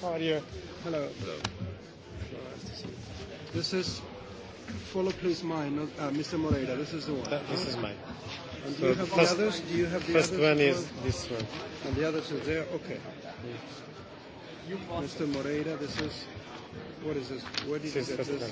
How are you? Hello. Hello. This is, follow please mine, not, uh, Mr. Moreira, this is the one. That, this huh? is mine. And so do you have first, the others? Do you have the first others? one is this one. And the others are there? Okay. Yes. Mr. Moreira, this is, what is this? Where did this you get this? One.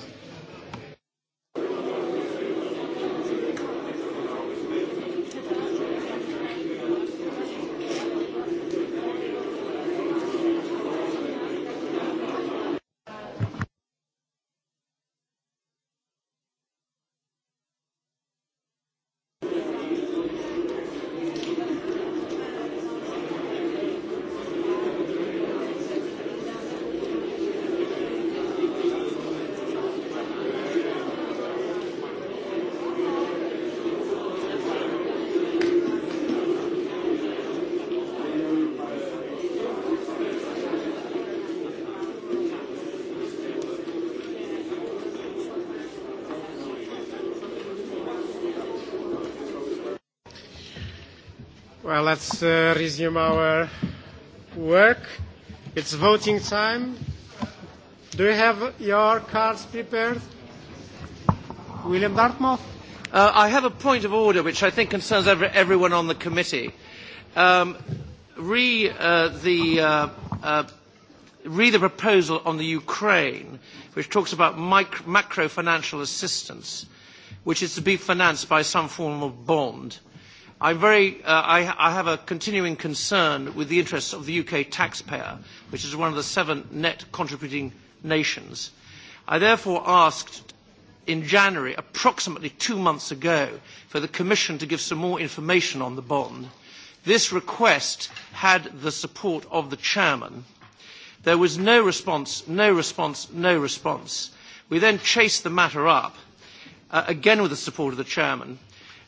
let's uh, resume our work. It's voting time. Do you have your cards prepared? William Dartmouth? Uh, I have a point of order which I think concerns everyone on the committee. Um, re uh, the read the proposal on the Ukraine, which talks about macro financial assistance, which is to be financed by some form of bond. I'm very, uh, I, I have a continuing concern with the interests of the UK taxpayer, which is one of the seven net contributing nations. I therefore asked in January, approximately two months ago, for the Commission to give some more information on the bond. This request had the support of the chairman. There was no response, no response, no response. We then chased the matter up, uh, again with the support of the chairman.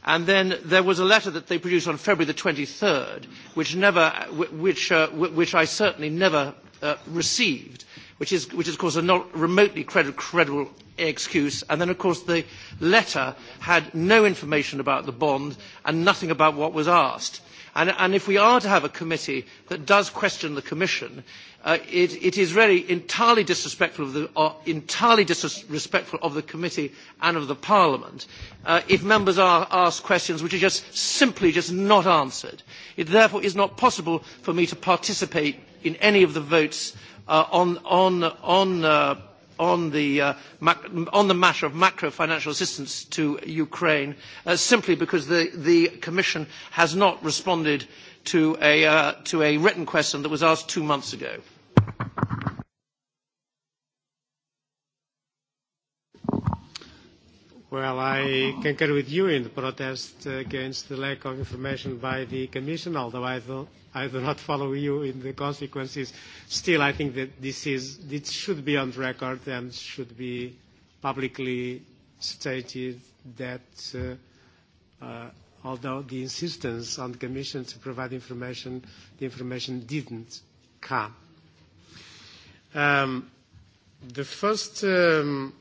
And then there was a letter that they produced on February the 23rd, which, never, which, uh, which I certainly never uh, received, which is, which is, of course, a not remotely credible, credible excuse. And then, of course, the letter had no information about the bond and nothing about what was asked. And, and if we are to have a committee that does question the Commission, Uh, it, it is really entirely disrespectful of the, uh, entirely disrespectful of the committee and of the parliament uh, if members are asked questions which are just simply just not answered. It therefore is not possible for me to participate in any of the votes uh, on, on, on, uh, on, the, uh, on the matter of macro financial assistance to Ukraine uh, simply because the, the Commission has not responded uh, to a, uh, to a written question that was asked two months ago. Well, I concur with you in the protest against the lack of information by the Commission, although I do, I do not follow you in the consequences. Still, I think that this, is, this should be on record and should be publicly stated that uh, uh, although the insistence on the Commission to provide information, the information didn't come. Um, the first um,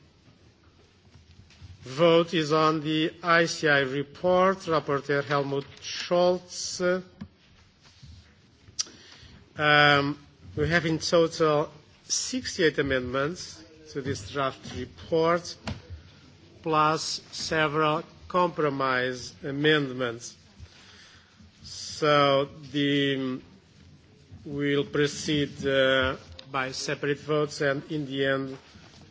vote is on the ICI report, Rapporteur Helmut Scholz. Um, we have in total 68 amendments to this draft report, plus several compromise amendments. So the, we'll proceed uh, by separate votes and in the end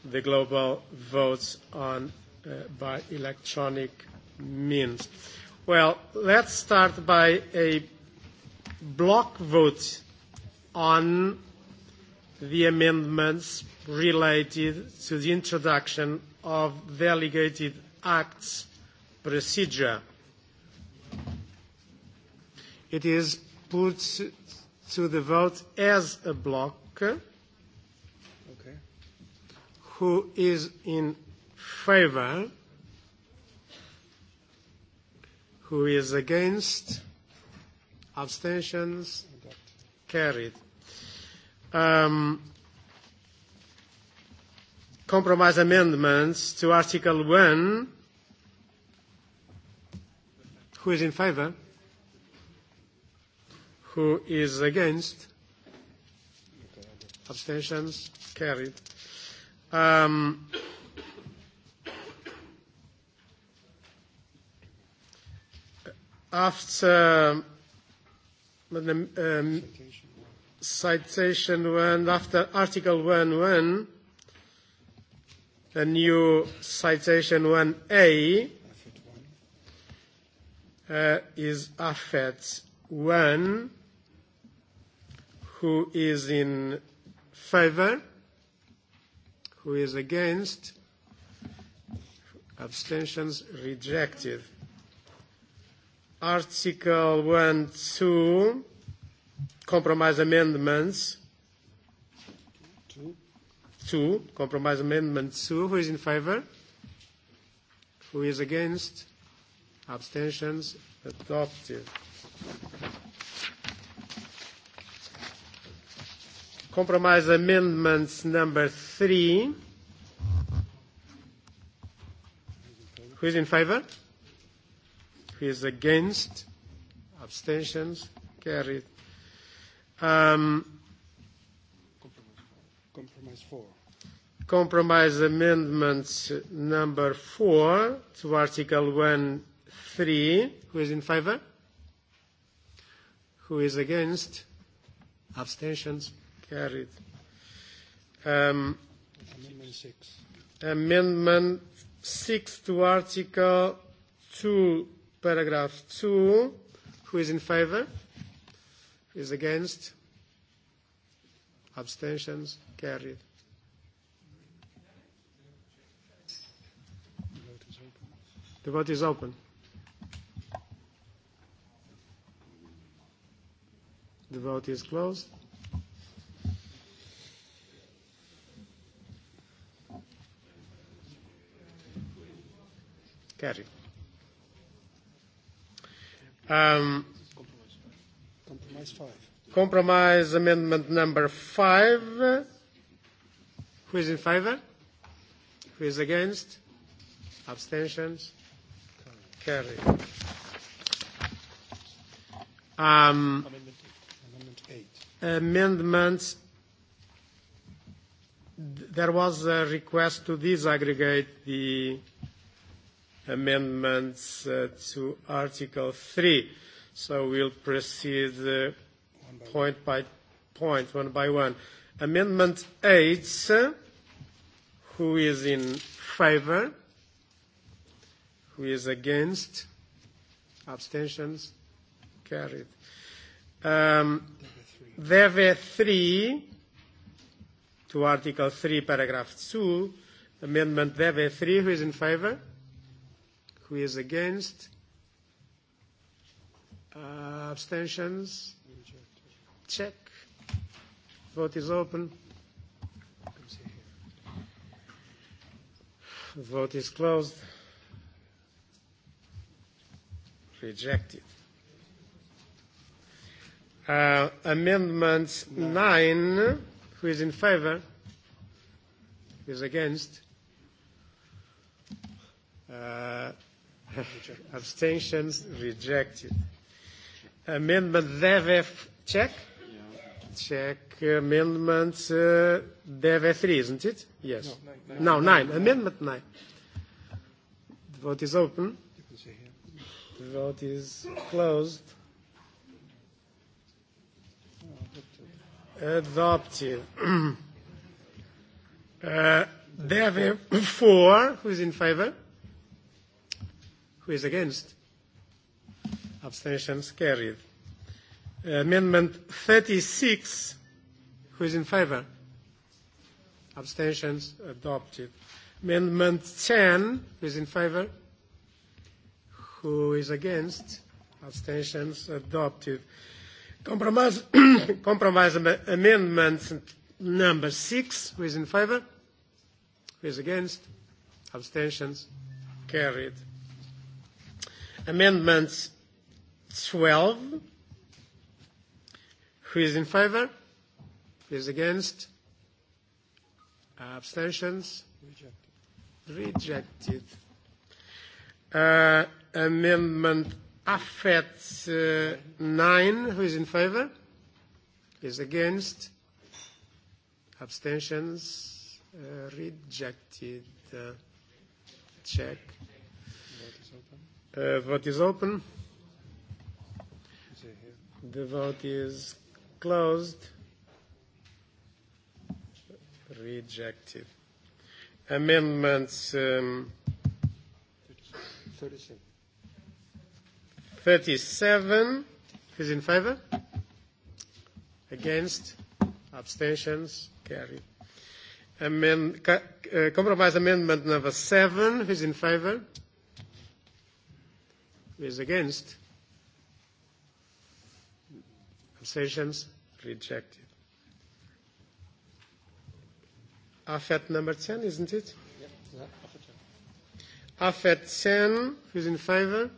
the global votes on uh, by electronic means. Well, let's start by a block vote on the amendments related to the introduction of delegated acts procedure. It is put to the vote as a block. Okay. Who is in favor? Who is against? Abstentions? Carried. Um, compromise amendments to Article 1 Who is in favor? Who is against? Abstentions? Carried. Um, after um, um, citation one, after Article 1, 1, a new citation 1A, Uh, is Afet one Who is in favor? Who is against? Abstentions rejected. Article 1, 2, compromise amendments. 2, Compromise amendment 2. Who is in favor? Who is against? abstentions adopted. Compromise amendments number three. Who is in favor? Who is against? Abstentions carried. Um, compromise four. Compromise amendments number four to Article 1 Three, Who is in favor? Who is against? Abstentions carried. Um, amendment six. Amendment six to Article two, paragraph two, Who is in favor? Who is against? Abstentions carried. The vote is open. The vote is closed. Carry. Um, compromise five. Compromise amendment number five. Who is in favour? Who is against? Abstentions? Carry. Um, I mean, amendments, there was a request to disaggregate the amendments uh, to Article 3. So we'll proceed uh, by point one. by point, one by one. Amendment 8, who is in favor? Who is against? Abstentions? Carried. Um, there 3, to Article 3, Paragraph 2, Amendment, there 3. Who is in favor? Who is against? Uh, abstentions? Check. Vote is open. Vote is closed. Rejected. Uh, amendment nine. 9. Who is in favor? Who is against? Uh, abstentions rejected. Amendment DEVF check. Check amendment uh, DEVF 3, isn't it? Yes. No, nine. No, nine. nine. Amendment 9. The vote is open. You can see here. The vote is closed Adopted. uh, there are four. Who is in favour? Who is against? Abstentions carried. Uh, amendment 36. Who is in favour? Abstentions adopted. Amendment 10. Who is in favour? Who is against? Abstentions adopted. Compromise, compromise amendment number six. Who is in favour? Who is against? Abstentions? Carried. Amendments 12. Who is in favour? Who is against? Abstentions? Rejected. Rejected. Uh, amendment AFET uh, 9, who is in favour? is against? Abstentions? Uh, rejected. Uh, check. Uh, vote is open. The vote is closed. Rejected. Amendments um, 36. 37. Who's in favor? Against? Abstentions? Carried. Amend, uh, compromise amendment number 7. Who's in favor? Who is against? Abstentions? Rejected. AFET number 10, isn't it? Yeah. AFET 10. Who's in favor?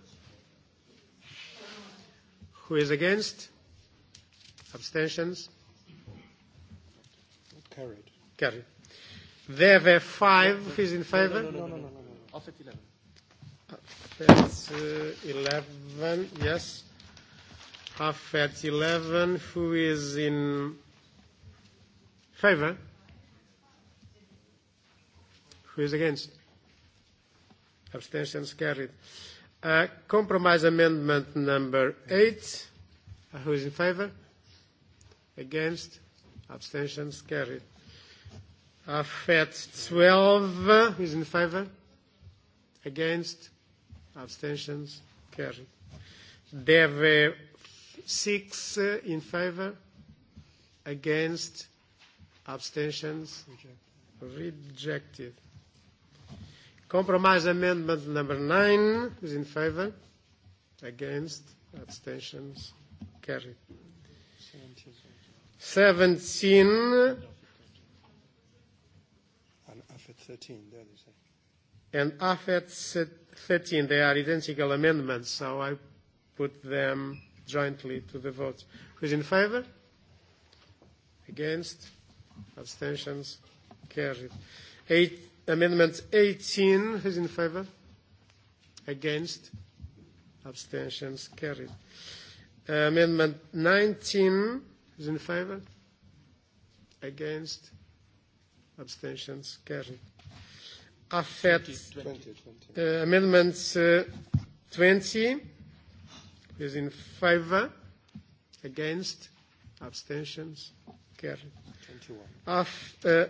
Who is against? Abstentions? Carried. Carried. There were five. Who is in favor? No, no, no, no. no, no, no. Offset 11. That's uh, 11, yes. Half at 11. Who is in favor? Who is against? Abstentions carried. Uh, compromise amendment number eight. Uh, who is in favour? Against? Abstentions carried. AFET 12. Who is in favour? Against? Abstentions carried. DEV 6 uh, in favour? Against? Abstentions rejected. rejected. Compromise amendment number nine is in favor. Against. Abstentions. Carried. 17. And AFET 13, there they say. And AFET 13, they are identical amendments, so I put them jointly to the vote. Who's in favor? Against? Abstentions? Carried. Eight, Amendment 18, who's in favour? Against? Abstentions carried. Uh, amendment 19, who's in favour? Against? Abstentions carried. Affect. 20, 20, 20. Uh, uh, 20, who's in favour? Against? Abstentions carried. 21. Af, uh,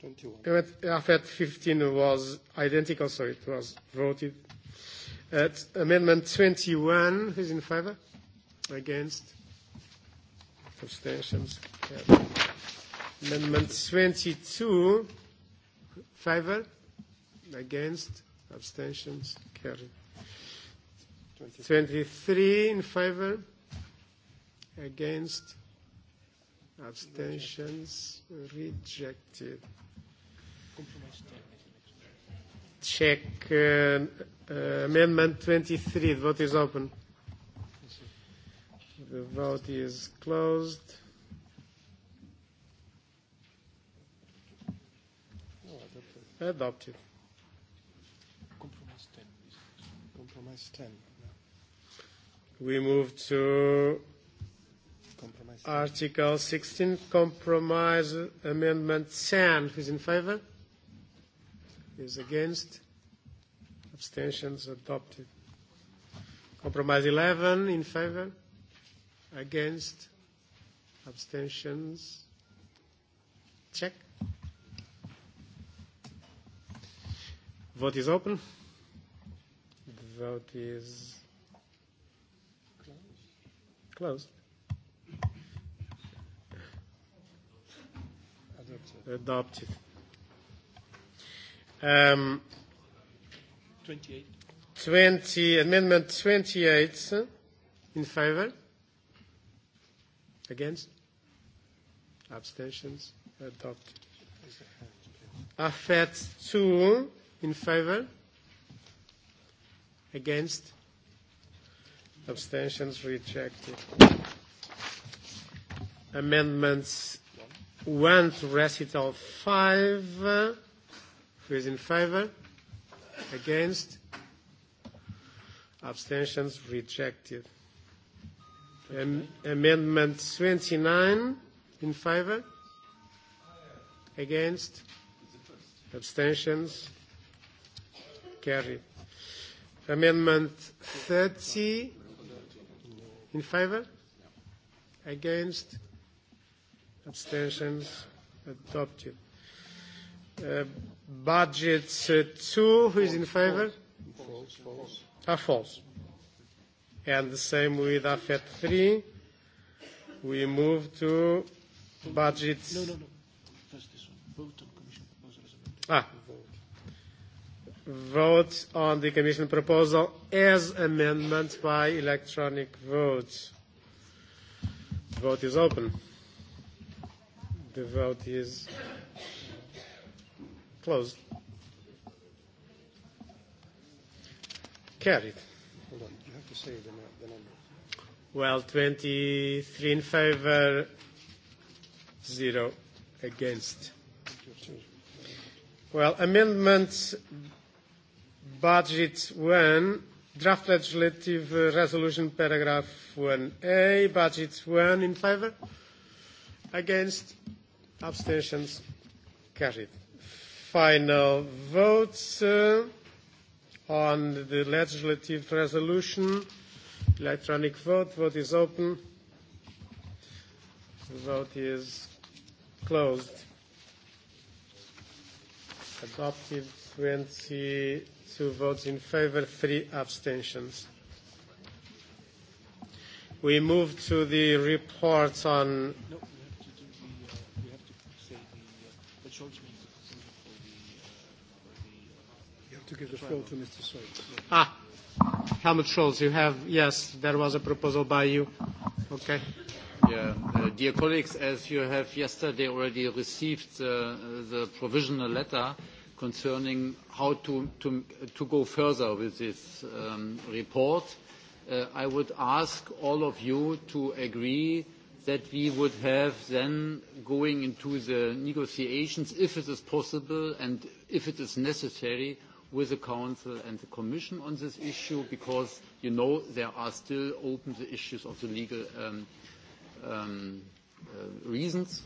21. AFET 15 was identical, so it was voted. amendment 21, who's in favour? Against? Abstentions? Yeah. Amendment 22, favour? Against? Abstentions? Carried. 23 in favour? Against? Abstentions? Rejected. Check uh, uh, Amendment 23. The vote is open. The vote is closed. Adopted. Compromise 10. Compromise 10. We move to compromise. Article 16, compromise amendment 10. Who's in favor? is against. Abstentions adopted. Compromise 11 in favor, against, abstentions. Check. Vote is open. The vote is closed. Adopted. Adopted. Um, 28. 20, amendment 28 in favor. Against? Abstentions? Adopted. Affect 2 in favor. Against? Abstentions rejected. Amendments 1 to recital 5 Who is in favor? Against? Abstentions rejected. Am amendment 29 in favor? Against? Abstentions? Carried. Amendment 30 in favor? Against? Abstentions? Adopted. Uh, Budget uh, two, who is in favour? False. false. Ah, false. And the same with AFET 3. We move to budget. No, no, no. Ah. Vote on the Commission proposal as amendment by electronic vote. Vote is open. The vote is Closed. Carried. Hold on. You have to say the, the number. Well, 23 in favor, zero against. Well, amendment budget one, draft legislative uh, resolution paragraph 1A, budget one in favor, against, abstentions, carried final votes uh, on the legislative resolution. Electronic vote. Vote is open. vote is closed. Adopted 22 votes in favor, three abstentions. We move to the reports on. to give the floor to Mr. Scholz. Ah, Helmut Scholz, you have, yes, there was a proposal by you. Okay. Yeah. Uh, dear colleagues, as you have yesterday already received uh, the provisional letter concerning how to, to, to go further with this um, report, uh, I would ask all of you to agree that we would have then going into the negotiations, if it is possible and if it is necessary, with the Council and the Commission on this issue because, you know, there are still open the issues of the legal um, um, uh, reasons.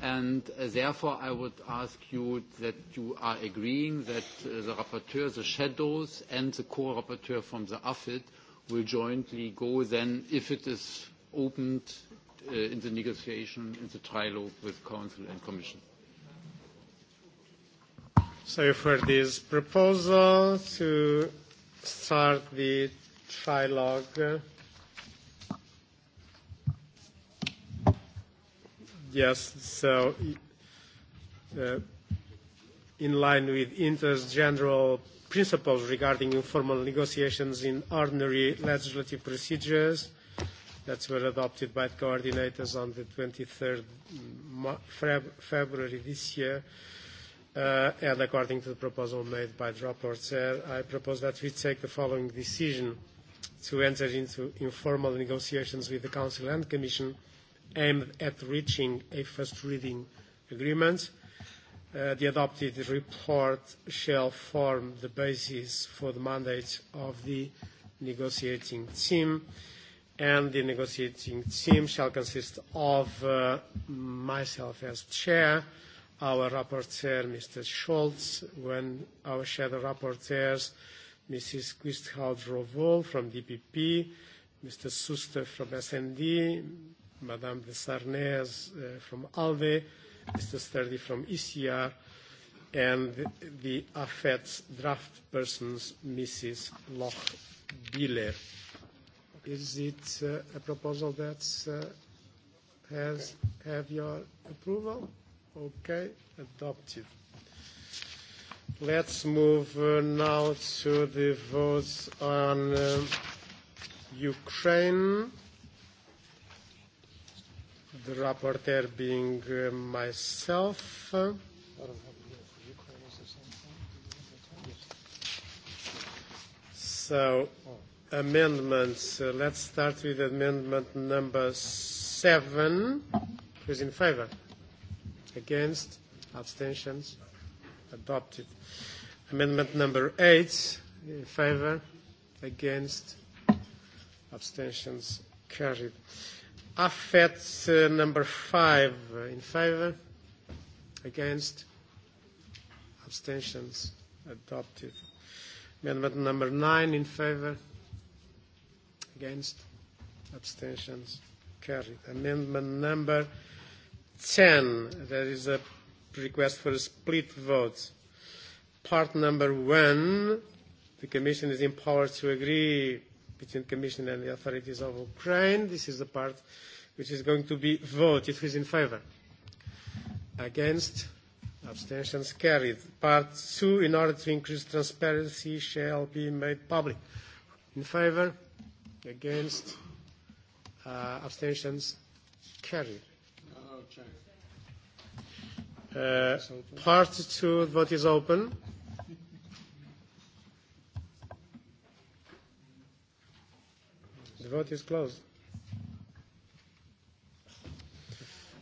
And uh, therefore, I would ask you that you are agreeing that uh, the rapporteur, the shadows, and the co-rapporteur from the AFID will jointly go then, if it is opened uh, in the negotiation, in the trilogue with Council and Commission. So for this proposal to start the trilogue. Yes, so uh, in line with Inter's general principles regarding informal negotiations in ordinary legislative procedures that were adopted by the coordinators on the 23rd February this year, Uh, and according to the proposal made by the rapporteur, I propose that we take the following decision to enter into informal negotiations with the Council and Commission aimed at reaching a first reading agreement. Uh, the adopted report shall form the basis for the mandate of the negotiating team, and the negotiating team shall consist of uh, myself as chair, our rapporteur, Mr. Scholz, when our shadow rapporteurs, Mrs. Quisthoudt Rovol from DPP, Mr. Suster from SND, Madame de Sarnez uh, from ALDE, Mr. Sturdy from ECR, and the AFET's draft persons, Mrs. Loch Biller. Is it uh, a proposal that uh, has have your approval? Okay, adopted. Let's move uh, now to the votes on uh, Ukraine. The rapporteur being uh, myself. So, amendments. Uh, let's start with amendment number seven. Who's in favour? Against? Abstentions? Adopted. Amendment number eight. In favor? Against? Abstentions? Carried. Affet uh, number five. In favor? Against? Abstentions? Adopted. Amendment number nine. In favor? Against? Abstentions? Carried. Amendment number 10, there is a request for a split vote. Part number one, the Commission is empowered to agree between Commission and the authorities of Ukraine. This is the part which is going to be voted. Who is in favour? Against? Abstentions carried. Part two, in order to increase transparency, shall be made public. In favour? Against? Uh, abstentions carried. Uh, part two, What is open. The vote is closed.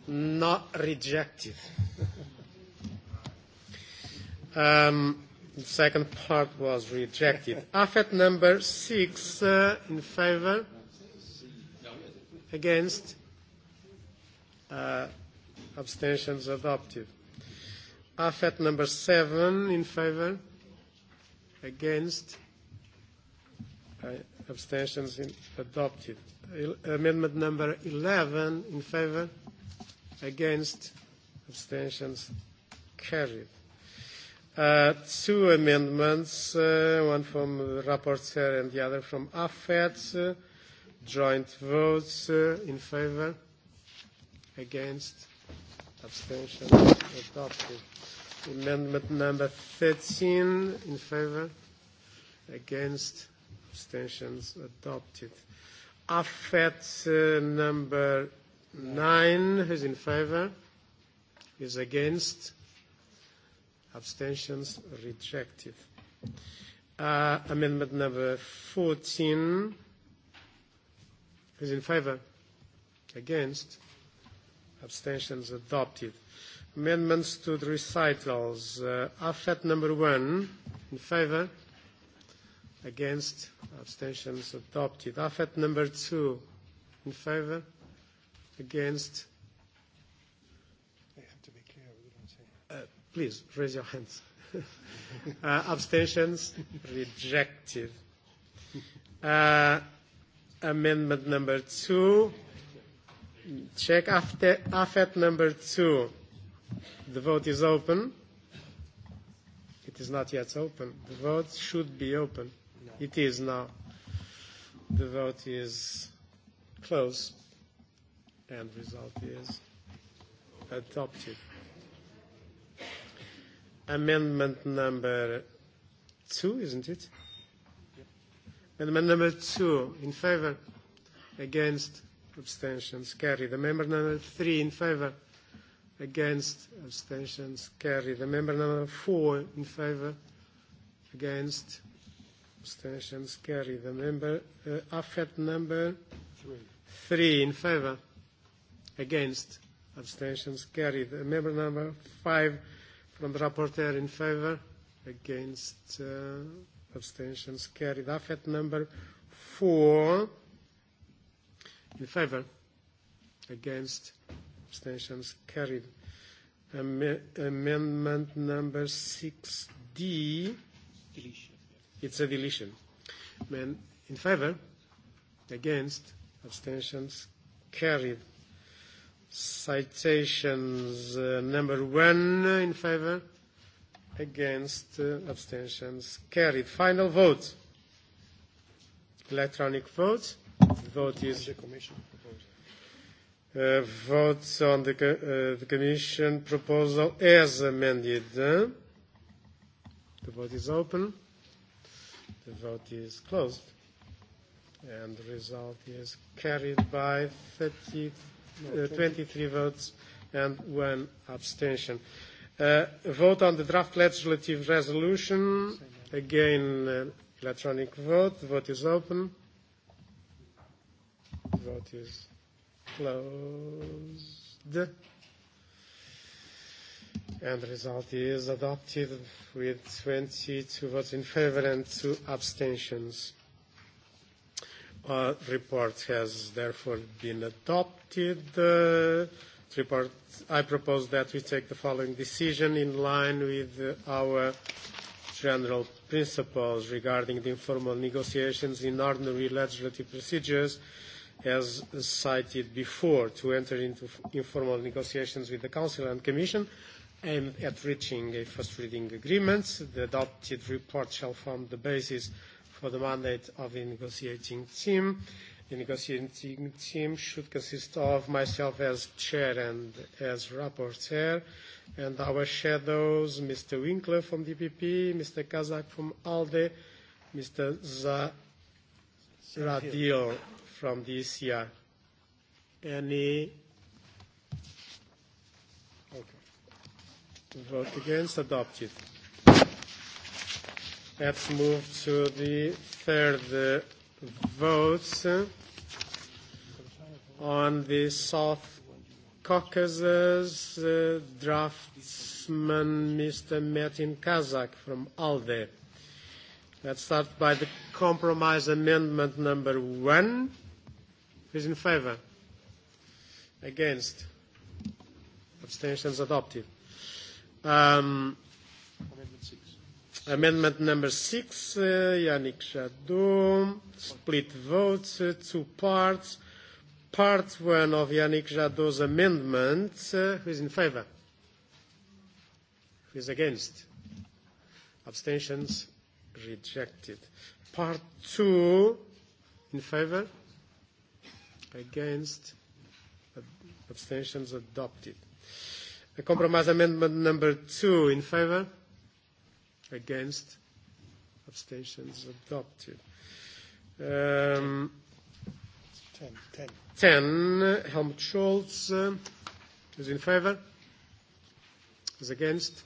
Not rejected. um, the second part was rejected. Affect number six uh, in favor. Against. Uh, abstentions adopted. AFET number seven in favor, against, uh, abstentions in, adopted. amendment number 11 in favor, against, abstentions carried. Uh, two amendments, uh, one from the rapporteur and the other from AFET. Uh, joint votes uh, in favor, against, abstentions adopted. Amendment number 13 in favor, against, abstentions adopted. AFET uh, number 9, who's in favor, is against, abstentions rejected. Uh, amendment number 14, who's in favor, against, abstentions adopted. Amendments to the recitals. Uh, AFET number one, in favour. Against, abstentions adopted. AFET number two, in favour. Against. They have to be clear. We don't say. Uh, please raise your hands. uh, abstentions rejected. Uh, amendment number two Check after AFET number two. The vote is open. It is not yet open. The vote should be open. No. It is now. The vote is closed. And result is adopted. Amendment number two, isn't it? Amendment number two, in favor, against, abstentions carry. The member number three in favour, against, abstentions carry. The member number four in favour, against, abstentions The member uh, affect number three. three in favour, against, abstentions carry. The member number five from the rapporteur in favour, against, uh, abstentions The affect number four In favor? Against? Abstentions carried. Am amendment number 6D. Deletion. It's a deletion. Men in favor? Against? Abstentions carried. Citations uh, number one in favor? Against? Uh, abstentions carried. Final vote. Electronic vote. The uh, votes on the, uh, the Commission proposal as amended. The vote is open. The vote is closed. And the result is carried by 30, uh, 23 votes and one abstention. Uh, vote on the draft legislative resolution. Again, uh, electronic vote. The vote is open. Vote is closed. And the result is adopted with 22 votes in favor and two abstentions. Our report has therefore been adopted. Uh, report, I propose that we take the following decision in line with our general principles regarding the informal negotiations in ordinary legislative procedures as cited before, to enter into informal negotiations with the Council and Commission aimed at reaching a first reading agreement. The adopted report shall form the basis for the mandate of the negotiating team. The negotiating team should consist of myself as chair and as rapporteur, and our shadows, Mr. Winkler from DPP, Mr. Kazak from ALDE, Mr. Zaradil from this year. Any? Okay. Vote against, adopted. Let's move to the third uh, votes on the South Caucasus uh, draftsman, Mr. Metin Kazak from ALDE. Let's start by the compromise amendment number one. Who's in favour? Against? Abstentions adopted. Um, amendment, number six, uh, Yannick Jadot, split votes, uh, two parts. Part one of Yannick Jadot's amendment. Uh, who is in favour? Who is against? Abstentions rejected. Part two, in favour? Against? Abstentions adopted. The compromise amendment number two in favor? Against? Abstentions adopted. Um, 10, 10. 10. Helmut Schultz uh, is in favor? Is against?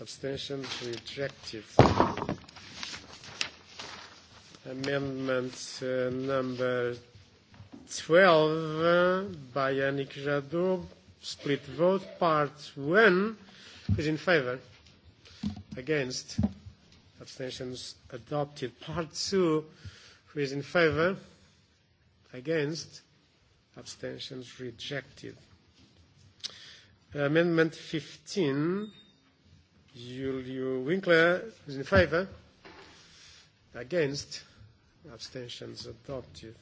Abstentions rejected. Amendment uh, number 12 uh, by Yannick Jadot. Split vote. Part 1 is in favor. Against. Abstentions adopted. Part 2 who is in favor. Against. Abstentions rejected. Amendment 15. Julio Winkler is in favor. Against abstentions adopted.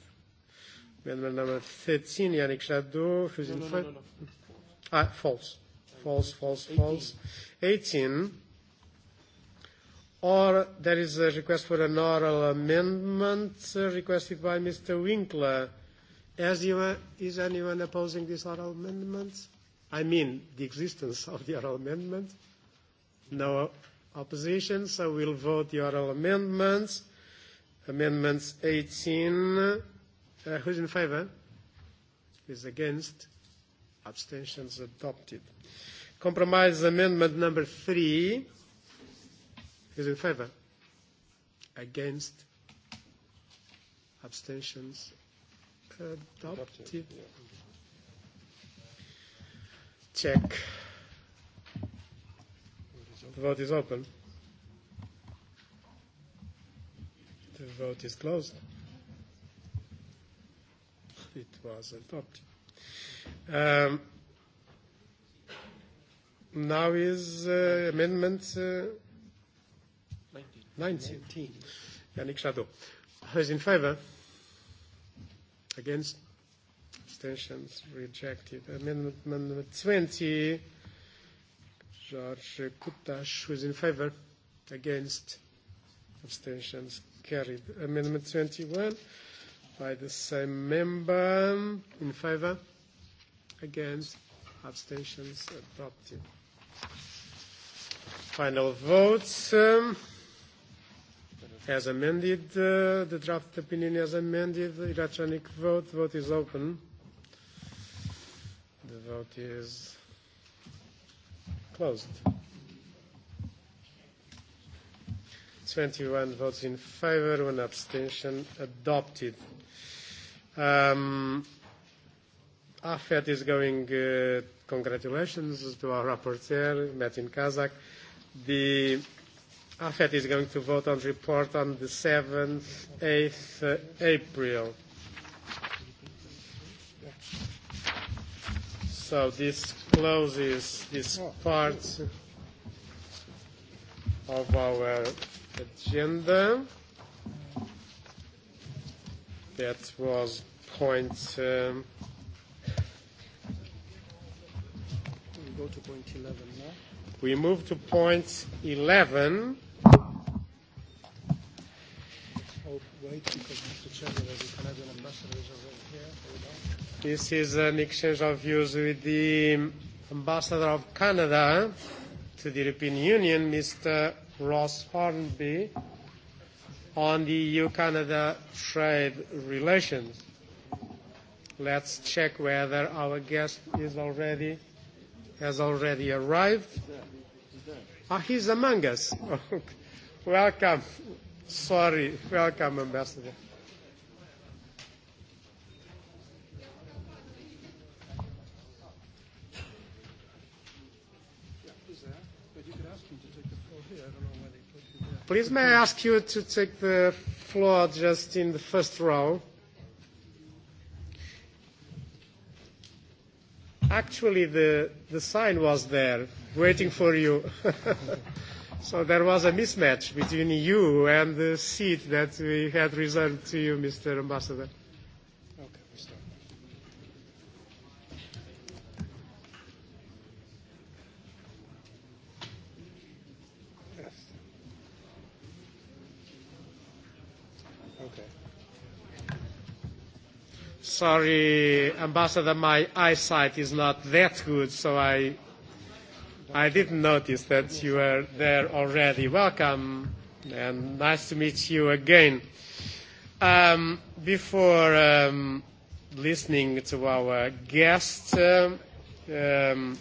Amendment number 13, Yannick Jadot, who's no, in no, favor? No, no, no. Ah, false. False, false, false. 18. Or there is a request for an oral amendment uh, requested by Mr. Winkler. As you, uh, is anyone opposing this oral amendment? I mean, the existence of the oral amendment. No opposition, so we'll vote the oral amendments. Amendments 18. Uh, who's in favor? Is against? Abstentions adopted. Compromise amendment number three. Who's in favor? Against? Abstentions adopted. Check. The vote is open. The vote is closed. It was adopted. Um, now is uh, amendment uh, 19. Yannick 19. Who is in favor? Against? Abstentions? Rejected. Amendment, number 20. George Kutash. who is in favor? Against? Abstentions? carried. Amendment 21 by the same member. In favour? Against? Abstentions? Adopted. Final votes. Um, as amended, uh, the draft opinion as amended, the electronic vote. Vote is open. The vote is closed. 21 votes in favor, one abstention. Adopted. Um, AFET is going, uh, congratulations to our rapporteur, Metin Kazak. The AFET is going to vote on the report on the 7th, 8th uh, April. So this closes this part of our agenda. That was point. Um, we go to point 11 now. We move to point 11. Oh, wait, because Mr. Chairman, the Canadian ambassador is over here. This is an exchange of views with the Ambassador of Canada to the European Union, Mr. Ross Hornby on the EU-Canada trade relations. Let's check whether our guest is already has already arrived. Ah, he's among us. welcome. Sorry. Welcome, Ambassador. Please may I ask you to take the floor just in the first row? Actually, the, the sign was there waiting for you. so there was a mismatch between you and the seat that we had reserved to you, Mr. Ambassador. Sorry, Ambassador, my eyesight is not that good, so I, I didn't notice that you were there already. Welcome, and nice to meet you again. Um, before um, listening to our guests, um, um,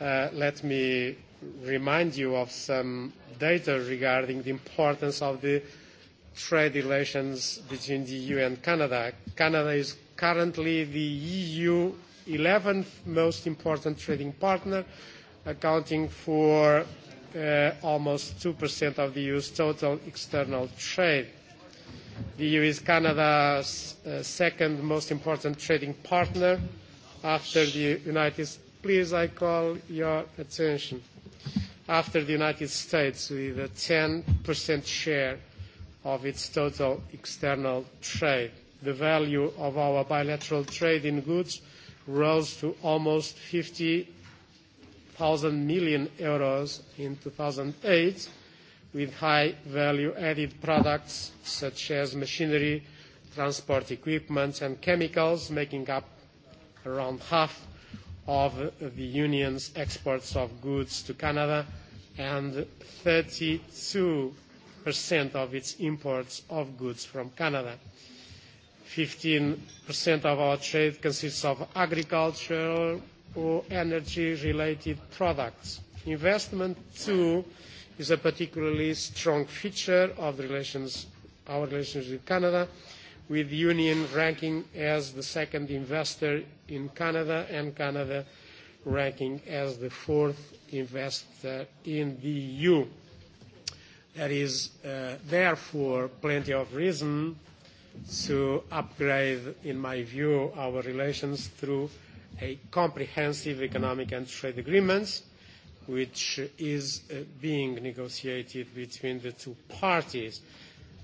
uh, let me remind you of some data regarding the importance of the trade relations between the EU and Canada. Canada is currently the EU 11th most important trading partner, accounting for uh, almost 2% of the EU's total external trade. The EU is Canada's uh, second most important trading partner after the United States. Please, I call your attention. After the United States with a 10% share of its total external trade. The value of our bilateral trade in goods rose to almost 50,000 million euros in 2008, with high value-added products such as machinery, transport equipment, and chemicals making up around half of the union's exports of goods to Canada and 32 of its imports of goods from Canada. 15% of our trade consists of agricultural or energy-related products. Investment, too, is a particularly strong feature of relations, our relations with Canada, with the Union ranking as the second investor in Canada and Canada ranking as the fourth investor in the EU. There is uh, therefore plenty of reason to upgrade, in my view, our relations through a comprehensive economic and trade agreements, which is uh, being negotiated between the two parties.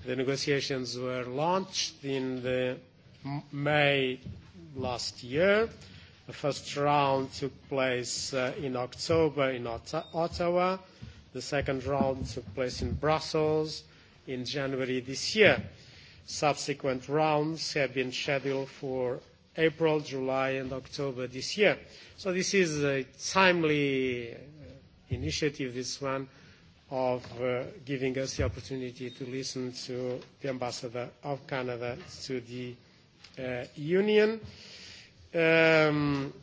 The negotiations were launched in the May last year. The first round took place uh, in October in Ottawa. The second round took place in Brussels in January this year. Subsequent rounds have been scheduled for April, July, and October this year. So this is a timely uh, initiative, this one, of uh, giving us the opportunity to listen to the ambassador of Canada to the uh, union. Um,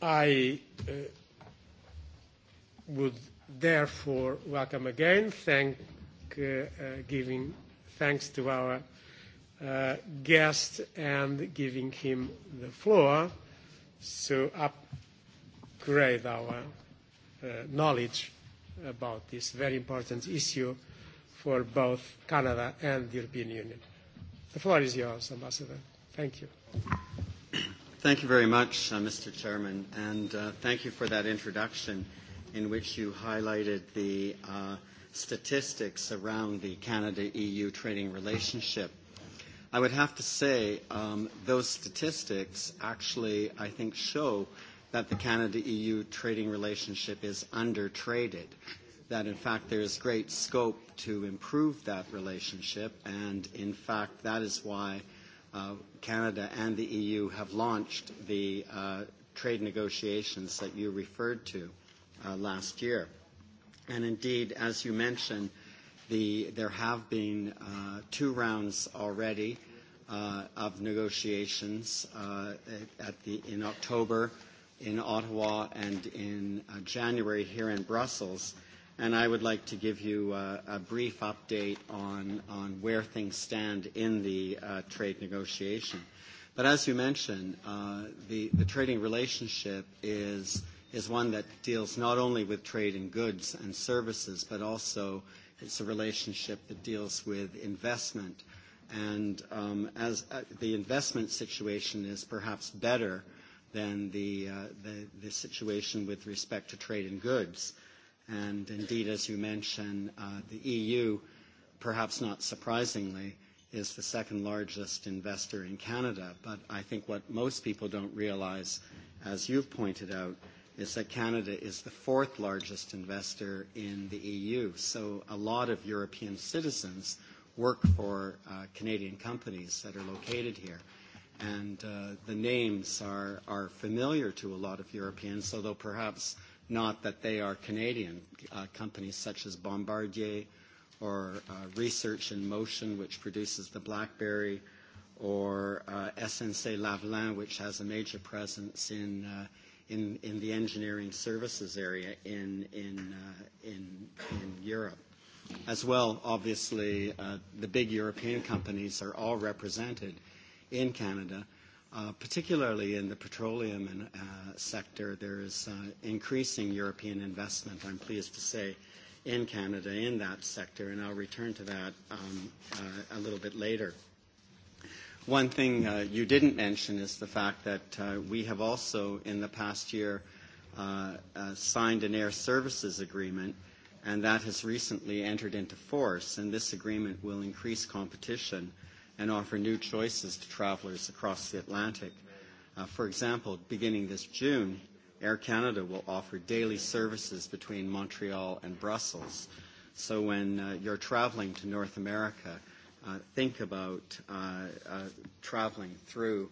I uh, would therefore welcome again, thank, uh, uh, giving thanks to our uh, guest and giving him the floor to upgrade our uh, knowledge about this very important issue for both Canada and the European Union. The floor is yours, Ambassador. Thank you. Thank you very much, uh, Mr. Chairman, and uh, thank you for that introduction in which you highlighted the uh, statistics around the Canada-EU trading relationship. I would have to say um, those statistics actually, I think, show that the Canada-EU trading relationship is under-traded, that in fact there is great scope to improve that relationship, and in fact that is why uh, Canada and the EU have launched the uh, trade negotiations that you referred to uh, last year. And indeed, as you mentioned, the, there have been uh, two rounds already uh, of negotiations uh, at the, in October in Ottawa and in uh, January here in Brussels. And I would like to give you uh, a brief update on, on where things stand in the uh, trade negotiation. But as you mentioned, uh, the, the trading relationship is – is one that deals not only with trade in goods and services, but also it's a relationship that deals with investment. And um, as uh, the investment situation is perhaps better than the, uh, the, the situation with respect to trade in goods. And indeed, as you mentioned, uh, the EU, perhaps not surprisingly, is the second largest investor in Canada. But I think what most people don't realize, as you've pointed out, is that Canada is the fourth largest investor in the EU. So a lot of European citizens work for uh, Canadian companies that are located here. And uh, the names are, are familiar to a lot of Europeans, although perhaps not that they are Canadian. Uh, companies such as Bombardier or uh, Research in Motion, which produces the BlackBerry, or uh, SNC-Lavalin, which has a major presence in uh, in, in the engineering services area in, in, uh, in, in Europe. As well, obviously, uh, the big European companies are all represented in Canada, uh, particularly in the petroleum and, uh, sector. There is uh, increasing European investment, I'm pleased to say, in Canada in that sector, and I'll return to that um, uh, a little bit later. One thing uh, you didn't mention is the fact that uh, we have also, in the past year, uh, uh, signed an air services agreement, and that has recently entered into force. And this agreement will increase competition and offer new choices to travelers across the Atlantic. Uh, for example, beginning this June, Air Canada will offer daily services between Montreal and Brussels. So when uh, you're traveling to North America, Uh, think about uh, uh, traveling through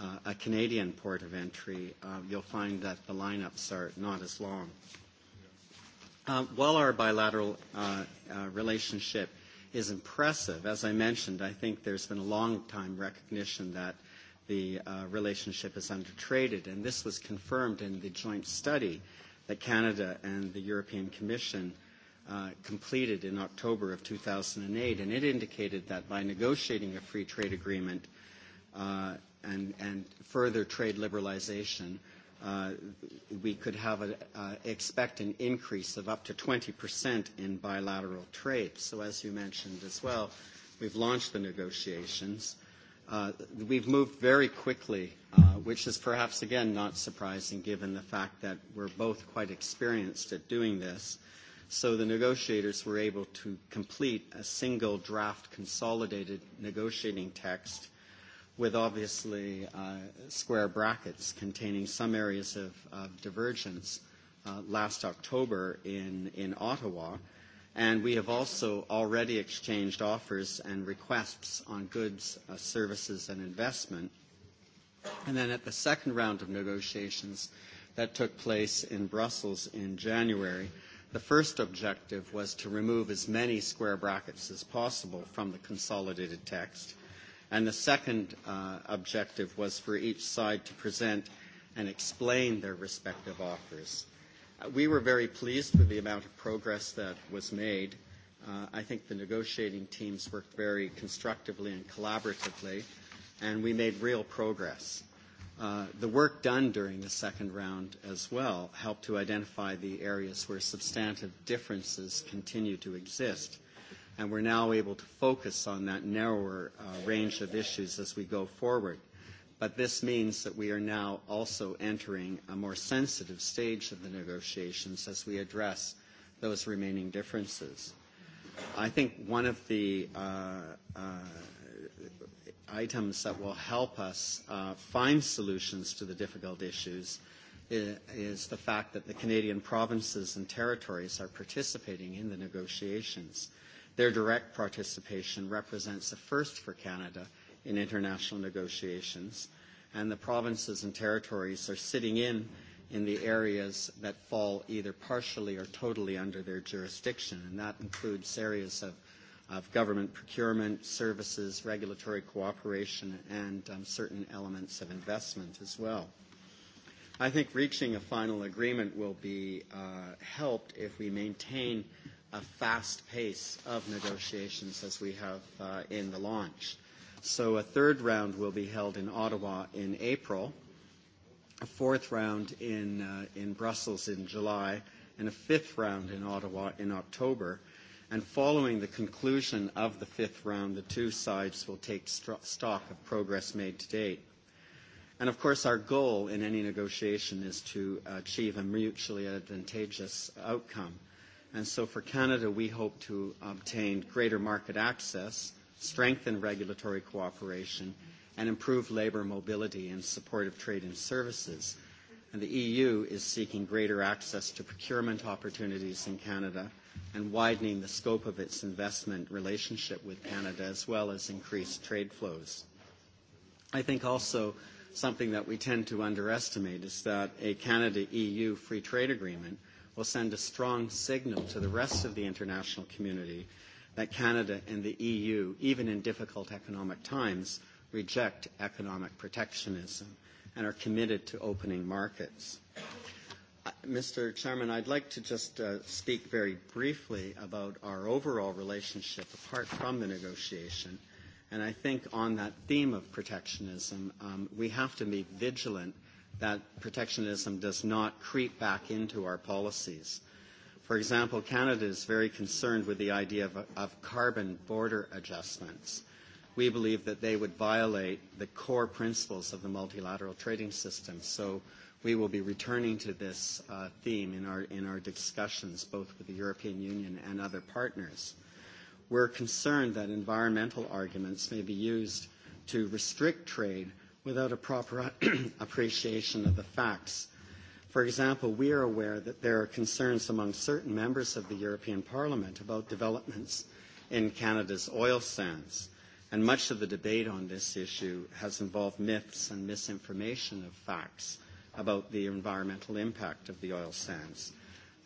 uh, a Canadian port of entry, uh, you'll find that the lineups are not as long. Uh, while our bilateral uh, uh, relationship is impressive, as I mentioned, I think there's been a long time recognition that the uh, relationship is undertraded, and this was confirmed in the joint study that Canada and the European Commission – Uh, completed in October of 2008, and it indicated that by negotiating a free trade agreement uh, and, and further trade liberalization, uh, we could have a, uh, expect an increase of up to 20% in bilateral trade. So as you mentioned as well, we've launched the negotiations. Uh, we've moved very quickly, uh, which is perhaps, again, not surprising given the fact that we're both quite experienced at doing this. So the negotiators were able to complete a single draft consolidated negotiating text with obviously uh, square brackets containing some areas of, of divergence uh, last October in, in Ottawa. And we have also already exchanged offers and requests on goods, uh, services, and investment. And then at the second round of negotiations that took place in Brussels in January, The first objective was to remove as many square brackets as possible from the consolidated text. And the second uh, objective was for each side to present and explain their respective offers. Uh, we were very pleased with the amount of progress that was made. Uh, I think the negotiating teams worked very constructively and collaboratively, and we made real progress. Uh, the work done during the second round as well helped to identify the areas where substantive differences continue to exist. And we're now able to focus on that narrower uh, range of issues as we go forward. But this means that we are now also entering a more sensitive stage of the negotiations as we address those remaining differences. I think one of the uh, uh, items that will help us uh, find solutions to the difficult issues is the fact that the Canadian provinces and territories are participating in the negotiations. Their direct participation represents a first for Canada in international negotiations, and the provinces and territories are sitting in in the areas that fall either partially or totally under their jurisdiction, and that includes areas of of government procurement, services, regulatory cooperation, and um, certain elements of investment as well. I think reaching a final agreement will be uh, helped if we maintain a fast pace of negotiations as we have uh, in the launch. So a third round will be held in Ottawa in April, a fourth round in, uh, in Brussels in July, and a fifth round in Ottawa in October And following the conclusion of the fifth round, the two sides will take st stock of progress made to date. And of course, our goal in any negotiation is to achieve a mutually advantageous outcome. And so for Canada, we hope to obtain greater market access, strengthen regulatory cooperation, and improve labor mobility in support of trade and services. And the EU is seeking greater access to procurement opportunities in Canada and widening the scope of its investment relationship with Canada, as well as increased trade flows. I think also something that we tend to underestimate is that a Canada-EU free trade agreement will send a strong signal to the rest of the international community that Canada and the EU, even in difficult economic times, reject economic protectionism and are committed to opening markets. Mr. Chairman, I'd like to just uh, speak very briefly about our overall relationship apart from the negotiation. And I think on that theme of protectionism, um, we have to be vigilant that protectionism does not creep back into our policies. For example, Canada is very concerned with the idea of, of carbon border adjustments. We believe that they would violate the core principles of the multilateral trading system. So we will be returning to this uh, theme in our, in our discussions both with the European Union and other partners. We're concerned that environmental arguments may be used to restrict trade without a proper appreciation of the facts. For example, we are aware that there are concerns among certain members of the European Parliament about developments in Canada's oil sands. And much of the debate on this issue has involved myths and misinformation of facts about the environmental impact of the oil sands.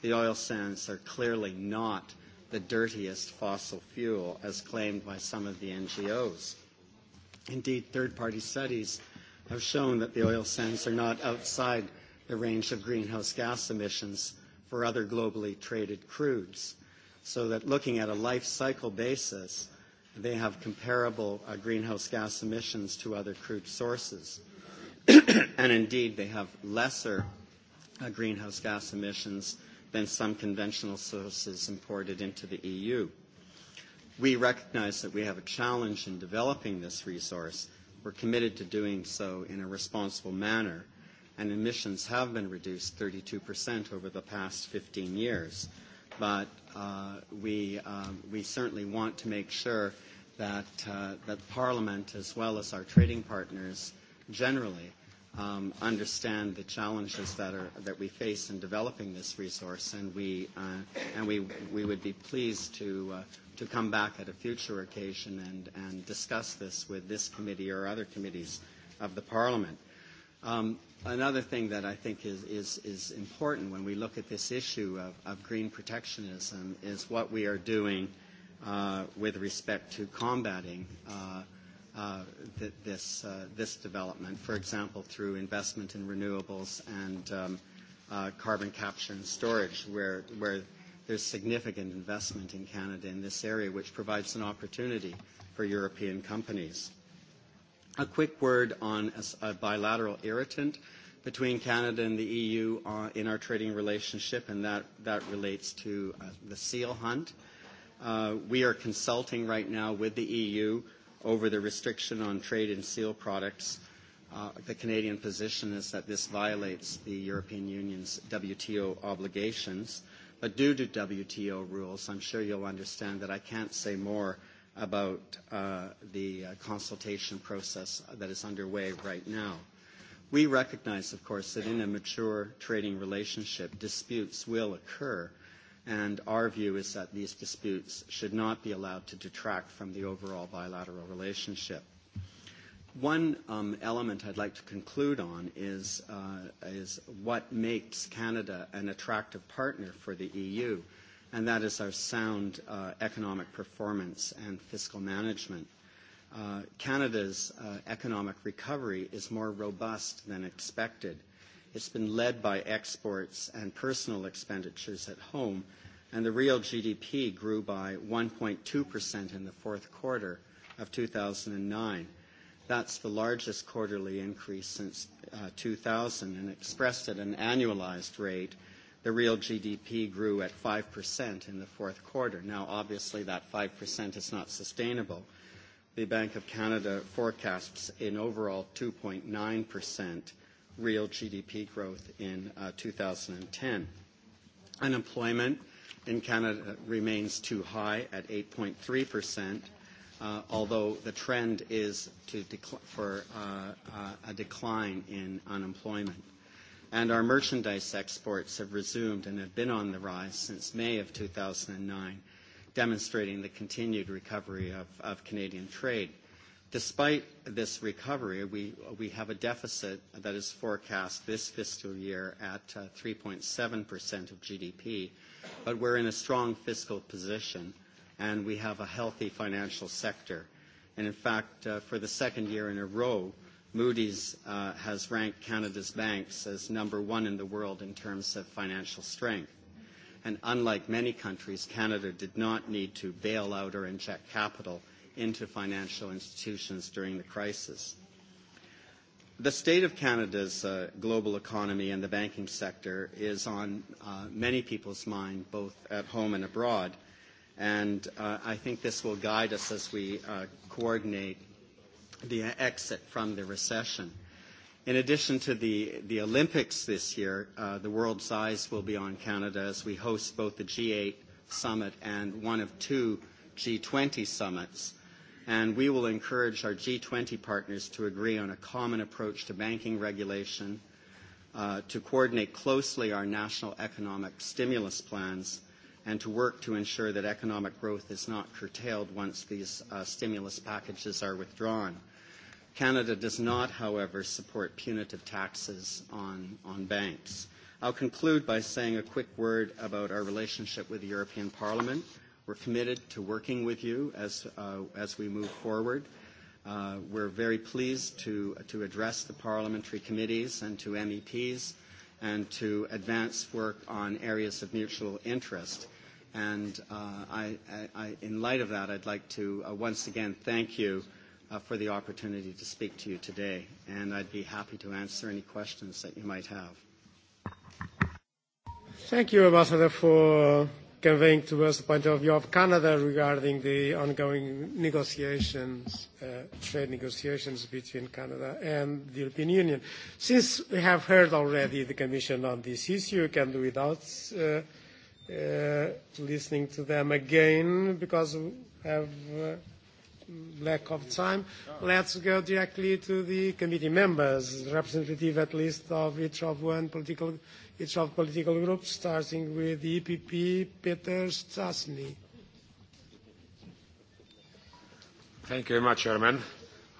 The oil sands are clearly not the dirtiest fossil fuel as claimed by some of the NGOs. Indeed, third party studies have shown that the oil sands are not outside the range of greenhouse gas emissions for other globally traded crudes. So that looking at a life cycle basis, they have comparable uh, greenhouse gas emissions to other crude sources and indeed, they have lesser uh, greenhouse gas emissions than some conventional sources imported into the EU. We recognize that we have a challenge in developing this resource. We're committed to doing so in a responsible manner, and emissions have been reduced 32% over the past 15 years. But uh, we, uh, we certainly want to make sure that, uh, that Parliament, as well as our trading partners, generally um, understand the challenges that are that we face in developing this resource, and we uh, and we we would be pleased to. Uh, to come back at a future occasion and, and discuss this with this committee or other committees of the Parliament. Um, another thing that I think is, is, is important when we look at this issue of, of green protectionism is what we are doing uh, with respect to combating uh, Uh, uh, this, development, for example, through investment in renewables and um, uh, carbon capture and storage, where, there's significant investment in Canada in this area, which provides an opportunity for European companies. A quick word on a, bilateral irritant between Canada and the EU in our trading relationship, and that, relates to the seal hunt. we are consulting right now with the EU over the restriction on trade in seal products. Uh, the Canadian position is that this violates the European Union's WTO obligations. But due to WTO rules, I'm sure you'll understand that I can't say more about uh, the uh, consultation process that is underway right now. We recognize, of course, that in a mature trading relationship, disputes will occur and our view is that these disputes should not be allowed to detract from the overall bilateral relationship. One um, element I'd like to conclude on is, uh, is what makes Canada an attractive partner for the EU, and that is our sound uh, economic performance and fiscal management. Uh, Canada's uh, economic recovery is more robust than expected – It's been led by exports and personal expenditures at home, and the real GDP grew by 1.2% in the fourth quarter of 2009. That's the largest quarterly increase since uh, 2000, and expressed at an annualized rate, the real GDP grew at 5% in the fourth quarter. Now, obviously, that 5% is not sustainable. The Bank of Canada forecasts an overall 2.9% real GDP growth in uh, 2010. Unemployment in Canada remains too high at 8.3 percent, uh, although the trend is to decl- for uh, uh, a decline in unemployment. And our merchandise exports have resumed and have been on the rise since May of 2009, demonstrating the continued recovery of, of Canadian trade. Despite this recovery, we, have a deficit that is forecast this fiscal year at 3.7% uh, of GDP, but we're in a strong fiscal position, and we have a healthy financial sector. And in fact, uh, for the second year in a row, Moody's uh, has ranked Canada's banks as number one in the world in terms of financial strength. And unlike many countries, Canada did not need to bail out or inject capital into financial institutions during the crisis. The state of Canada's uh, global economy and the banking sector is on uh, many people's mind, both at home and abroad. And uh, I think this will guide us as we uh, coordinate the exit from the recession. In addition to the, the Olympics this year, uh, the world's eyes will be on Canada as we host both the G8 summit and one of two G20 summits and we will encourage our G20 partners to agree on a common approach to banking regulation, uh, to coordinate closely our national economic stimulus plans, and to work to ensure that economic growth is not curtailed once these uh, stimulus packages are withdrawn. Canada does not, however, support punitive taxes on, on banks. I'll conclude by saying a quick word about our relationship with the European Parliament. We're committed to working with you as, uh, as we move forward. Uh, we're very pleased to, to address the parliamentary committees and to MEPs and to advance work on areas of mutual interest. And uh, I, I, in light of that, I'd like to uh, once again thank you uh, for the opportunity to speak to you today. And I'd be happy to answer any questions that you might have. Thank you, Ambassador, for conveying to us the point of view of Canada regarding the ongoing negotiations, uh, trade negotiations between Canada and the European Union. Since we have heard already the Commission on this issue, we can do without uh, uh, listening to them again because we have uh, lack of time. Let's go directly to the committee members, representative at least of each of one political each of political groups, starting with the EPP, Peter Stasny. Thank you very much, Chairman.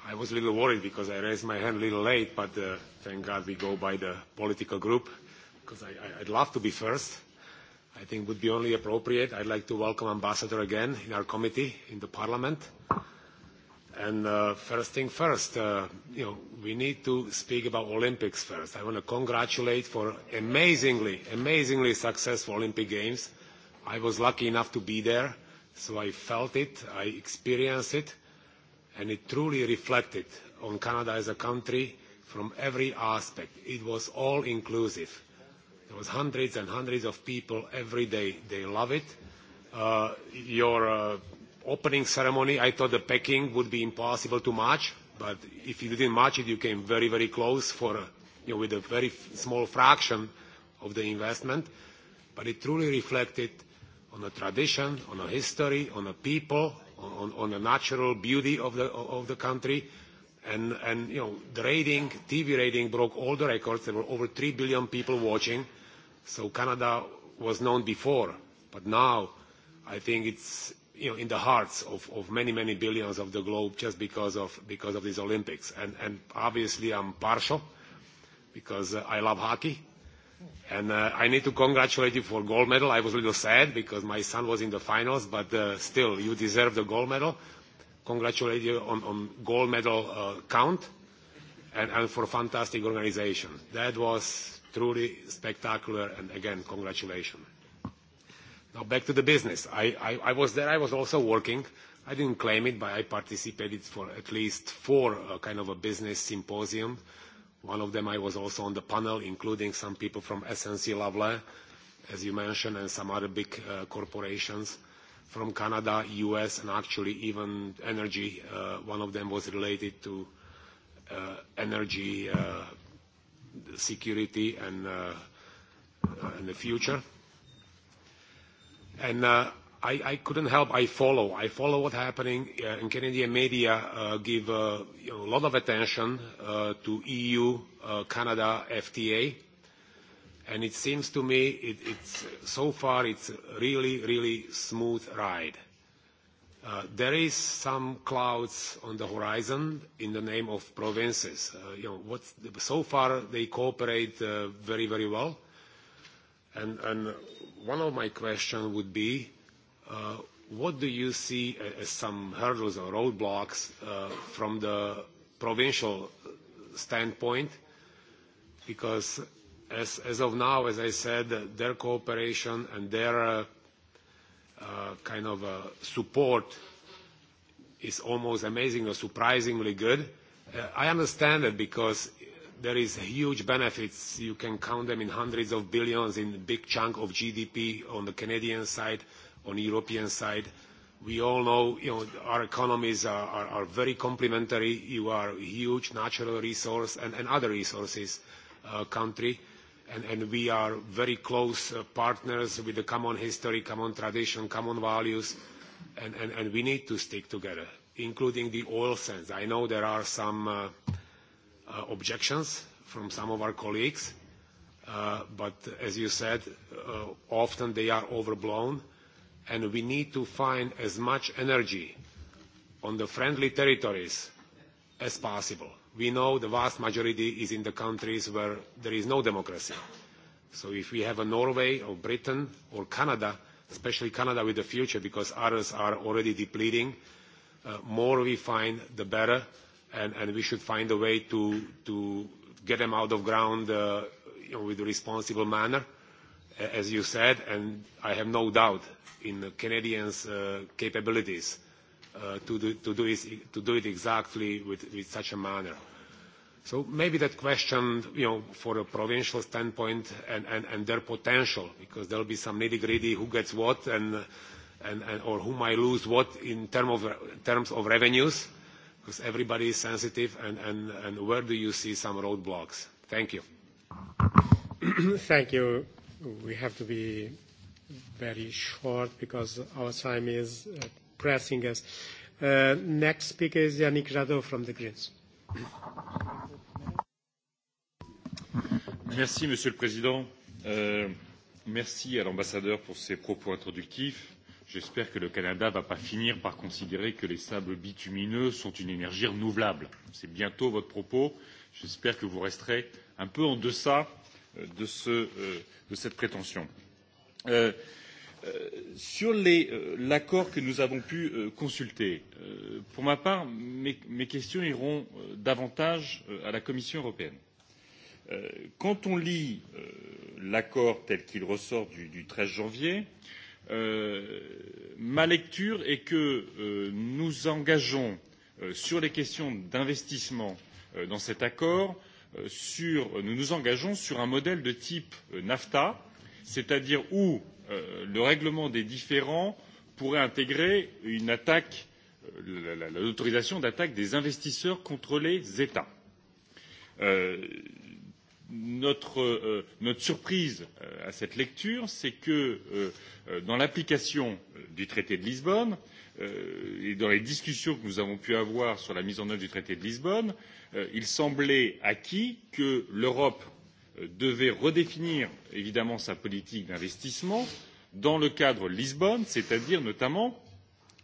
I was a little worried because I raised my hand a little late, but uh, thank God we go by the political group, because I, I, I'd love to be first. I think would be only appropriate. I'd like to welcome Ambassador again in our committee in the Parliament. And uh, first thing first, uh, you know, we need to speak about Olympics first. I want to congratulate for amazingly, amazingly successful Olympic Games. I was lucky enough to be there, so I felt it, I experienced it, and it truly reflected on Canada as a country from every aspect. It was all inclusive. There was hundreds and hundreds of people every day. They love it. Uh, your uh, opening ceremony, I thought the packing would be impossible to match, but if you didn't match it, you came very, very close for, you know, with a very small fraction of the investment. But it truly reflected on a tradition, on a history, on a people, on, on the natural beauty of the, of the country. And, and, you know, the rating, TV rating broke all the records. There were over 3 billion people watching. So Canada was known before, but now I think it's you know, in the hearts of, of many, many billions of the globe just because of, because of these Olympics. And, and obviously I'm partial because uh, I love hockey. And uh, I need to congratulate you for gold medal. I was a little sad because my son was in the finals, but uh, still, you deserve the gold medal. Congratulate you on, on gold medal uh, count and, and for fantastic organization. That was truly spectacular, and again, congratulations. Now back to the business. I, I, I was there. I was also working. I didn't claim it, but I participated for at least four uh, kind of a business symposium. One of them I was also on the panel, including some people from SNC-Lavalin, as you mentioned, and some other big uh, corporations from Canada, U.S., and actually even energy. Uh, one of them was related to uh, energy uh, security and, uh, uh, and the future. And uh, I, I couldn't help. I follow. I follow what's happening. Uh, in Canadian media uh, give uh, you know, a lot of attention uh, to EU-Canada uh, FTA. And it seems to me it, it's, so far it's really, really smooth ride. Uh, there is some clouds on the horizon in the name of provinces. Uh, you know, what's, so far they cooperate uh, very, very well. And, and one of my questions would be, uh, what do you see as some hurdles or roadblocks uh, from the provincial standpoint? Because as, as of now, as I said, their cooperation and their uh, uh, kind of uh, support is almost amazingly, surprisingly good. Uh, I understand that because there is huge benefits. You can count them in hundreds of billions in a big chunk of GDP on the Canadian side, on the European side. We all know, you know our economies are, very complementary. You are a huge natural resource and, other resources uh, country. And, we are very close uh, partners with a common history, common tradition, common values. And, we need to stick together, including the oil sense. I know there are some uh, Uh, objections from some of our colleagues, uh, but as you said, uh, often they are overblown, and we need to find as much energy on the friendly territories as possible. We know the vast majority is in the countries where there is no democracy. So if we have a Norway or Britain or Canada, especially Canada with the future because others are already depleting, uh, more we find the better and, and we should find a way to, to get them out of ground uh, you know, with a responsible manner, as you said, and I have no doubt in the Canadians' uh, capabilities uh, to, do, to, do is, to do it exactly with, with such a manner. So maybe that question, you know, for a provincial standpoint and, and, and their potential, because there'll be some nitty-gritty who gets what and, and, and or who might lose what in term of, terms of revenues. Uh, because everybody is sensitive and, and, and where do you see some roadblocks? Thank you. Thank you. We have to be very short because our time is uh, pressing us. Uh, next speaker is Yannick Jadot from the Greens. Merci, Monsieur le Président. Euh, merci à l'ambassadeur pour ses propos introductifs J'espère que le Canada ne va pas finir par considérer que les sables bitumineux sont une énergie renouvelable. C'est bientôt votre propos. J'espère que vous resterez un peu en deçà euh, de, ce, euh, de cette prétention. Euh, euh sur l'accord que nous avons pu consulter, pour ma part, mes, mes questions iront davantage à la Commission européenne. quand on lit l'accord tel qu'il ressort du, du 13 janvier, euh, Euh, ma lecture est que euh, nous engageons euh, sur les questions d'investissement euh, dans cet accord sur, nous nous engageons sur un modèle de type NAFTA, c'est-à-dire où le règlement des différends pourrait intégrer une attaque l'autorisation d'attaque des investisseurs contre les États notre, euh, notre surprise euh, à cette lecture c'est que euh, euh dans l'application euh, du traité de lisbonne et dans les discussions que nous avons pu avoir sur la mise en œuvre du traité de lisbonne il semblait acquis que l'europe devait redéfinir évidemment sa politique d'investissement dans le cadre de lisbonne c'est à dire notamment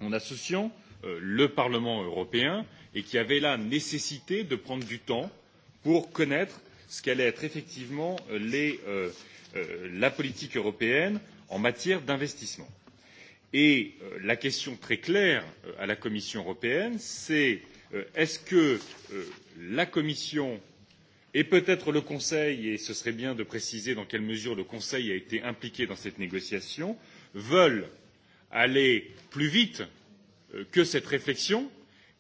en associant le parlement européen et qu'il y avait là nécessité de prendre du temps pour connaître ce qu'allait être effectivement euh, euh, euh, la politique européenne en matière d'investissement. Et la question très claire à la Commission européenne, c'est est-ce que la Commission et peut-être le Conseil, et ce serait bien de préciser dans quelle mesure le Conseil a été impliqué dans cette négociation, veulent aller plus vite que cette réflexion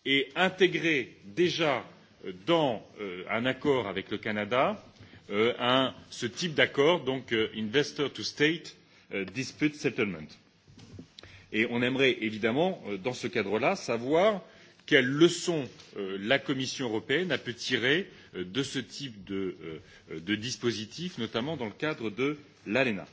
et intégrer déjà dans euh, un accord avec le Canada euh, un, ce type d'accord, donc euh, Investor to State Dispute Settlement. Et on aimerait évidemment, dans ce cadre-là, savoir quelles leçons la Commission européenne a pu tirer de ce type de, de dispositif, notamment dans le cadre de l'ALENA.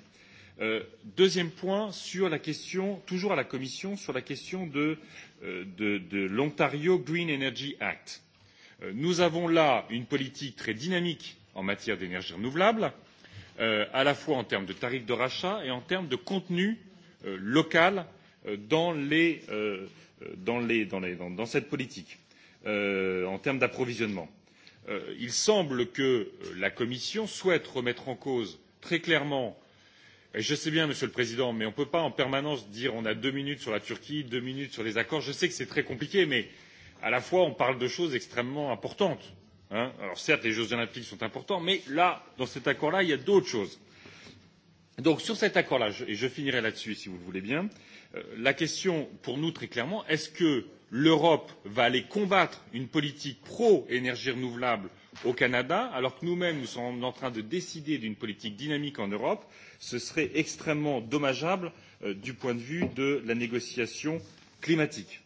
Deuxième point, sur la question, toujours à la Commission, sur la question de, de, de l'Ontario Green Energy Act. Euh, Euh, nous avons là une politique très dynamique en matière d'énergies renouvelables euh, à la fois en termes de tarifs de rachat et en termes de contenu local dans, cette politique euh, en termes d'approvisionnement. il semble que la commission souhaite remettre en cause très clairement et je sais bien monsieur le président mais on ne peut pas en permanence dire on a deux minutes sur la turquie deux minutes sur les accords je sais que c'est très compliqué mais à la fois on parle de choses extrêmement importantes hein. alors certes les jeux olympiques sont importants mais là dans cet accord là il y a d'autres choses. donc sur cet accord là et je finirai là dessus si vous le voulez bien euh, la question pour nous très clairement est ce que l'europe va aller combattre une politique pro énergies renouvelables au canada alors que nous mêmes nous sommes en train de décider d'une politique dynamique en europe ce serait extrêmement dommageable euh, du point de vue de la négociation climatique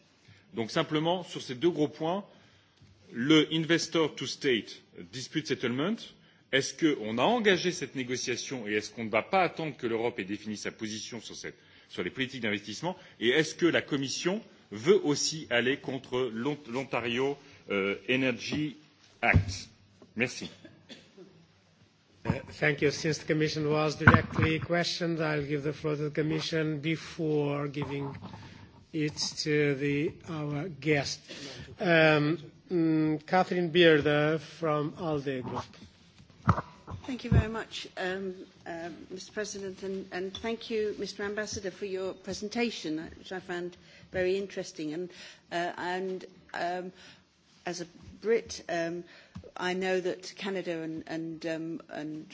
donc simplement sur ces deux gros points le investor to state dispute settlement est ce qu'on a engagé cette négociation et est ce qu'on ne va pas attendre que l'europe ait défini sa position sur, cette, sur les politiques d'investissement et est ce que la commission veut aussi aller contre l'ontario euh, energy act? merci. Uh, thank you. Since the Commission was directly questioned, I'll give the floor to the Commission before giving It's to the, our guest, um, mm, Catherine Beard from ALDE Group. Thank you very much, um, uh, Mr. President, and, and thank you, Mr. Ambassador, for your presentation, uh, which I found very interesting. And, uh, and um, as a Brit, um, I know that Canada and, and, um, and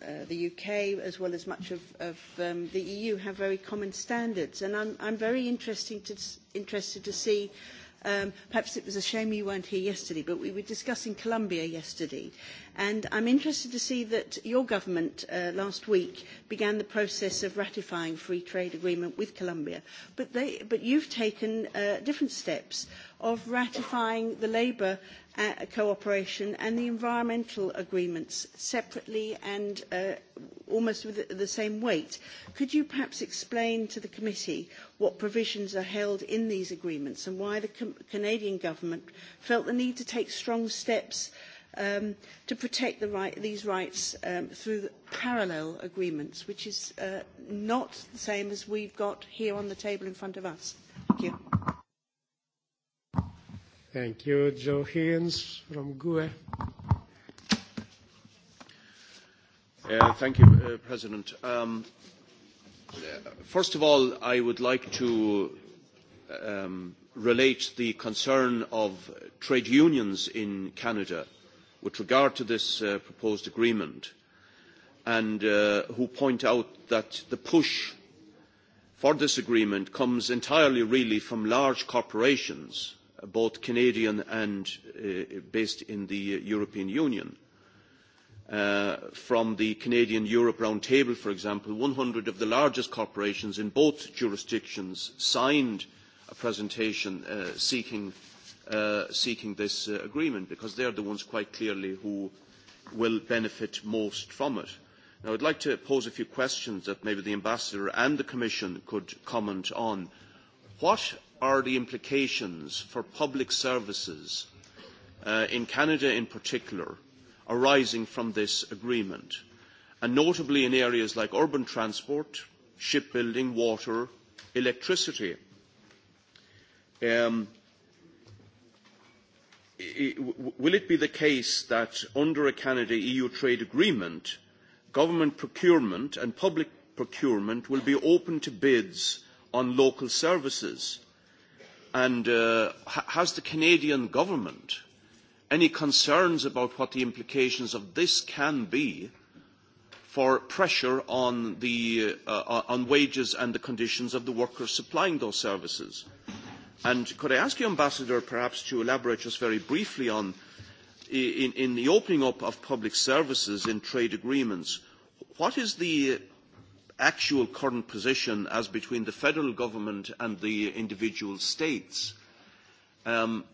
Uh, the UK, as well as much of, of um, the EU, have very common standards. And I'm, I'm very interesting to, interested to see, um, perhaps it was a shame you weren't here yesterday, but we were discussing Colombia yesterday And I'm interested to see that your government uh, last week began the process of ratifying free trade agreement with Colombia, but, they, but you've taken uh, different steps of ratifying the labour uh, cooperation and the environmental agreements separately and uh, almost with the same weight. Could you perhaps explain to the committee what provisions are held in these agreements and why the Canadian government felt the need to take strong steps um, to protect the right, these rights um, through parallel agreements, which is uh, not the same as we've got here on the table in front of us. Thank you. Thank you. Joe Higgins from GUE. Uh, thank you, uh, President. Um, first of all, I would like to um, relate the concern of trade unions in Canada with regard to this uh, proposed agreement and uh, who point out that the push for this agreement comes entirely really from large corporations, uh, both Canadian and uh, based in the European Union. Uh, from the Canadian Europe Roundtable, for example, 100 of the largest corporations in both jurisdictions signed a presentation uh, seeking Uh, seeking this uh, agreement because they are the ones quite clearly who will benefit most from it. Now, I'd like to pose a few questions that maybe the Ambassador and the Commission could comment on. What are the implications for public services, uh, in Canada in particular, arising from this agreement? And notably in areas like urban transport, shipbuilding, water, electricity. Um, will it be the case that under a Canada EU trade agreement, government procurement and public procurement will be open to bids on local services? And uh, has the Canadian government any concerns about what the implications of this can be for pressure on, the, uh, uh on wages and the conditions of the workers supplying those services? And could I ask you, Ambassador, perhaps to elaborate just very briefly on, in, in the opening up of public services in trade agreements, what is the actual current position as between the federal government and the individual states? Um,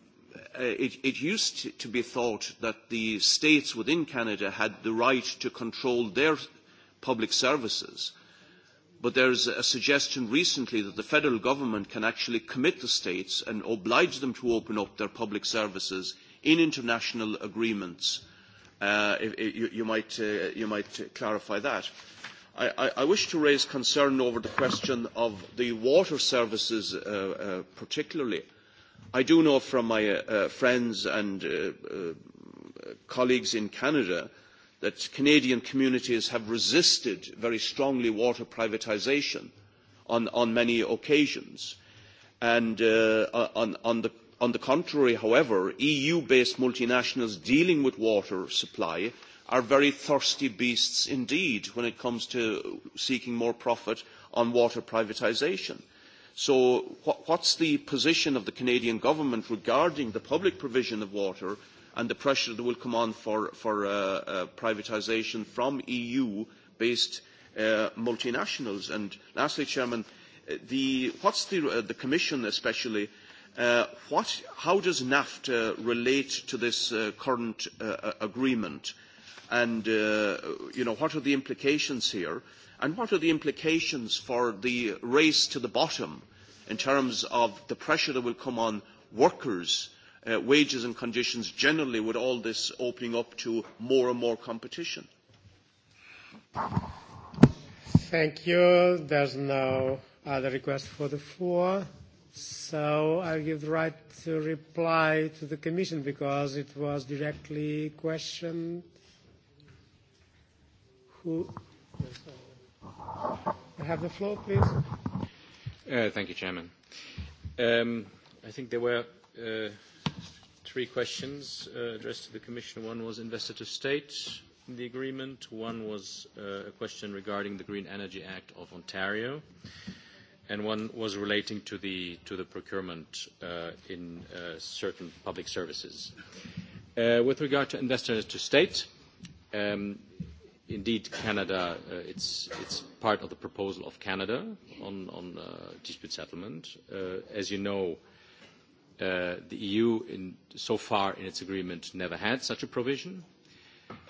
it, it used to be thought that the states within Canada had the right to control their public services but there is a suggestion recently that the federal government can actually commit the states and oblige them to open up their public services in international agreements. Uh, if, if you, you, might, uh, you might clarify that. I, I, I wish to raise concern over the question of the water services uh, uh, particularly. I do know from my uh, friends and uh, uh, colleagues in Canada uh, that Canadian communities have resisted very strongly water privatisation on, on many occasions. And uh, on, on, the, on the contrary, however, EU-based multinationals dealing with water supply are very thirsty beasts indeed when it comes to seeking more profit on water privatisation. So wh what's the position of the Canadian government regarding the public provision of water and the pressure that will come on for, for uh, uh, privatisation from EU-based uh, multinationals. And lastly, Chairman, uh, the, what's the, uh, the Commission especially, uh, what, how does NAFTA relate to this uh, current uh, agreement? And, uh, you know, what are the implications here? And what are the implications for the race to the bottom in terms of the pressure that will come on workers Uh, wages and conditions generally with all this opening up to more and more competition. Thank you. There's no other request for the floor. So I'll give the right to reply to the Commission because it was directly questioned. Who? I have the floor, please. Uh, thank you, Chairman. Um, I think there were uh, three questions uh, addressed to the Commission. One was investor to state in the agreement. One was uh, a question regarding the Green Energy Act of Ontario. And one was relating to the, to the procurement uh, in uh, certain public services. Uh, with regard to investor to state, um, indeed, Canada, uh, it's, it's part of the proposal of Canada on, on uh, dispute settlement. Uh, as you know, uh, Uh, the EU, in, so far in its agreement, never had such a provision.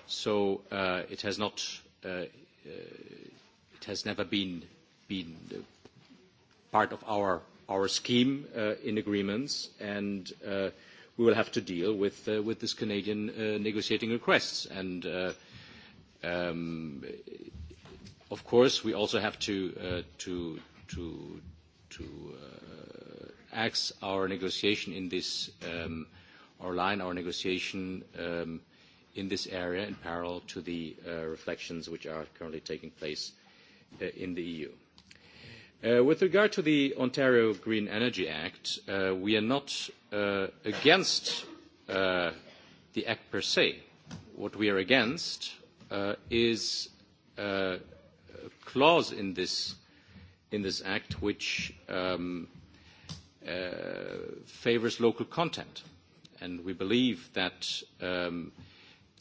So uh, it has not, uh, uh, it has never been, been part of our, our scheme uh, in agreements, and uh, we will have to deal with, uh, with this Canadian uh, negotiating requests. And uh, um, of course, we also have to, uh, to, to, to uh, acts, our negotiation in this, um, or line our negotiation um, in this area in parallel to the uh, reflections which are currently taking place uh, in the EU. Uh, with regard to the Ontario Green Energy Act, uh, we are not uh, against uh, the act per se. What we are against uh, is uh, a clause in this, in this act which um, uh, favors local content. And we believe that um,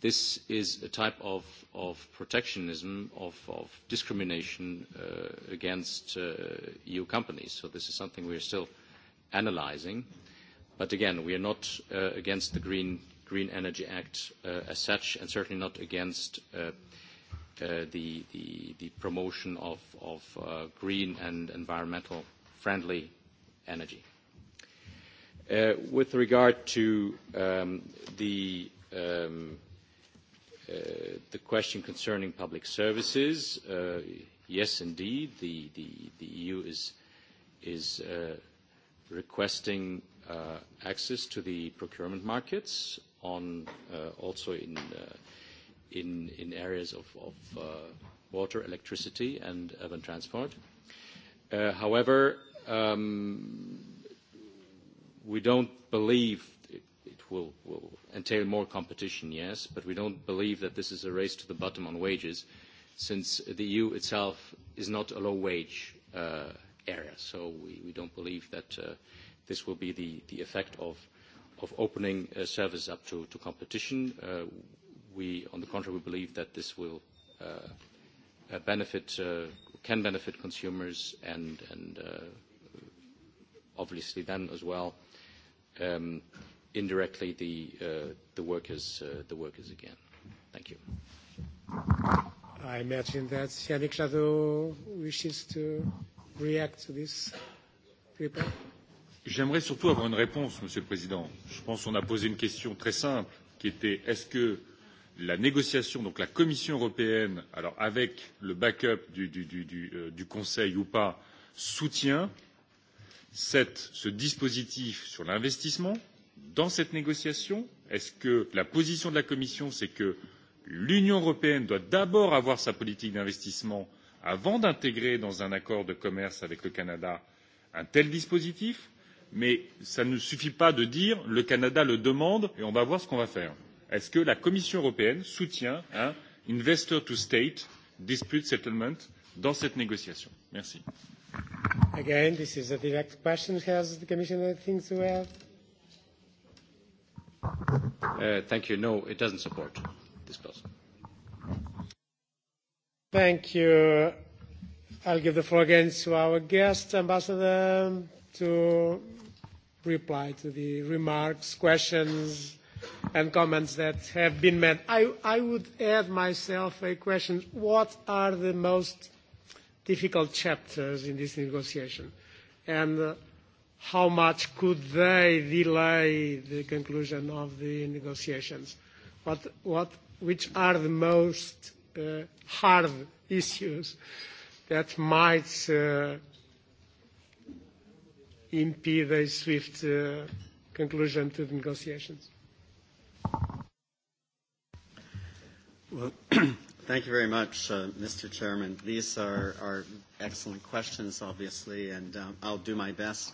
this is a type of, of protectionism, of, of discrimination uh, against uh, EU companies. So this is something we are still analyzing. But again, we are not uh, against the Green, Green Energy Act uh, as such, and certainly not against uh, Uh, the, the, the promotion of, of uh, green and environmental friendly energy. Uh, with regard to um, um, uh, the, question concerning public services, uh, yes, indeed, the, EU e is, requesting access to the procurement markets also in, areas of, water, electricity, and urban transport. However, um, we don't believe it, will, entail more competition, yes, but we don't believe that this is a race to the bottom on wages, since the EU itself is not a low-wage uh, area. So we, don't believe that uh, this will be the, effect of, opening uh, services up to, competition. Uh, we, on the contrary, we believe that this will benefit, uh, can benefit consumers and, obviously then as well um, indirectly the, uh, the, workers, uh, the workers again. Thank you. I imagine that Yannick Jadot wishes to react to this report. J'aimerais surtout avoir une réponse, Monsieur le Président. Je pense qu'on a posé une question très simple, qui était est-ce que la négociation, donc la Commission européenne, alors avec le backup du, du, du, du, euh, du Conseil ou pas, soutient ce dispositif sur l'investissement dans cette négociation est ce que la position de la commission est que l'union européenne doit d'abord avoir sa politique d'investissement avant d'intégrer dans un accord de commerce avec le canada un tel dispositif mais cela ne suffit pas de dire le canada le demande et on va voir ce qu'on va faire. est ce que la commission européenne soutient un investor to state dispute settlement dans cette négociation? merci. Again, this is a direct question. Has the Commission anything to add? Uh, thank you. No, it doesn't support this clause. Thank you. I'll give the floor again to our guest, Ambassador, to reply to the remarks, questions, and comments that have been made. I, I would add myself a question. What are the most difficult chapters in this negotiation, and uh, how much could they delay the conclusion of the negotiations? What, what, which are the most uh, hard issues that might uh, impede a swift uh, conclusion to the negotiations? Well, Thank you very much, uh, Mr. Chairman. These are, are excellent questions, obviously, and um, I'll do my best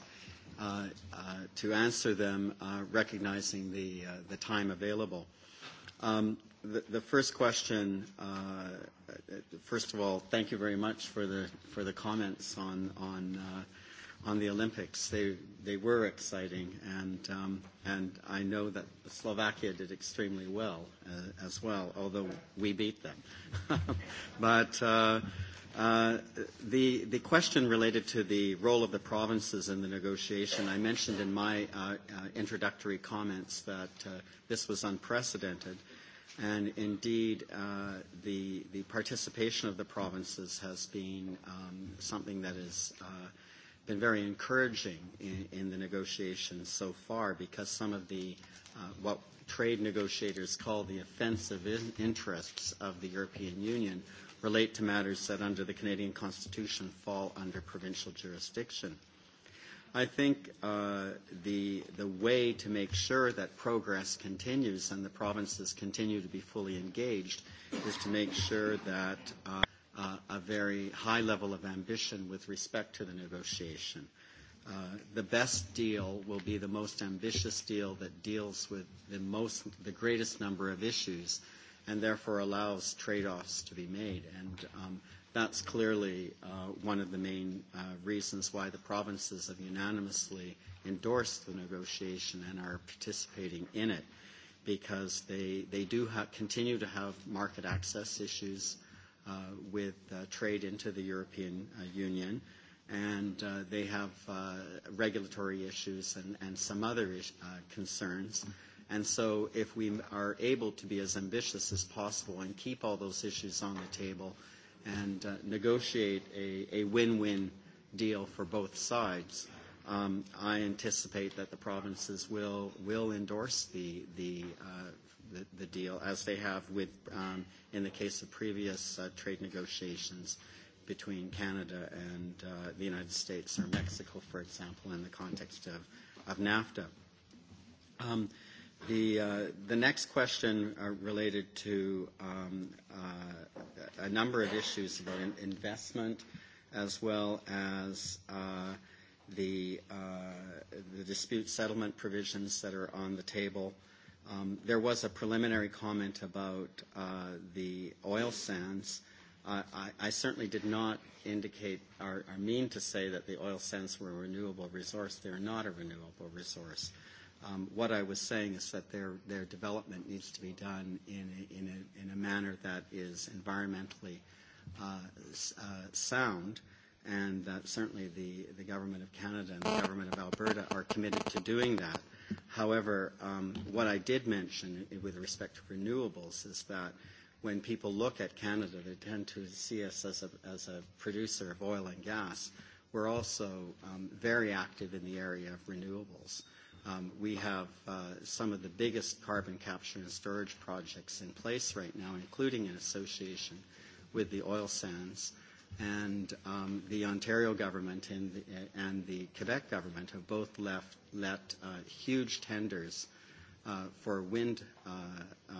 uh, uh, to answer them, uh, recognizing the, uh, the time available. Um, the, the first question, uh, first of all, thank you very much for the, for the comments on, on uh, on the Olympics. They they were exciting, and um, and I know that Slovakia did extremely well uh, as well, although we beat them. but uh, uh, the the question related to the role of the provinces in the negotiation, I mentioned in my uh, uh, introductory comments that uh, this was unprecedented. And indeed, uh, the, the participation of the provinces has been um, something that is uh, been very encouraging in, in the negotiations so far because some of the uh, what trade negotiators call the offensive in interests of the European Union relate to matters that under the Canadian Constitution fall under provincial jurisdiction. I think uh, the, the way to make sure that progress continues and the provinces continue to be fully engaged is to make sure that uh, uh, a very high level of ambition with respect to the negotiation. Uh, the best deal will be the most ambitious deal that deals with the most, the greatest number of issues, and therefore allows trade-offs to be made. And um, that's clearly uh, one of the main uh, reasons why the provinces have unanimously endorsed the negotiation and are participating in it, because they they do ha- continue to have market access issues uh, uh, with uh, trade into the European uh, Union. And uh, they have uh, regulatory issues and, and some other is- uh, concerns. And so if we are able to be as ambitious as possible and keep all those issues on the table and uh, negotiate a, a win-win deal for both sides, um, I anticipate that the provinces will, will endorse the, the uh, the, deal, as they have with, um, in the case of previous uh, trade negotiations between Canada and uh, the United States or Mexico, for example, in the context of, of NAFTA. Um, the, uh, the next question uh, related to um, uh, a number of issues about in- investment as well as uh, the, uh, the dispute settlement provisions that are on the table. Uh, Um, there was a preliminary comment about uh, the oil sands. Uh, I, I certainly did not indicate or, or mean to say that the oil sands were a renewable resource. They're not a renewable resource. Um, what I was saying is that their, their development needs to be done in a, in a, in a manner that is environmentally uh, uh, sound, and that certainly the, the Government of Canada and the Government of Alberta are committed to doing that. However, um, what I did mention with respect to renewables is that when people look at Canada, they tend to see us as a, as a producer of oil and gas. We're also um, very active in the area of renewables. Um, we have uh, some of the biggest carbon capture and storage projects in place right now, including an association with the oil sands and um, the Ontario government and the, and the Quebec government have both left, let uh, huge tenders uh, for wind uh, uh,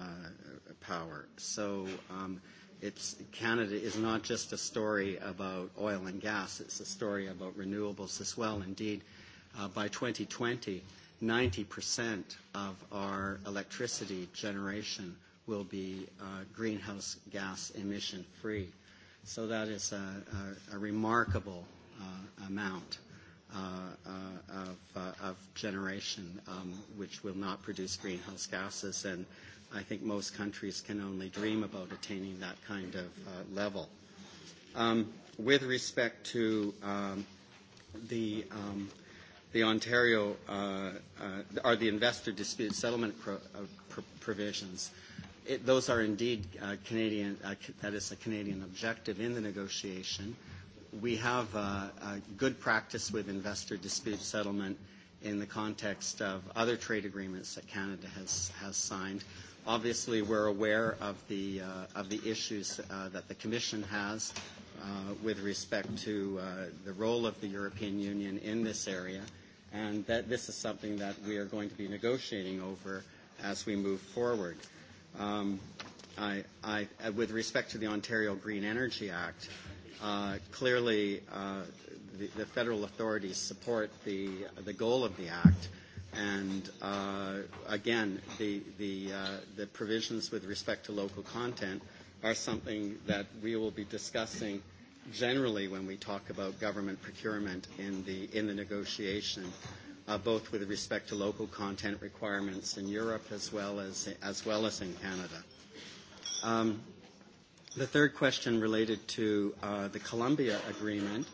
power. So um, it's, Canada is not just a story about oil and gas, it's a story about renewables as well. Indeed, uh, by 2020, 90% of our electricity generation will be uh, greenhouse gas emission free. So that is a, a, a remarkable uh, amount uh, uh, of, uh, of generation, um, which will not produce greenhouse gases. And I think most countries can only dream about attaining that kind of uh, level. Um, with respect to um, the um, the Ontario uh, uh, or the investor dispute settlement pro, uh, pr- provisions, uh, it, those are indeed uh, Canadian, uh, that is a Canadian objective in the negotiation. We have uh, a good practice with investor dispute settlement in the context of other trade agreements that Canada has, has signed. Obviously, we're aware of the, uh, of the issues uh, that the Commission has uh, with respect to uh, the role of the European Union in this area, and that this is something that we are going to be negotiating over as we move forward. Um, I, I, uh, with respect to the Ontario Green Energy Act, uh, clearly uh, the, the federal authorities support the, the goal of the act. And uh, again, the, the, uh, the provisions with respect to local content are something that we will be discussing generally when we talk about government procurement in the, in the negotiation. Uh, both with respect to local content requirements in Europe as well as, as, well as in Canada. Um, the third question related to uh, the Colombia Agreement,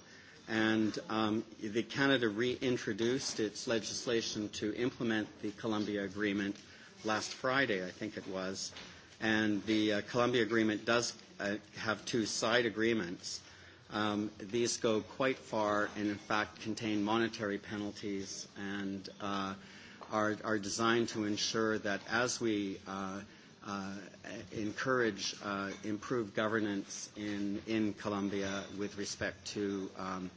and um, the Canada reintroduced its legislation to implement the Colombia Agreement last Friday, I think it was, and the uh, Colombia Agreement does have two side agreements. Um, these go quite far and, in fact, contain monetary penalties and uh, are, are designed to ensure that as we uh, uh, encourage uh, improved governance in, in Colombia with respect to um,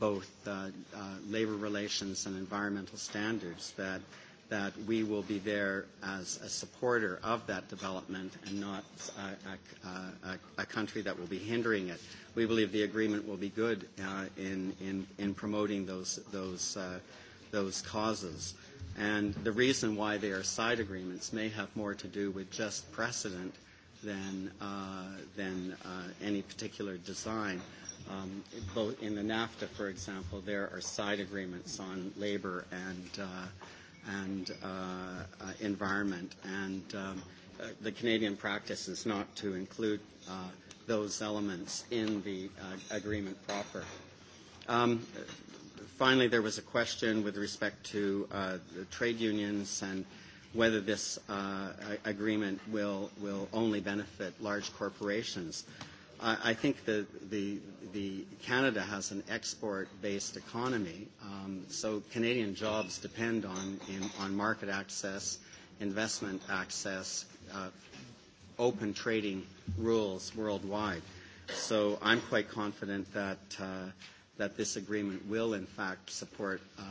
both uh, uh, labor relations and environmental standards, that that we will be there as a supporter of that development and not a, a, a, a country that will be hindering it. We believe the agreement will be good uh, in, in, in promoting those, those, uh, those causes. And the reason why they are side agreements may have more to do with just precedent than, uh, than uh, any particular design. Um, both in the NAFTA, for example, there are side agreements on labor and uh, and uh, uh, environment. And um, uh, the Canadian practice is not to include uh, those elements in the uh, agreement proper. Um, finally, there was a question with respect to uh, the trade unions and whether this uh, agreement will, will only benefit large corporations. Uh, I, think that the, the Canada has an export-based economy, um, so Canadian jobs depend on, in, on market access, investment access, uh, open trading rules worldwide. So I'm quite confident that, uh, that this agreement will, in fact, support uh,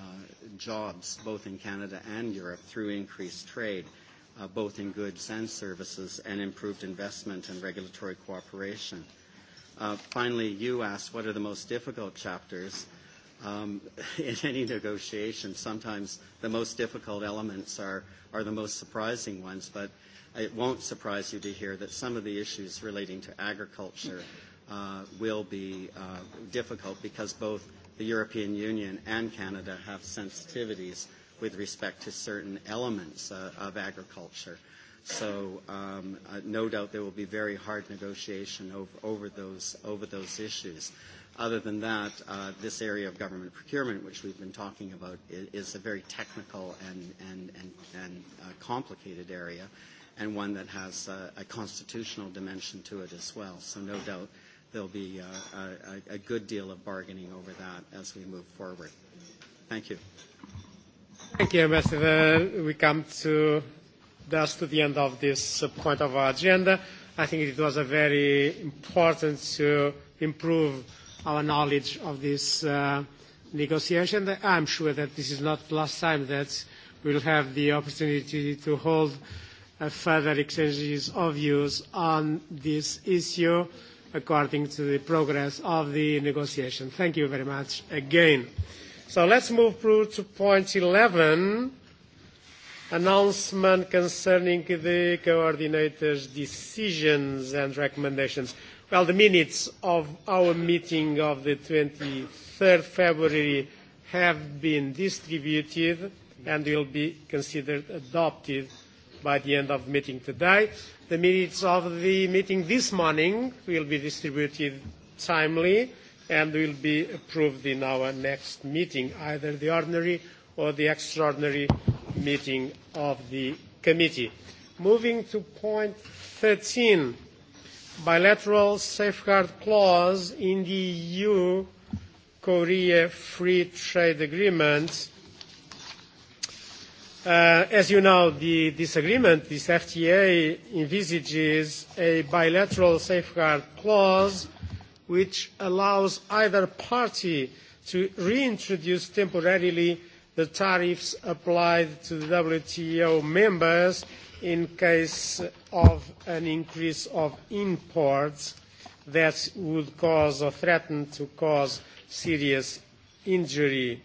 jobs both in Canada and Europe through increased trade. Uh, uh, both in goods and services, and improved investment and regulatory cooperation. Uh, finally, you asked what are the most difficult chapters. Um, in any negotiation, sometimes the most difficult elements are, are the most surprising ones, but it won't surprise you to hear that some of the issues relating to agriculture uh, will be uh, difficult because both the European Union and Canada have sensitivities with respect to certain elements uh, of agriculture. So um, uh, no doubt there will be very hard negotiation over, over, those, over those issues. Other than that, uh, this area of government procurement, which we've been talking about, is, is a very technical and, and, and, and uh, complicated area, and one that has a, uh, a constitutional dimension to it as well. So no doubt there'll be uh, a, a, a good deal of bargaining over that as we move forward. Thank you. Thank you, Ambassador. We come to thus to the end of this uh, point of our agenda. I think it was a very important to improve our knowledge of this uh, negotiation. I'm sure that this is not the last time that we'll have the opportunity to hold uh, further exchanges of views on this issue according to the progress of the negotiation. Thank you very much again. So let's move through to point 11, announcement concerning the coordinators' decisions and recommendations. Well, the minutes of our meeting of the 23rd February have been distributed and will be considered adopted by the end of the meeting today. The minutes of the meeting this morning will be distributed timely and will be approved in our next meeting, either the ordinary or the extraordinary meeting of the committee. Moving to point 13, bilateral safeguard clause in the EU-Korea free trade agreement. Uh, as you know, the, this agreement, this FTA, envisages a bilateral safeguard clause which allows either party to reintroduce temporarily the tariffs applied to the WTO members in case of an increase of imports that would cause or threaten to cause serious injury.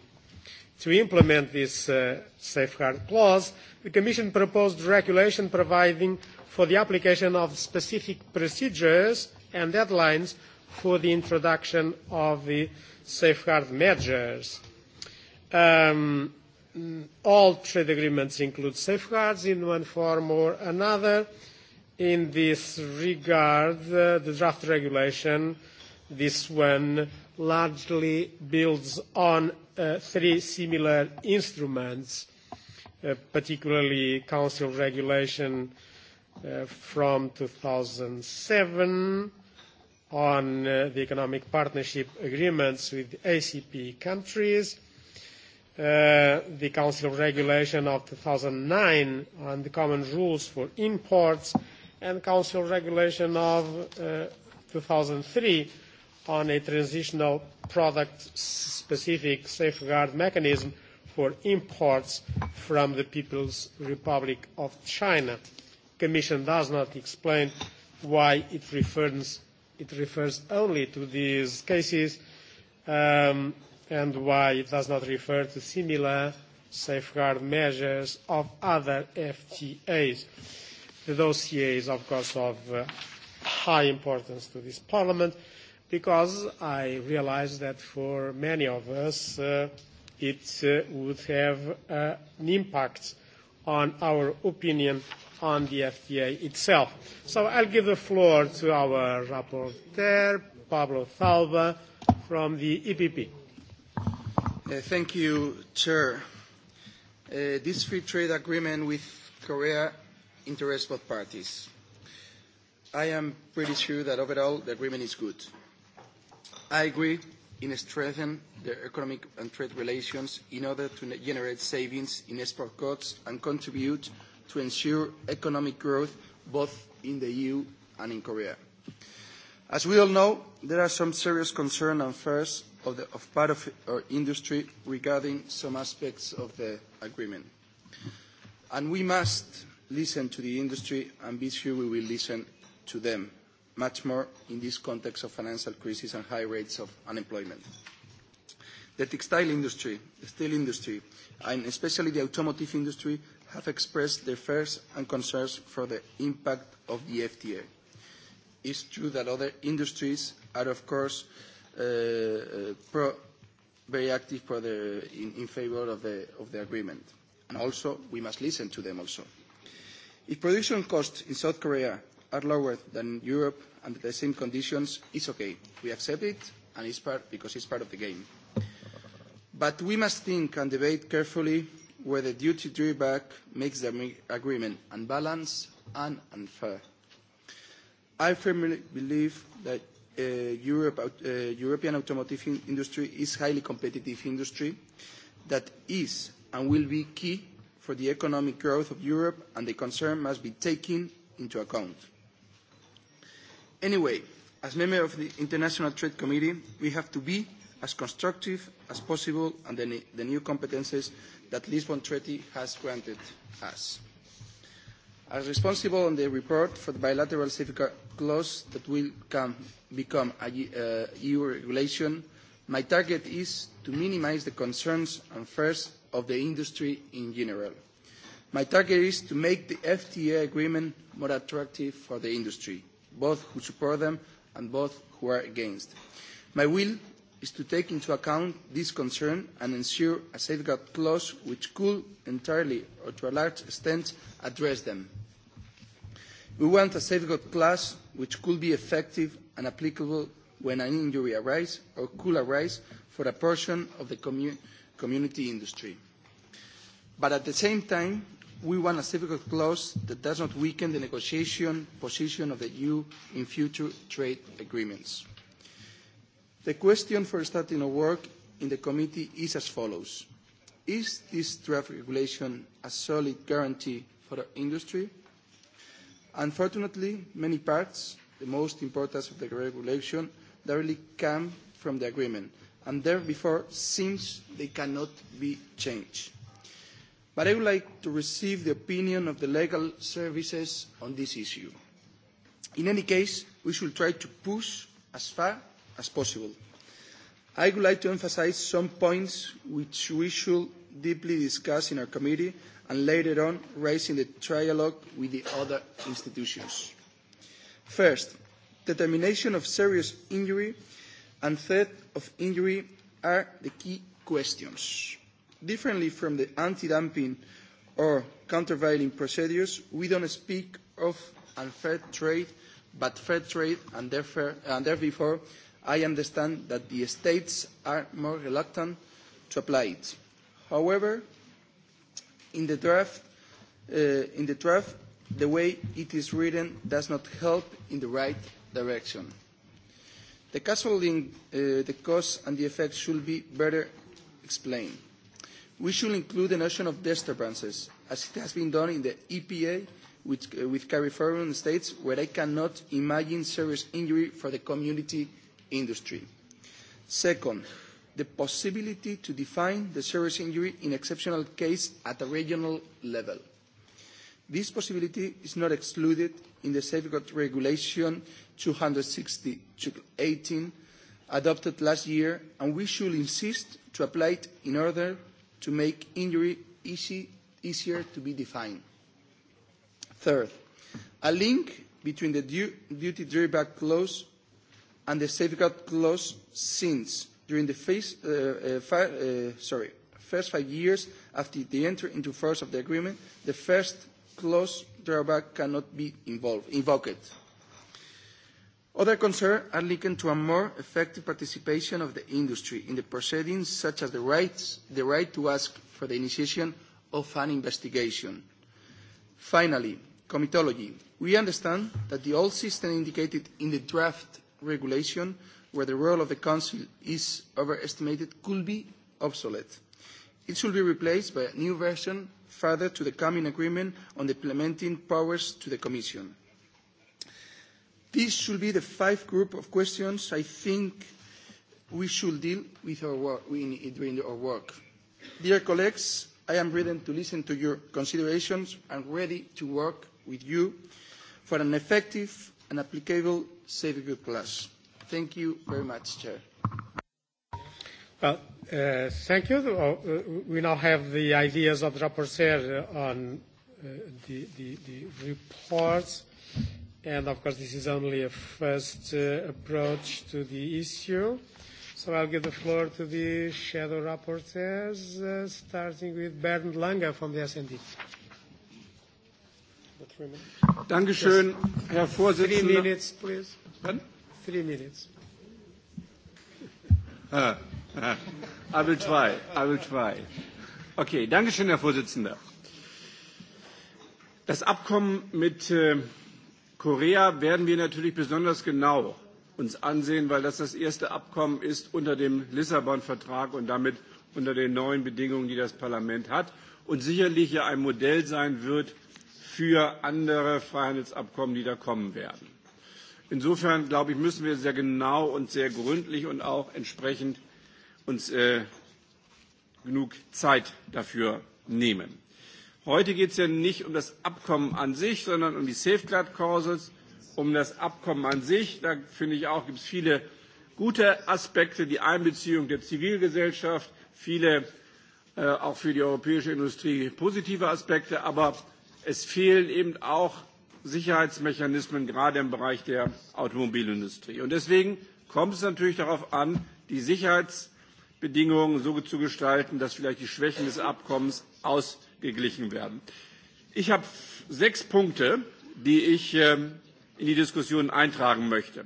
To implement this uh, safeguard clause, the Commission proposed regulation providing for the application of specific procedures and deadlines for the introduction of the safeguard measures. Um, all trade agreements include safeguards in one form or another. In this regard, uh, the draft regulation, this one, largely builds on uh, three similar instruments, uh, particularly Council regulation uh, from 2007, on uh, the economic partnership agreements with ACP countries, uh, the Council Regulation of 2009 on the common rules for imports, and Council Regulation of uh, 2003 on a transitional product-specific safeguard mechanism for imports from the People's Republic of China. The Commission does not explain why it refers it refers only to these cases um, and why it does not refer to similar safeguard measures of other FTAs. The dossier is, of course, of uh, high importance to this Parliament because I realize that for many of us uh, it uh, would have uh, an impact on our opinion on the FTA itself. So I'll give the floor to our rapporteur, Pablo Zalba, from the EPP. Uh, thank you, Chair. Uh, this free trade agreement with Korea interests both parties. I am pretty sure that overall the agreement is good. I agree in strengthening their economic and trade relations in order to generate savings in export costs and contribute to ensure economic growth both in the EU and in Korea. As we all know, there are some serious concerns and fears of, the, part of our industry regarding some aspects of the agreement. And we must listen to the industry and be sure we will listen to them much more in this context of financial crisis and high rates of unemployment. The textile industry, the steel industry, and especially the automotive industry have expressed their fears and concerns for the impact of the FTA. It's true that other industries are, of course, uh, uh, pro, very active for the, in, in favor of the, of the agreement. And also, we must listen to them also. If production costs in South Korea are lower than Europe under the same conditions, it's okay. We accept it, and it's part, because it's part of the game. But we must think and debate carefully whether duty drawback makes the agreement unbalanced and unfair. I firmly believe that uh, Europe, uh, European automotive in industry is highly competitive industry that is and will be key for the economic growth of Europe and the concern must be taken into account. Anyway, as member of the International Trade Committee, we have to be as constructive as possible on the, the new competences that Lisbon Treaty has granted us. As responsible on the report for the bilateral safeguard clause that will come, become a uh, EU regulation, my target is to minimize the concerns and fears of the industry in general. My target is to make the FTA agreement more attractive for the industry both who support them and both who are against. My will is to take into account this concern and ensure a safeguard clause which could entirely or to a large extent address them. We want a safeguard clause which could be effective and applicable when an injury arises or could arise for a portion of the commu community industry. But at the same time, we want a civil clause that does not weaken the negotiation position of the EU in future trade agreements. The question for starting a work in the committee is as follows. Is this draft regulation a solid guarantee for our industry? Unfortunately, many parts, the most important of the regulation, directly come from the agreement, and therefore seems they cannot be changed but I would like to receive the opinion of the legal services on this issue. In any case, we should try to push as far as possible. I would like to emphasize some points which we should deeply discuss in our committee and later on raise in the trialogue with the other institutions. First, determination of serious injury and threat of injury are the key questions differently from the anti-dumping or countervailing procedures, we don't speak of unfair trade, but fair trade, and therefore, and therefore I understand that the states are more reluctant to apply it. However, in the draft, uh, in the draft, the way it is written does not help in the right direction. The causal link, uh, the cause and the effect should be better explained. We should include the notion of disturbances, as it has been done in the EPA with, uh, with cariforum states where I cannot imagine serious injury for the community industry. Second, the possibility to define the serious injury in exceptional case at a regional level. This possibility is not excluded in the Safeguard Regulation 260-18 adopted last year, and we should insist to apply it in order to make injury easy, easier to be defined. Third, a link between the du duty drawback clause and the safeguard clause since during the phase, uh, uh, five, uh, sorry, first five years after the entry into force of the agreement, the first clause drawback cannot be involved, invoked. Other concerns are linked to a more effective participation of the industry in the proceedings, such as the, rights, the right to ask for the initiation of an investigation. Finally, comitology. We understand that the old system indicated in the draft regulation, where the role of the Council is overestimated, could be obsolete. It should be replaced by a new version further to the coming agreement on the implementing powers to the Commission. This should be the five group of questions I think we should deal with our work, during our work. Dear colleagues, I am ready to listen to your considerations and ready to work with you for an effective and applicable safeguard class. Thank you very much, Chair. Well, uh, thank you. Uh, we now have the ideas of the rapporteur uh, on uh, the, the, the reports. And of course, this is only a first uh, approach to the issue. So I'll give the floor to the shadow rapporteurs, uh, starting with Bernd Lange from the SD. Dankeschön, yes. Herr Vorsitzender. Three minutes, please. Pardon? Three minutes. Uh, uh, I will try. I will try. Okay, Dankeschön, Herr Vorsitzender. Das Abkommen mit äh, Korea werden wir natürlich besonders genau uns ansehen, weil das das erste Abkommen ist unter dem Lissabon-Vertrag und damit unter den neuen Bedingungen, die das Parlament hat und sicherlich ja ein Modell sein wird für andere Freihandelsabkommen, die da kommen werden. Insofern, glaube ich, müssen wir sehr genau und sehr gründlich und auch entsprechend uns äh, genug Zeit dafür nehmen. Heute geht es ja nicht um das Abkommen an sich, sondern um die Safeguard Clauses, um das Abkommen an sich. Da finde ich auch, gibt es viele gute Aspekte, die Einbeziehung der Zivilgesellschaft, viele äh, auch für die europäische Industrie positive Aspekte, aber es fehlen eben auch Sicherheitsmechanismen, gerade im Bereich der Automobilindustrie. Und deswegen kommt es natürlich darauf an, die Sicherheitsbedingungen so zu gestalten, dass vielleicht die Schwächen des Abkommens aus Geglichen werden. Ich habe sechs Punkte, die ich ähm, in die Diskussion eintragen möchte.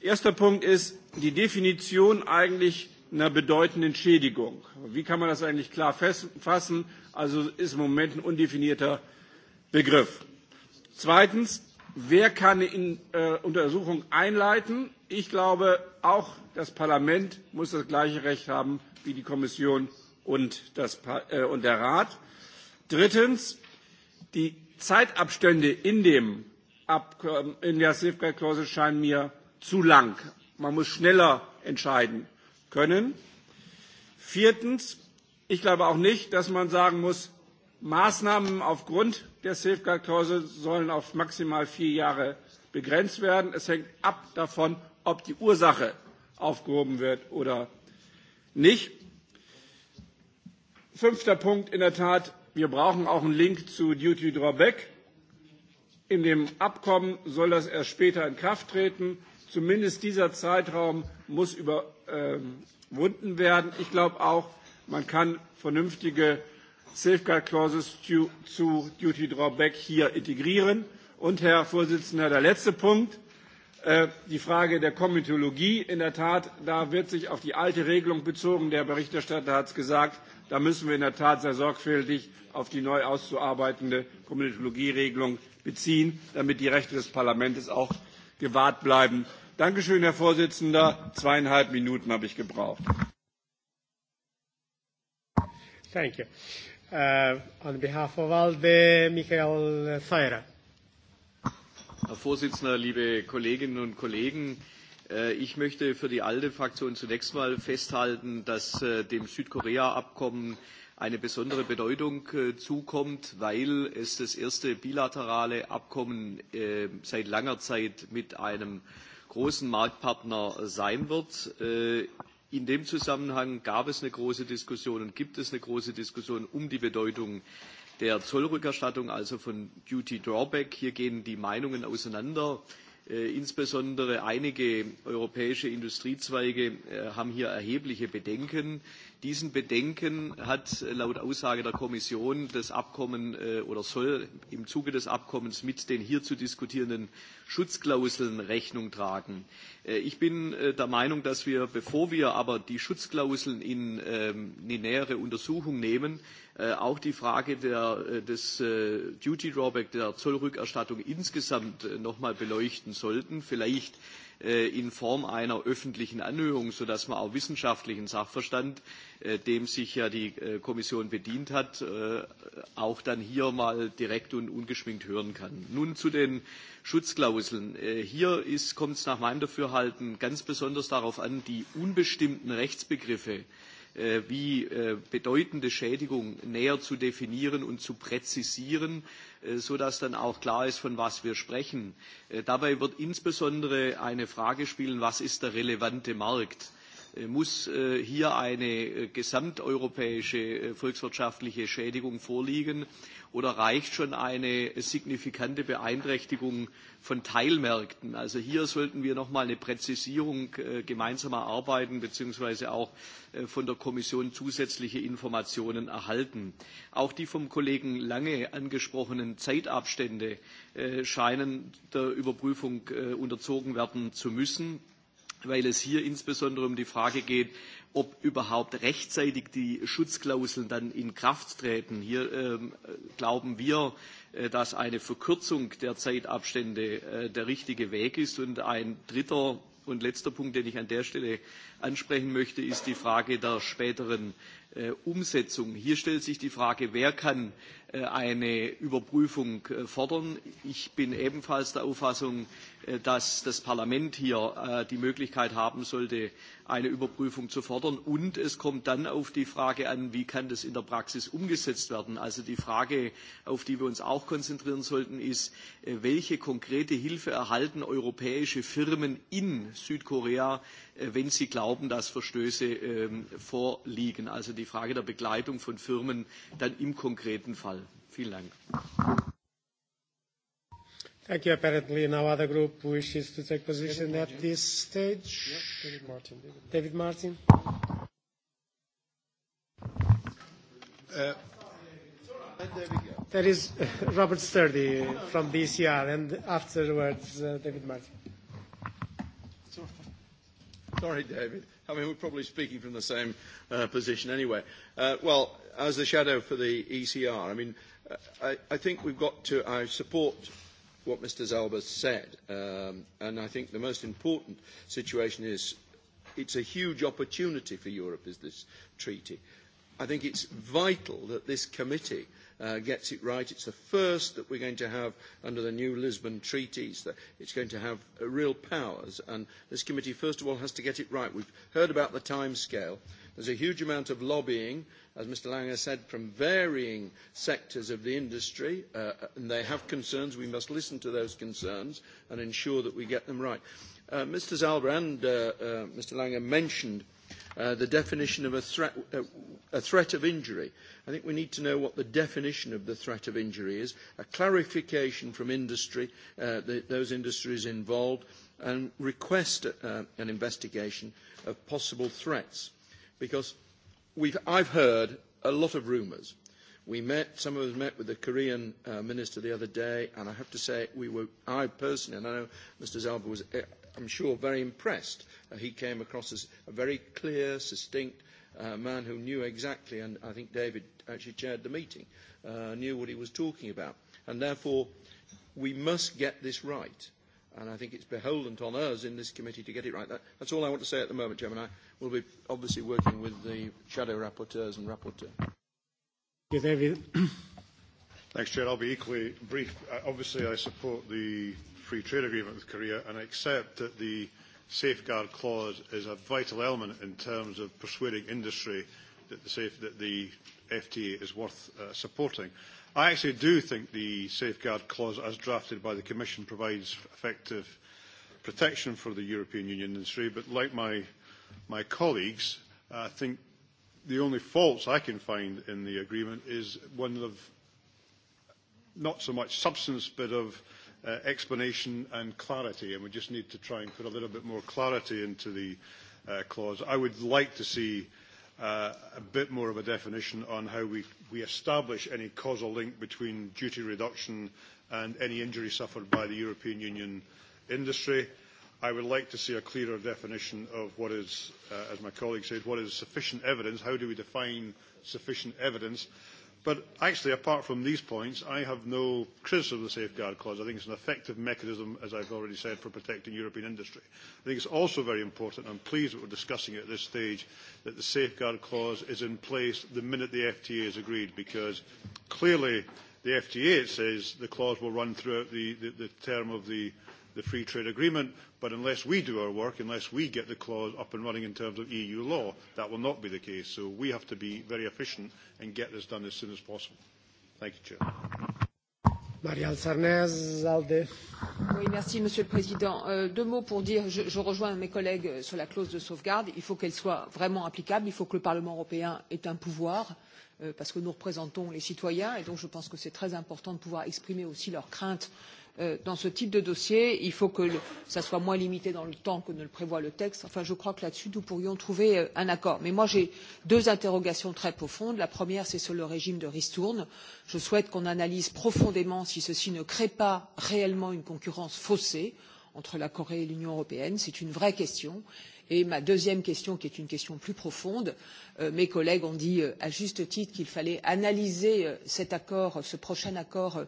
Erster Punkt ist die Definition eigentlich einer bedeutenden Schädigung. Wie kann man das eigentlich klar fassen? Also ist im Moment ein undefinierter Begriff. Zweitens, wer kann eine äh, Untersuchung einleiten? Ich glaube, auch das Parlament muss das gleiche Recht haben wie die Kommission und, das, äh, und der Rat. Drittens, die Zeitabstände in dem Abkommen, in der Safeguard-Klausel scheinen mir zu lang. Man muss schneller entscheiden können. Viertens, ich glaube auch nicht, dass man sagen muss, Maßnahmen aufgrund der Safeguard-Klausel sollen auf maximal vier Jahre begrenzt werden. Es hängt ab davon, ob die Ursache aufgehoben wird oder nicht. Fünfter Punkt, in der Tat, wir brauchen auch einen Link zu Duty Drawback. In dem Abkommen soll das erst später in Kraft treten. Zumindest dieser Zeitraum muss überwunden ähm, werden. Ich glaube auch, man kann vernünftige Safeguard Clauses zu, Duty Drawback hier integrieren. Und Herr Vorsitzender, der letzte Punkt, äh, die Frage der Komitologie. In der Tat, da wird sich auf die alte Regelung bezogen. Der Berichterstatter hat es gesagt, Da müssen wir in der Tat sehr sorgfältig auf die neu auszuarbeitende Komitologieregelung beziehen, damit die Rechte des Parlaments auch gewahrt bleiben. Dankeschön, Herr Vorsitzender. Zweieinhalb Minuten habe ich gebraucht. Thank you. Uh, on behalf of ALDE, Michael Feierer. Herr Vorsitzender, liebe Kolleginnen und Kollegen, Äh, ich möchte für die ALDE-Fraktion zunächst mal festhalten, dass äh, dem Südkorea-Abkommen eine besondere Bedeutung äh, zukommt, weil es das erste bilaterale Abkommen seit langer Zeit mit einem großen Marktpartner sein wird. In dem Zusammenhang gab es eine große Diskussion und gibt es eine große Diskussion um die Bedeutung der Zollrückerstattung, also von Duty Drawback. Hier gehen die Meinungen auseinander. Äh, insbesondere einige europäische Industriezweige äh, haben hier erhebliche Bedenken Diesen Bedenken hat äh, laut Aussage der Kommission das Abkommen äh, oder soll im Zuge des Abkommens mit den hier zu diskutierenden Schutzklauseln Rechnung tragen. Äh, ich bin der Meinung, dass wir, bevor wir aber die Schutzklauseln in ähm, eine nähere Untersuchung nehmen, auch die Frage der, des Duty Drawback, der Zollrückerstattung insgesamt noch mal beleuchten sollten. Vielleicht Äh, in Form einer öffentlichen Anhörung, sodass man auch wissenschaftlichen Sachverstand, äh, dem sich ja die äh, Kommission bedient hat, auch dann hier mal direkt und ungeschminkt hören kann. Nun zu den Schutzklauseln. Hier kommt es nach meinem Dafürhalten ganz besonders darauf an, die unbestimmten Rechtsbegriffe Äh, wie äh, bedeutende Schädigung näher zu definieren und zu präzisieren, äh, sodass dann auch klar ist, von was wir sprechen. Dabei wird insbesondere eine Frage spielen, was ist der relevante Markt? Äh, muss äh, hier eine äh, gesamteuropäische volkswirtschaftliche Schädigung vorliegen oder reicht schon eine signifikante Beeinträchtigung von Teilmärkten? Also hier sollten wir noch mal eine Präzisierung gemeinsamer Arbeiten bzw. auch von der Kommission zusätzliche Informationen erhalten. Auch die vom Kollegen Lange angesprochenen Zeitabstände scheinen der Überprüfung unterzogen werden zu müssen weil es hier insbesondere um die Frage geht, ob überhaupt rechtzeitig die Schutzklauseln dann in Kraft treten. Hier ähm, glauben wir, äh, dass eine Verkürzung der Zeitabstände äh, der richtige Weg ist. Und ein dritter und letzter Punkt, den ich an der Stelle ansprechen möchte, ist die Frage der späteren äh, Umsetzung. Hier stellt sich die Frage, wer kann äh, Äh, eine Überprüfung äh, fordern. Ich bin ebenfalls der Auffassung, äh, dass das Parlament hier die Möglichkeit haben sollte, eine Überprüfung zu fordern. Und es kommt dann auf die Frage an, wie kann das in der Praxis umgesetzt werden. Also die Frage, auf die wir uns auch konzentrieren sollten, ist, welche konkrete Hilfe erhalten europäische Firmen in Südkorea, wenn sie glauben, dass Verstöße ähm, vorliegen. Also die Frage der Begleitung von Firmen dann im konkreten Fall. Vielen Dank. Thank you. Apparently, no other group wishes to take position David at Martin. this stage. Yeah, David Martin. David Martin. Uh, there is Robert Sturdy from the ECR, and afterwards, uh, David Martin. Sorry, David. I mean, we're probably speaking from the same uh, position anyway. Uh, well, as the shadow for the ECR, I mean, I, I think we've got to, I support what Mr. Zalba said, um, and I think the most important situation is it's a huge opportunity for Europe, is this treaty. I think it's vital that this committee uh, gets it right. It's the first that we're going to have under the new Lisbon treaties. That it's going to have uh, real powers, and this committee, first of all, has to get it right. We've heard about the timescale. scale. There's a huge amount of lobbying, as Mr Langer said, from varying sectors of the industry, uh, and they have concerns. We must listen to those concerns and ensure that we get them right. Uh, Mr Zalber and uh, uh, Mr Langer mentioned uh, the definition of a threat, uh, a threat of injury. I think we need to know what the definition of the threat of injury is, a clarification from industry, uh, the, those industries involved, and request uh, an investigation of possible threats because we've, I've heard a lot of rumours. We met, some of us met with the Korean uh, minister the other day, and I have to say, we were, I personally, and I know Mr. Zalba was, eh, I'm sure, very impressed. Uh, he came across as a very clear, succinct uh, man who knew exactly, and I think David actually chaired the meeting, uh, knew what he was talking about. And therefore, we must get this right and I think it's beholden on us in this committee to get it right. That, that's all I want to say at the moment, Chairman. I will be obviously working with the shadow rapporteurs and rapporteur. Yeah, David. Thanks, Chair. I'll be equally brief. Uh, obviously, I support the free trade agreement with Korea and I accept that the safeguard clause is a vital element in terms of persuading industry that the, safe, that the FTA is worth uh, supporting. I actually do think the safeguard clause as drafted by the Commission provides effective protection for the European Union industry, but like my, my colleagues, I think the only faults I can find in the agreement is one of not so much substance, but of uh, explanation and clarity, and we just need to try and put a little bit more clarity into the uh, clause. I would like to see uh, uh, a bit more of a definition on how we, we establish any causal link between duty reduction and any injury suffered by the European Union industry. I would like to see a clearer definition of what is, uh, as my colleague said, what is sufficient evidence. How do we define sufficient evidence? But actually, apart from these points, I have no criticism of the safeguard clause. I think it's an effective mechanism, as I've already said, for protecting European industry. I think it's also very important, and I'm pleased that we're discussing it at this stage, that the safeguard clause is in place the minute the FTA is agreed, because clearly the FTA, it says, the clause will run throughout the, the, the term of the the free trade agreement. But unless we do our work, unless we get the clause up and running in terms of EU law, that will not be the case. So we have to be very efficient and get this done as soon as possible. Thank you, Chair. Sarnez, ALDE. Oui, merci Monsieur le Président. Euh, deux mots pour dire, je, je rejoins mes collègues euh, sur la clause de sauvegarde. Il faut qu'elle soit vraiment applicable. Il faut que le Parlement européen ait un pouvoir, euh, parce que nous représentons les citoyens, et donc je pense que c'est très important de pouvoir exprimer aussi leurs craintes euh, Euh, dans ce type de dossier il faut que ça soit moins limité dans le temps que ne le prévoit le texte. enfin je crois que là dessus nous pourrions trouver euh, un accord. mais moi j'ai deux interrogations très profondes. la première c'est sur le régime de ristourne. je souhaite qu'on analyse profondément si ceci ne crée pas réellement une concurrence faussée entre la corée et l'union européenne. c'est une vraie question Et ma deuxième question, qui est une question plus profonde, euh, mes collègues ont dit euh, à juste titre qu'il fallait analyser euh, cet accord, ce prochain accord, euh,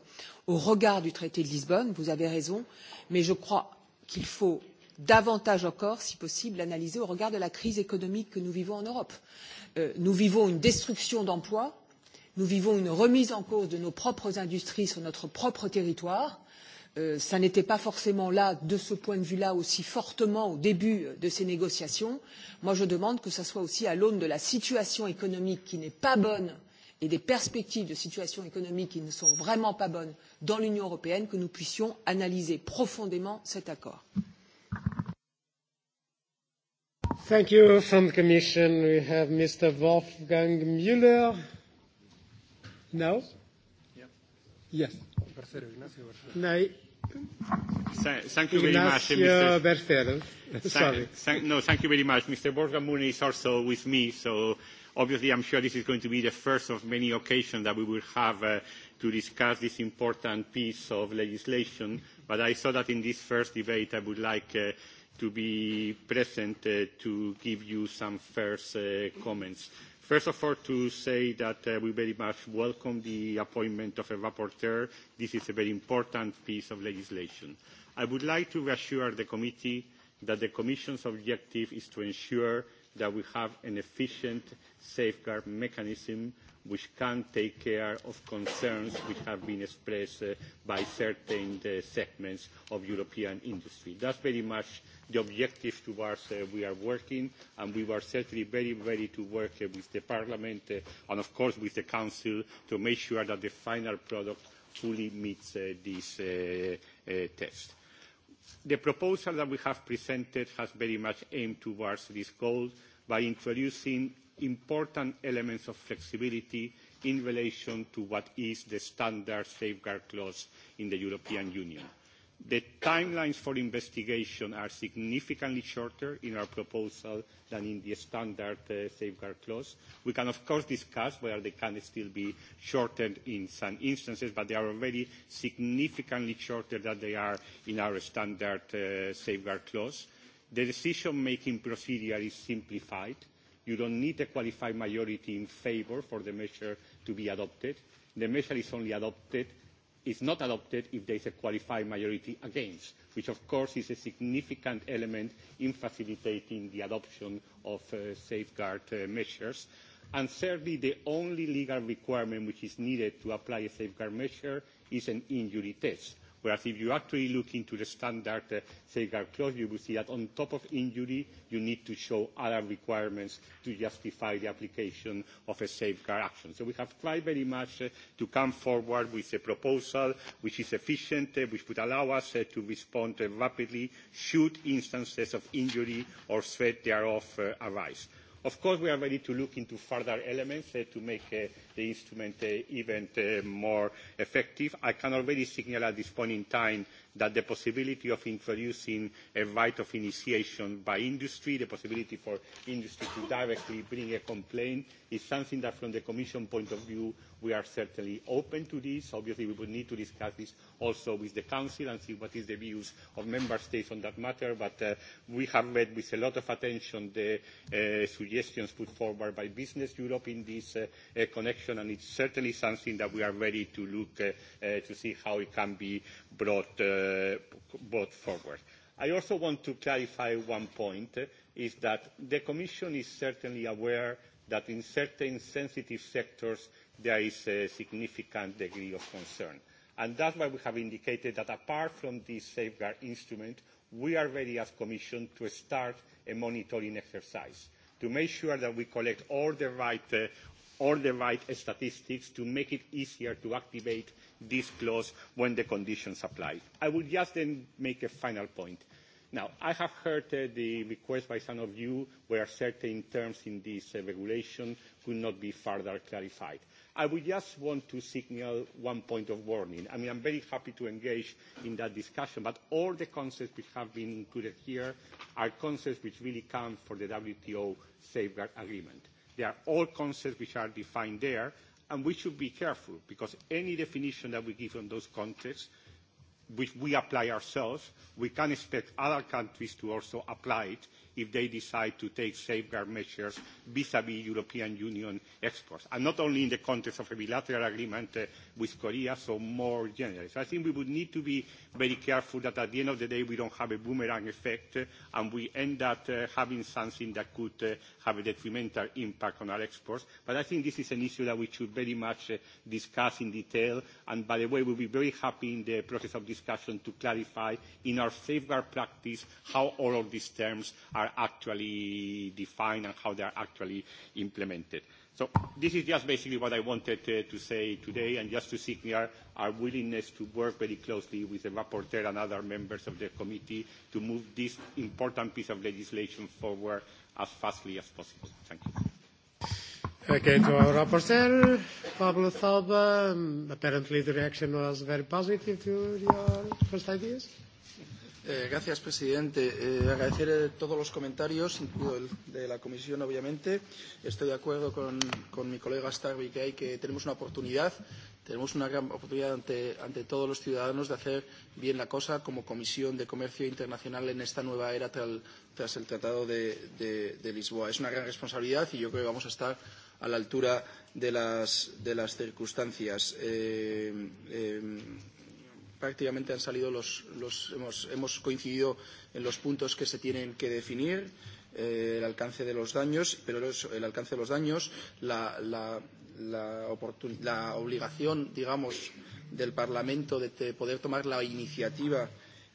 au regard du traité de Lisbonne. Vous avez raison, mais je crois qu'il faut davantage encore, si possible, l'analyser au regard de la crise économique que nous vivons en Europe. Euh, nous vivons une destruction d'emplois, nous vivons une remise en cause de nos propres industries sur notre propre territoire Euh, ça n'était pas forcément là de ce point de vue là aussi fortement au début euh, de ces négociations. moi je demande que ce soit aussi à l'aune de la situation économique qui n'est pas bonne et des perspectives de situation économique qui ne sont vraiment pas bonnes dans l'union européenne que nous puissions analyser profondément cet accord. Thank you from the Commission. We have Mr. Wolfgang Müller. No? Yeah. Yes. No. Thank you very much, Mr. Berfero. Sorry. Thank, no, thank you very much. Mr. Borgamuni is also with me, so obviously I'm sure this is going to be the first of many occasions that we will have uh, to discuss this important piece of legislation. But I thought that in this first debate I would like uh, to be present uh, to give you some first uh, comments. First of all, to say that uh, we very much welcome the appointment of a rapporteur. This is a very important piece of legislation. I would like to reassure the committee that the Commission's objective is to ensure that we have an efficient safeguard mechanism which can take care of concerns which have been expressed uh, by certain uh, segments of European industry. That's very much the objective towards uh, we are working, and we were certainly very ready to work uh, with the Parliament uh, and, of course, with the Council to make sure that the final product fully meets uh, this uh, uh, test. The proposal that we have presented has very much aimed towards this goal by introducing important elements of flexibility in relation to what is the standard safeguard clause in the European Union The timelines for investigation are significantly shorter in our proposal than in the standard uh, safeguard clause. We can, of course, discuss whether they can still be shortened in some instances, but they are already significantly shorter than they are in our standard uh, safeguard clause. The decision-making procedure is simplified. You don't need a qualified majority in favour for the measure to be adopted. The measure is only adopted is not adopted if there is a qualified majority against, which of course is a significant element in facilitating the adoption of uh, safeguard uh, measures. And thirdly, the only legal requirement which is needed to apply a safeguard measure is an injury test Whereas if you actually look into the standard uh, safeguard clause, you will see that on top of injury, you need to show other requirements to justify the application of a safeguard action. So we have tried very much uh, to come forward with a proposal which is efficient, uh, which would allow us uh, to respond uh, rapidly should instances of injury or threat thereof uh, arise. Of course, we are ready to look into further elements uh, to make uh, the instrument uh, even uh, more effective. I can already signal at this point in time that the possibility of introducing a right of initiation by industry, the possibility for industry to directly bring a complaint, is something that from the Commission point of view We are certainly open to this. Obviously, we would need to discuss this also with the Council and see what is the views of Member States on that matter. But uh, we have read with a lot of attention the uh, suggestions put forward by Business Europe in this uh, uh, connection, and it's certainly something that we are ready to look uh, uh, to see how it can be brought, uh, brought forward. I also want to clarify one point, uh, is that the Commission is certainly aware that in certain sensitive sectors there is a significant degree of concern. And that's why we have indicated that apart from this safeguard instrument, we are ready as Commission to start a monitoring exercise to make sure that we collect all the right, uh, all the right statistics to make it easier to activate this clause when the conditions apply. I will just then make a final point. Now, I have heard uh, the request by some of you where certain terms in this uh, regulation could not be further clarified. I would just want to signal one point of warning. I mean, I'm very happy to engage in that discussion, but all the concepts which have been included here are concepts which really come from the WTO safeguard agreement. They are all concepts which are defined there, and we should be careful because any definition that we give on those concepts, which we apply ourselves, we can expect other countries to also apply it if they decide to take safeguard measures vis-à-vis European Union exports, and not only in the context of a bilateral agreement uh, with Korea, so more generally. So I think we would need to be very careful that at the end of the day we don't have a boomerang effect uh, and we end up uh, having something that could uh, have a detrimental impact on our exports. But I think this is an issue that we should very much uh, discuss in detail, and by the way, we'll be very happy in the process of discussion to clarify in our safeguard practice how all of these terms are are actually defined and how they are actually implemented. So this is just basically what I wanted uh, to say today, and just to signal our willingness to work very closely with the rapporteur and other members of the committee to move this important piece of legislation forward as fastly as possible. Thank you. Okay, to our rapporteur, Pablo Zalba. Um, apparently, the reaction was very positive to your first ideas. Eh, gracias, presidente. Eh, agradecer todos los comentarios, incluido el de la comisión, obviamente. Estoy de acuerdo con, con mi colega Starby que hay que tenemos una oportunidad, tenemos una gran oportunidad ante, ante todos los ciudadanos de hacer bien la cosa como Comisión de Comercio Internacional en esta nueva era tras, tras el Tratado de, de, de Lisboa. Es una gran responsabilidad y yo creo que vamos a estar a la altura de las, de las circunstancias. Eh, eh, prácticamente han salido los, los hemos, hemos coincidido en los puntos que se tienen que definir eh, el alcance de los daños, pero los, el alcance de los daños, la, la, la, la obligación, digamos, del Parlamento de, de poder tomar la iniciativa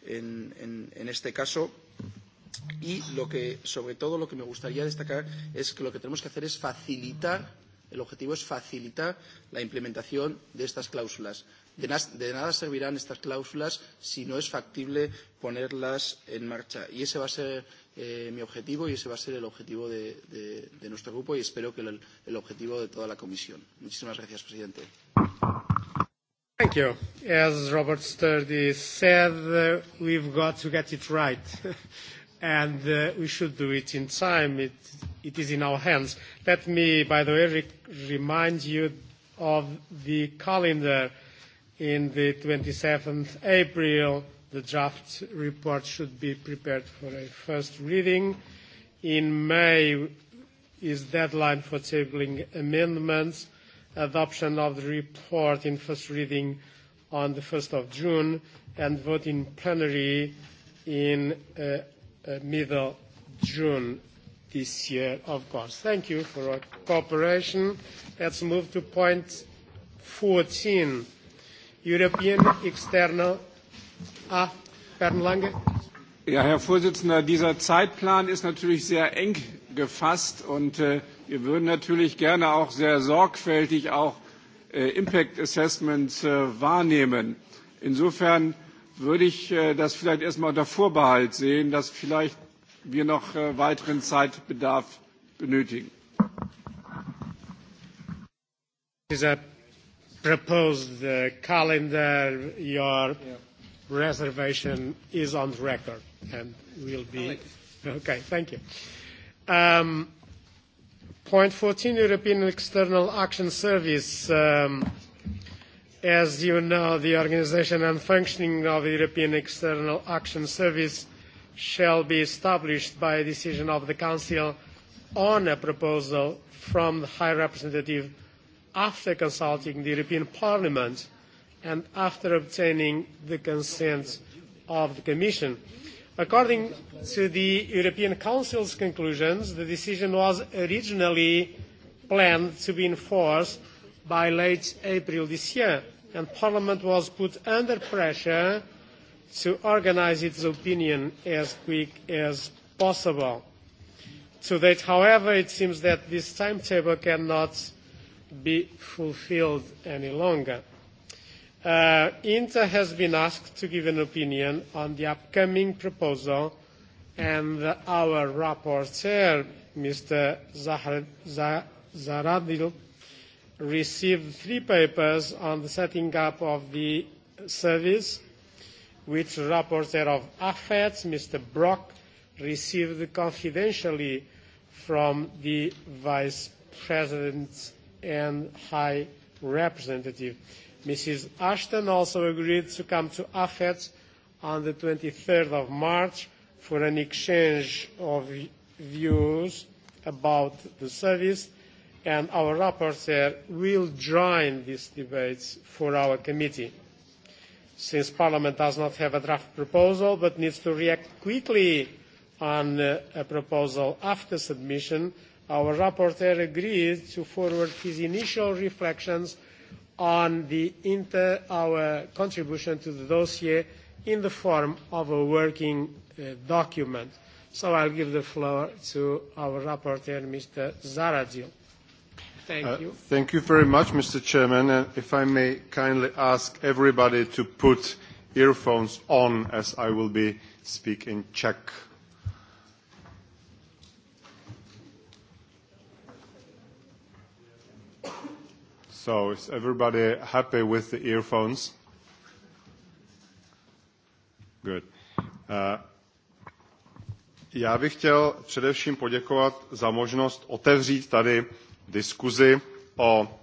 en, en, en este caso. Y lo que, sobre todo, lo que me gustaría destacar es que lo que tenemos que hacer es facilitar, el objetivo es facilitar la implementación de estas cláusulas. De, de nada servirán estas cláusulas si no es factible ponerlas en marcha. Y ese va a ser eh, mi objetivo y ese va a ser el objetivo de, de, de nuestro grupo y espero que el, el objetivo de toda la comisión. Muchísimas gracias, presidente. Thank you. As Robert Sturdy said, uh, we've got to get it right. and uh, we should do it in time. It, it is in our hands. Let me, by the way, re- remind you of the calendar in the 27th April, the draft report should be prepared for a first reading. In May is deadline for tabling amendments. Adoption of the report in first reading on the 1st of June and vote in plenary in uh, uh, middle June this year, of course. Thank you for your cooperation. Let's move to point 14 European External. Ah, Herrn Lange. Ja, Herr Vorsitzender, dieser Zeitplan ist natürlich sehr eng gefasst und äh, wir würden natürlich gerne auch sehr sorgfältig auch äh, Impact Assessments äh, wahrnehmen. Insofern würde ich äh, das vielleicht erstmal unter Vorbehalt sehen, dass vielleicht wir noch äh, weiteren Zeitbedarf benötigen. Dieser proposed the calendar, your reservation is on record and will be. Okay, thank you. Um, point 14, European External Action Service. Um, as you know, the organization and functioning of the European External Action Service shall be established by a decision of the Council on a proposal from the High Representative after consulting the European Parliament and after obtaining the consent of the Commission. According to the European Council's conclusions, the decision was originally planned to be enforced by late April this year, and Parliament was put under pressure to organise its opinion as quick as possible. To date, however, it seems that this timetable cannot be fulfilled any longer. Uh, INTA has been asked to give an opinion on the upcoming proposal, and our rapporteur, Mr. Zahar, Zah, Zaradil, received three papers on the setting up of the service, which rapporteur of AFETS, Mr. Brock, received confidentially from the Vice President's and High Representative. Mrs. Ashton also agreed to come to AFET on the 23rd of March for an exchange of views about the service, and our rapporteur will join these debates for our committee. Since Parliament does not have a draft proposal but needs to react quickly on uh, a proposal after submission, our rapporteur agreed to forward his initial reflections on the inter, our contribution to the dossier in the form of a working uh, document. So I'll give the floor to our rapporteur, Mr. Zaradil. Thank uh, you. Uh, thank you very much, Mr. Chairman. And if I may kindly ask everybody to put earphones on, as I will be speaking Czech So is everybody happy with the earphones? Good. Uh, já bych chtěl především poděkovat za možnost otevřít tady diskuzi o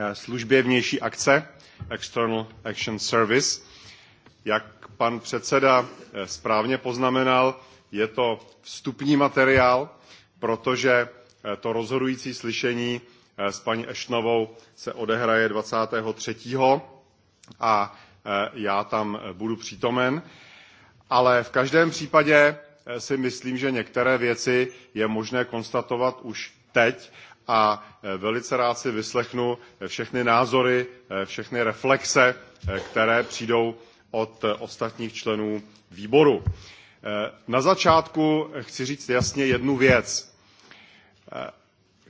eh, službě vnější akce, External Action Service. Jak pan předseda eh, správně poznamenal, je to vstupní materiál, protože eh, to rozhodující slyšení Eh, s paní Ešnovou se odehraje 23. a eh, já tam eh, budu přítomen. Ale v každém případě si myslím, že některé věci je možné konstatovat už teď a velice rád si vyslechnu všechny názory, všechny reflexe, které přijdou od ostatních členů výboru. Na začátku chci říct jasně jednu věc.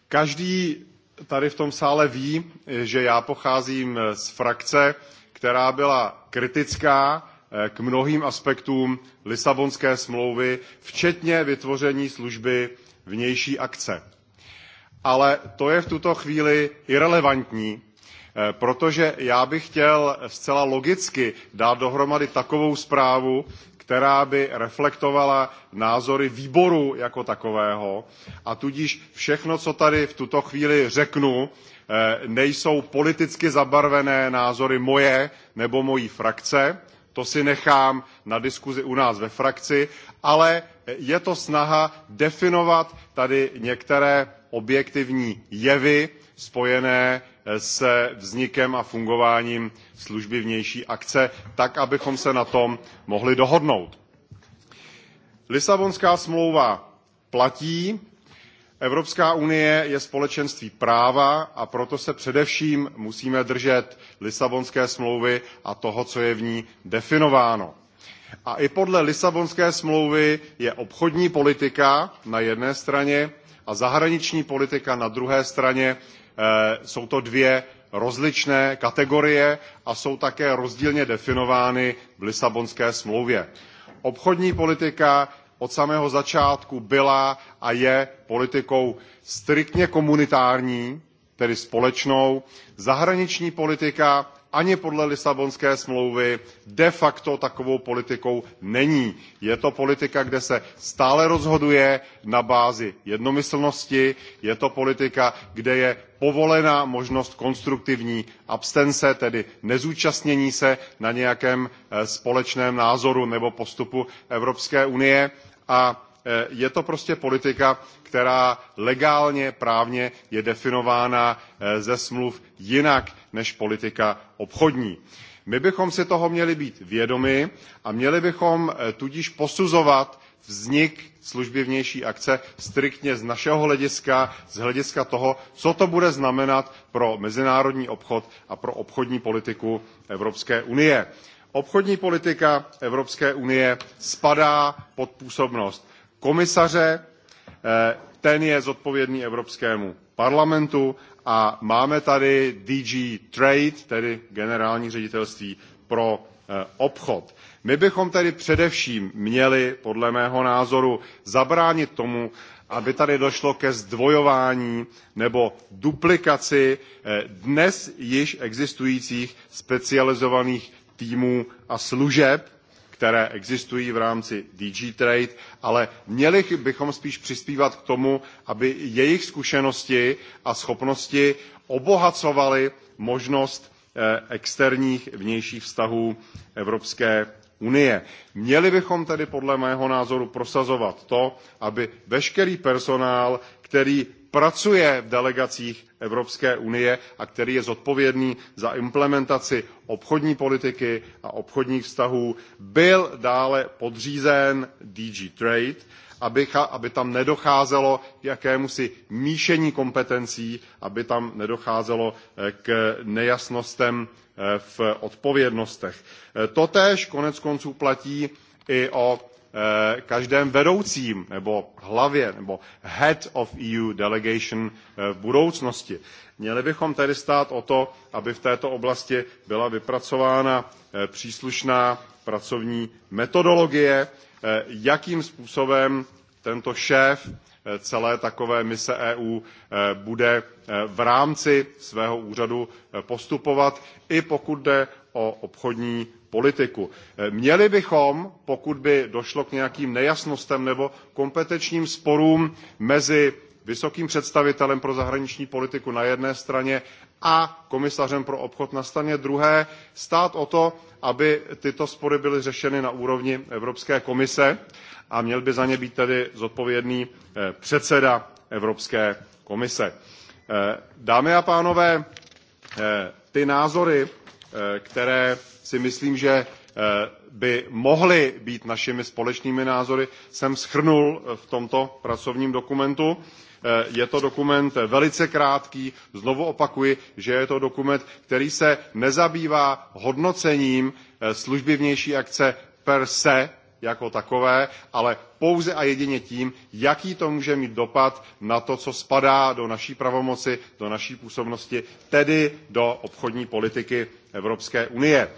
Každý tady v tom sále ví, že já pocházím z frakce, která byla kritická eh, k mnohým aspektům Lisabonské smlouvy, včetně vytvoření služby vnější akce. Ale to je v tuto chvíli irrelevantní, eh, protože já bych chtěl zcela logicky dát dohromady takovou zprávu, která by reflektovala názory výboru jako takového a tudíž všechno, co tady v tuto chvíli řeknu, eh, nejsou politicky zabarvené názory moje nebo mojí frakce, to si nechám na diskuzi u nás ve frakci, ale je to snaha definovat tady některé objektivní jevy spojené se vznikem a fungováním služby vnější akce, tak abychom se na tom mohli dohodnout. Lisabonská smlouva platí, Evropská unie je společenství práva a proto se především musíme držet Lisabonské smlouvy a toho, co je v ní definováno. A i podle Lisabonské smlouvy je obchodní politika na jedné straně a zahraniční politika na druhé straně Eh, jsou to dvě rozličné kategorie a jsou také rozdílně definovány v Lisabonské smlouvě. Obchodní politika od samého začátku byla a je politikou striktně komunitární, tedy společnou. Zahraniční politika ani podle Lisabonské smlouvy de facto takovou politikou není. Je to politika, kde se stále rozhoduje na bázi jednomyslnosti, je to politika, kde je povolena možnost konstruktivní abstence, tedy nezúčastnění se na nějakém eh, společném názoru nebo postupu Evropské unie a eh, je to prostě politika, která legálně, právně je definována eh, ze smluv jinak než politika obchodní. My bychom si toho měli být vědomi a měli bychom eh, tudíž posuzovat vznik služby vnější akce striktně z našeho hlediska, z hlediska toho, co to bude znamenat pro mezinárodní obchod a pro obchodní politiku Evropské unie. Obchodní politika Evropské unie spadá pod působnost komisaře, eh, ten je zodpovědný Evropskému parlamentu a máme tady DG Trade, tedy generální ředitelství pro eh, obchod. My bychom tedy především měli, podle mého názoru, zabránit tomu, aby tady došlo ke zdvojování nebo duplikaci eh, dnes již existujících specializovaných týmů a služeb které existují v rámci DG Trade, ale měli bychom spíš přispívat k tomu, aby jejich zkušenosti a schopnosti obohacovaly možnost eh, externích vnějších vztahů Evropské unie. Měli bychom tedy podle mého názoru prosazovat to, aby veškerý personál, který pracuje v delegacích Evropské unie a který je zodpovědný za implementaci obchodní politiky a obchodních vztahů, byl dále podřízen DG Trade, aby, aby tam nedocházelo k jakémusi míšení kompetencí, aby tam nedocházelo eh, k nejasnostem eh, v odpovědnostech. Eh, totéž konec konců platí i o Eh, každém vedoucím nebo hlavě nebo head of EU delegation eh, v budoucnosti. Měli bychom tedy stát o to, aby v této oblasti byla vypracována eh, příslušná pracovní metodologie, jakým způsobem tento šéf celé takové mise EU bude v rámci svého úřadu postupovat, i pokud jde o obchodní politiku. E, měli bychom, pokud by došlo k nějakým nejasnostem nebo kompetenčním sporům mezi vysokým představitelem pro zahraniční politiku na jedné straně a komisařem pro obchod na straně druhé stát o to, aby tyto spory byly řešeny na úrovni Evropské komise a měl by za ně být tedy zodpovědný e, předseda Evropské komise. E, dámy a pánové, ty názory, Eh, které si myslím, že eh, by mohly být našimi společnými názory, jsem schrnul v tomto pracovním dokumentu. Eh, je to dokument velice krátký, znovu opakuji, že je to dokument, který se nezabývá hodnocením služby vnější akce per se, jako takové, ale pouze a jedině tím, jaký to může mít dopad na to, co spadá do naší pravomoci, do naší působnosti, tedy do obchodní politiky Evropské unie.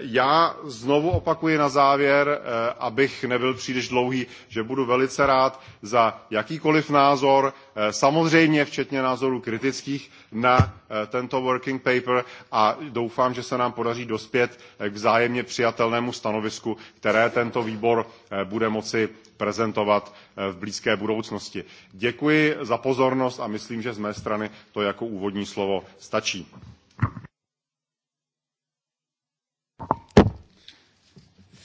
Já znovu opakuji na závěr, eh, abych nebyl příliš dlouhý, že budu velice rád za jakýkoliv názor, eh, samozřejmě včetně názorů kritických na eh, tento working paper a doufám, že se nám podaří dospět k vzájemně přijatelnému stanovisku, které tento výbor bude moci prezentovat v blízké budoucnosti. Děkuji za pozornost a myslím, že z mé strany to jako úvodní slovo stačí.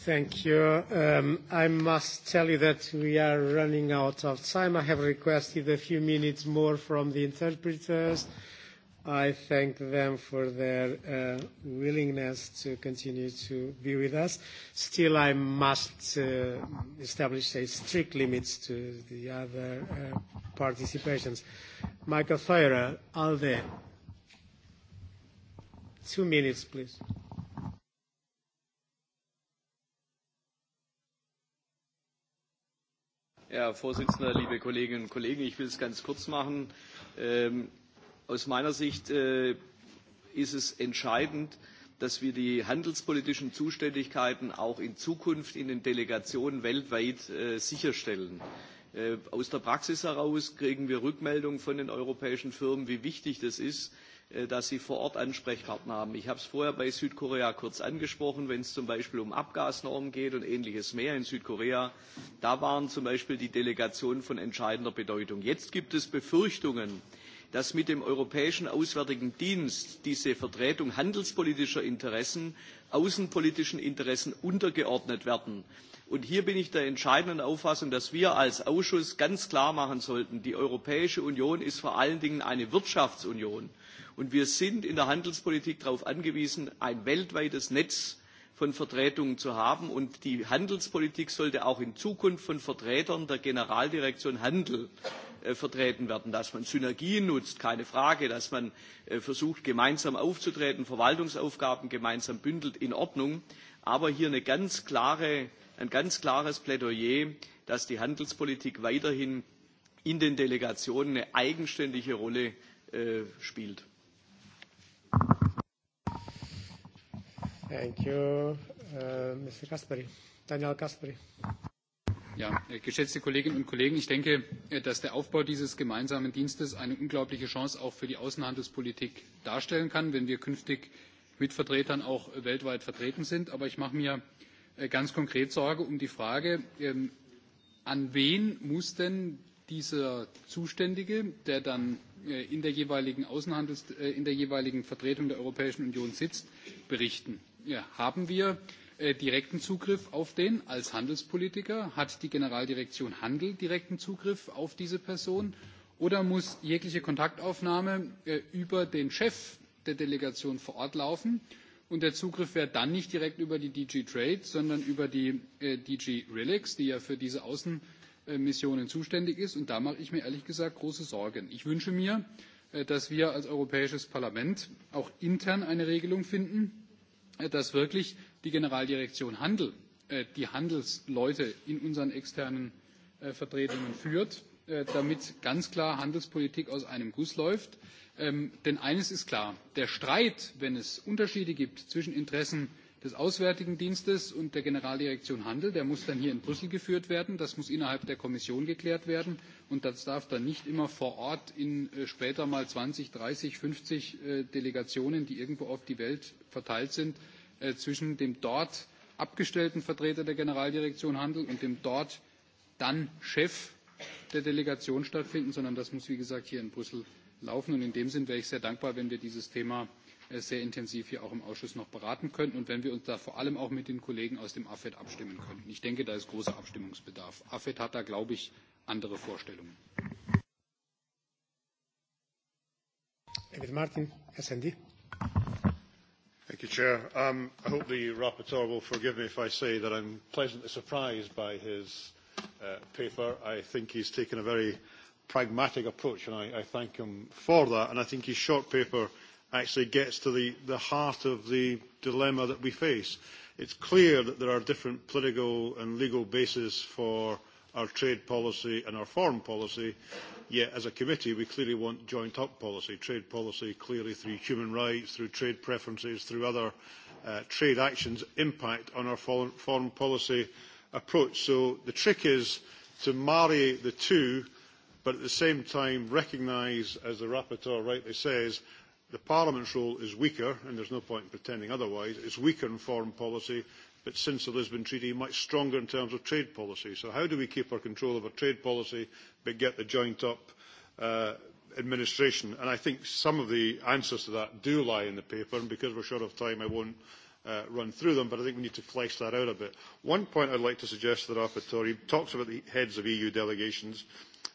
Thank you. Um, I must tell you that we are running out of time. I have requested a few minutes more from the interpreters. I thank them for their uh, willingness to continue to be with us. Still, I must uh, establish a strict limits to the other uh, participations. Michael Feurer, ALDE. Two minutes, please. Herr Vorsitzender, liebe Kolleginnen und Kollegen, ich will es ganz kurz machen. Ähm, aus meiner Sicht äh, ist es entscheidend, dass wir die handelspolitischen Zuständigkeiten auch in Zukunft in den Delegationen weltweit äh, sicherstellen. Äh, aus der Praxis heraus kriegen wir Rückmeldungen von den europäischen Firmen, wie wichtig das ist, Äh, dass sie vor Ort Ansprechpartner haben. Ich habe es vorher bei Südkorea kurz angesprochen, wenn es zum Beispiel um Abgasnormen geht und ähnliches mehr in Südkorea. Da waren zum Beispiel die Delegationen von entscheidender Bedeutung. Jetzt gibt es Befürchtungen, dass mit dem Europäischen Auswärtigen Dienst diese Vertretung handelspolitischer Interessen außenpolitischen Interessen untergeordnet werden Und hier bin ich der entscheidenden Auffassung, dass wir als Ausschuss ganz klar machen sollten, die Europäische Union ist vor allen Dingen eine Wirtschaftsunion. Und wir sind in der Handelspolitik darauf angewiesen, ein weltweites Netz von Vertretungen zu haben. Und die Handelspolitik sollte auch in Zukunft von Vertretern der Generaldirektion Handel äh, vertreten werden, dass man Synergien nutzt, keine Frage, dass man äh, versucht, gemeinsam aufzutreten, Verwaltungsaufgaben gemeinsam bündelt, in Ordnung. Aber hier eine ganz klare ein ganz klares plädoyer dass die handelspolitik weiterhin in den delegationen eine eigenständige rolle äh, spielt. Thank you. Uh, äh, Mr. Kasperi. Daniel Kasperi. Ja, äh, geschätzte Kolleginnen und Kollegen, ich denke, äh, dass der Aufbau dieses gemeinsamen Dienstes eine unglaubliche Chance auch für die Außenhandelspolitik darstellen kann, wenn wir künftig mit Vertretern auch weltweit vertreten sind. Aber ich mache mir Äh, ganz konkret Sorge um die Frage, ähm, an wen muss denn dieser Zuständige, der dann äh, in der jeweiligen Außenhandels, äh, in der jeweiligen Vertretung der Europäischen Union sitzt, berichten? Haben wir direkten Zugriff auf den als Handelspolitiker? Hat die Generaldirektion Handel direkten Zugriff auf diese Person? Oder muss jegliche Kontaktaufnahme über den Chef der Delegation vor Ort laufen? und der zugriff wäre dann nicht direkt über die dg trade sondern über die äh, dg relex die ja für diese außenmissionen zuständig ist und da mache ich mir ehrlich gesagt große sorgen. ich wünsche mir äh, dass wir als europäisches parlament auch intern eine regelung finden äh, dass wirklich die generaldirektion handel äh, die handelsleute in unseren externen äh, vertretungen führt äh, damit ganz klar handelspolitik aus einem guss läuft Ähm, denn eines ist klar der streit wenn es unterschiede gibt zwischen interessen des auswärtigen dienstes und der generaldirektion handel der muss dann hier in brüssel geführt werden das muss innerhalb der kommission geklärt werden und das darf dann nicht immer vor ort in äh, später mal zwanzig dreißig fünfzig äh, delegationen die irgendwo auf die welt verteilt sind äh, zwischen dem dort abgestellten vertreter der generaldirektion handel und dem dort dann chef der delegation stattfinden sondern das muss wie gesagt hier in brüssel laufen. Und in dem Sinn wäre ich sehr dankbar, wenn wir dieses Thema äh, sehr intensiv hier auch im Ausschuss noch beraten könnten und wenn wir uns da vor allem auch mit den Kollegen aus dem AFED abstimmen könnten. Ich denke, da ist großer Abstimmungsbedarf. AFED hat da, glaube ich, andere Vorstellungen. David Martin, SND. Thank you, Chair. Um, I hope the rapporteur will forgive me if I say that I'm pleasantly surprised by his uh, paper. I think he's taken a very pragmatic approach, and I, I thank him for that. And I think his short paper actually gets to the, the heart of the dilemma that we face. It's clear that there are different political and legal bases for our trade policy and our foreign policy, yet as a committee we clearly want joint up policy, trade policy clearly through human rights, through trade preferences, through other uh, trade actions impact on our foreign policy approach. So the trick is to marry the two but at the same time recognise, as the rapporteur rightly says, the Parliament's role is weaker, and there's no point in pretending otherwise, it's weaker in foreign policy, but since the Lisbon Treaty, much stronger in terms of trade policy. So how do we keep our control of our trade policy but get the joint up uh, administration? And I think some of the answers to that do lie in the paper, and because we're short of time, I won't uh, run through them, but I think we need to flesh that out a bit. One point I'd like to suggest to the rapporteur, he talks about the heads of EU delegations.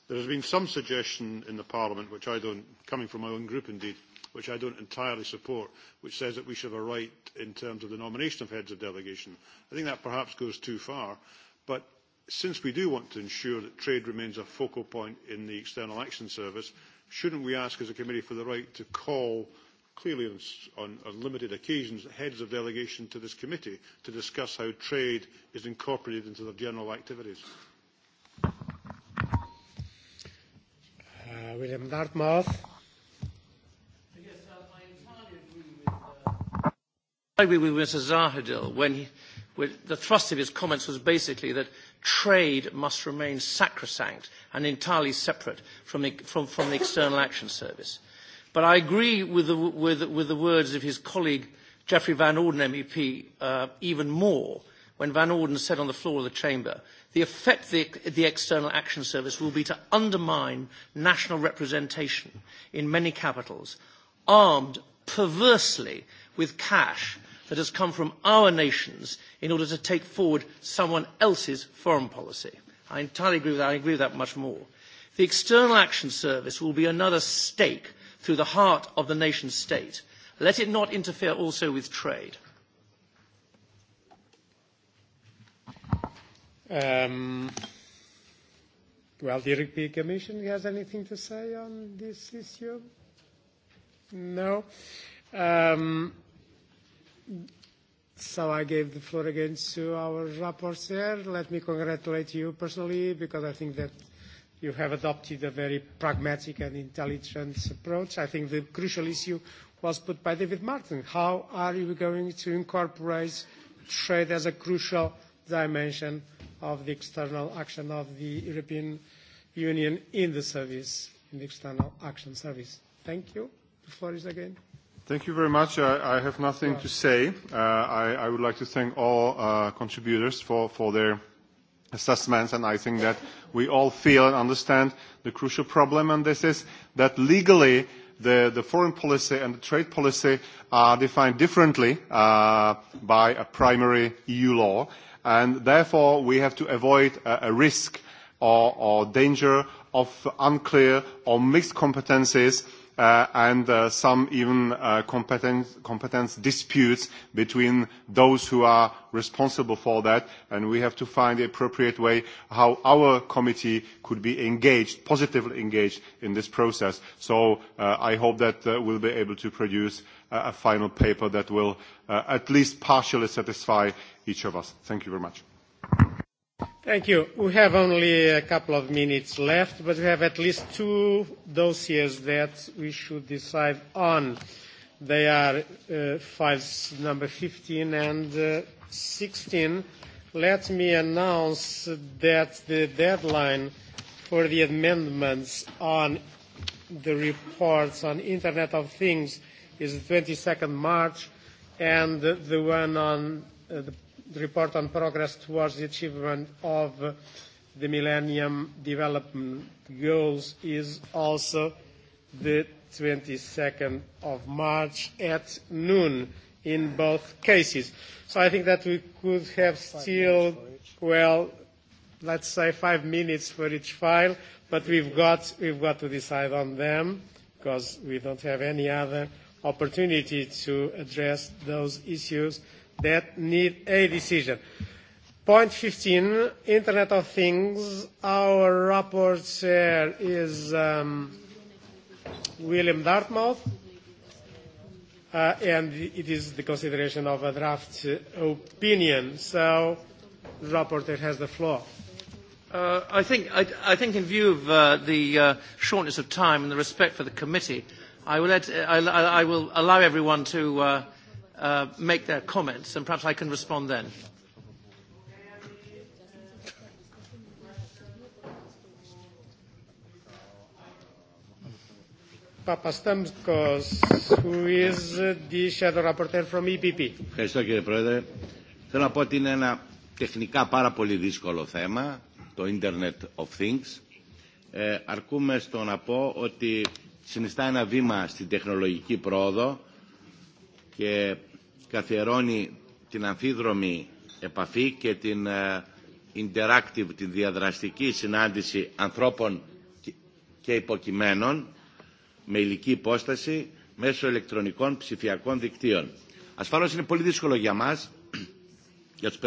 There has been some suggestion in the Parliament, which I don't, coming from my own group indeed, which I don't entirely support, which says that we should have a right in terms of the nomination of heads of delegation. I think that perhaps goes too far, but since we do want to ensure that trade remains a focal point in the External Action Service, shouldn't we ask as a committee for the right to call clearly on, on, on limited occasions, heads of delegation to this committee to discuss how trade is incorporated into their general activities. Uh, William Dartmouth. Uh, uh, I agree with Mr. Zahadil when, he, when the thrust of his comments was basically that trade must remain sacrosanct and entirely separate from the, from, from the External Action Service. Uh, But I agree with the, with, with the words of his colleague, Geoffrey Van Orden MEP, uh, even more when Van Orden said on the floor of the chamber, the effect the, the External Action Service will be to undermine national representation in many capitals, armed perversely with cash that has come from our nations in order to take forward someone else's foreign policy. I entirely agree with that. I agree with that much more. The External Action Service will be another stake through the heart of the nation state. Let it not interfere also with trade. Um, well, the European Commission has anything to say on this issue? No. Um, so I gave the floor again to our rapporteur. Let me congratulate you personally because I think that you have adopted a very pragmatic and intelligent approach. I think the crucial issue was put by David Martin. How are you going to incorporate trade as a crucial dimension of the external action of the European Union in the service, in the external action service? Thank you. The floor is again. Thank you very much. I, I have nothing to say. Uh, I, I would like to thank all uh, contributors for, for their assessments, and I think that we all feel and understand the crucial problem, and this is that legally the, the foreign policy and the trade policy are defined differently uh, by a primary EU law, and therefore we have to avoid a, a risk or, or danger of unclear or mixed competences uh, and uh, some even uh, competence, competence disputes between those who are responsible for that, and we have to find the appropriate way how our committee could be engaged, positively engaged in this process. So uh, I hope that uh, we'll be able to produce uh, a final paper that will uh, at least partially satisfy each of us. Thank you very much. Thank you. We have only a couple of minutes left, but we have at least two dossiers that we should decide on. They are uh, files number 15 and uh, 16. Let me announce that the deadline for the amendments on the reports on Internet of Things is the 22nd March, and the one on uh, the the report on progress towards the achievement of the Millennium Development Goals is also the 22nd of March at noon in both cases. So I think that we could have still, well, let's say five minutes for each file, but we've got, we've got to decide on them because we don't have any other opportunity to address those issues that need a decision. Point 15, Internet of Things. Our rapporteur is um, William Dartmouth, uh, and it is the consideration of a draft opinion. So, the rapporteur has the floor. Uh, I, think, I, I think in view of uh, the uh, shortness of time and the respect for the committee, I will, let, I, I will allow everyone to uh, uh, make their comments, and perhaps I can respond then. Papastamkos, who is the shadow rapporteur from EPP. Ευχαριστώ κύριε Πρόεδρε. Θέλω να πω ότι είναι ένα τεχνικά πάρα πολύ δύσκολο θέμα, το Internet of Things. Ε, αρκούμε στο να πω ότι συνιστά ένα βήμα στην τεχνολογική πρόοδο, και καθιερώνει την αμφίδρομη επαφή και την interactive, την διαδραστική συνάντηση ανθρώπων και υποκειμένων με υλική υπόσταση μέσω ηλεκτρονικών ψηφιακών δικτύων. Ασφαλώς είναι πολύ δύσκολο για μας, για τους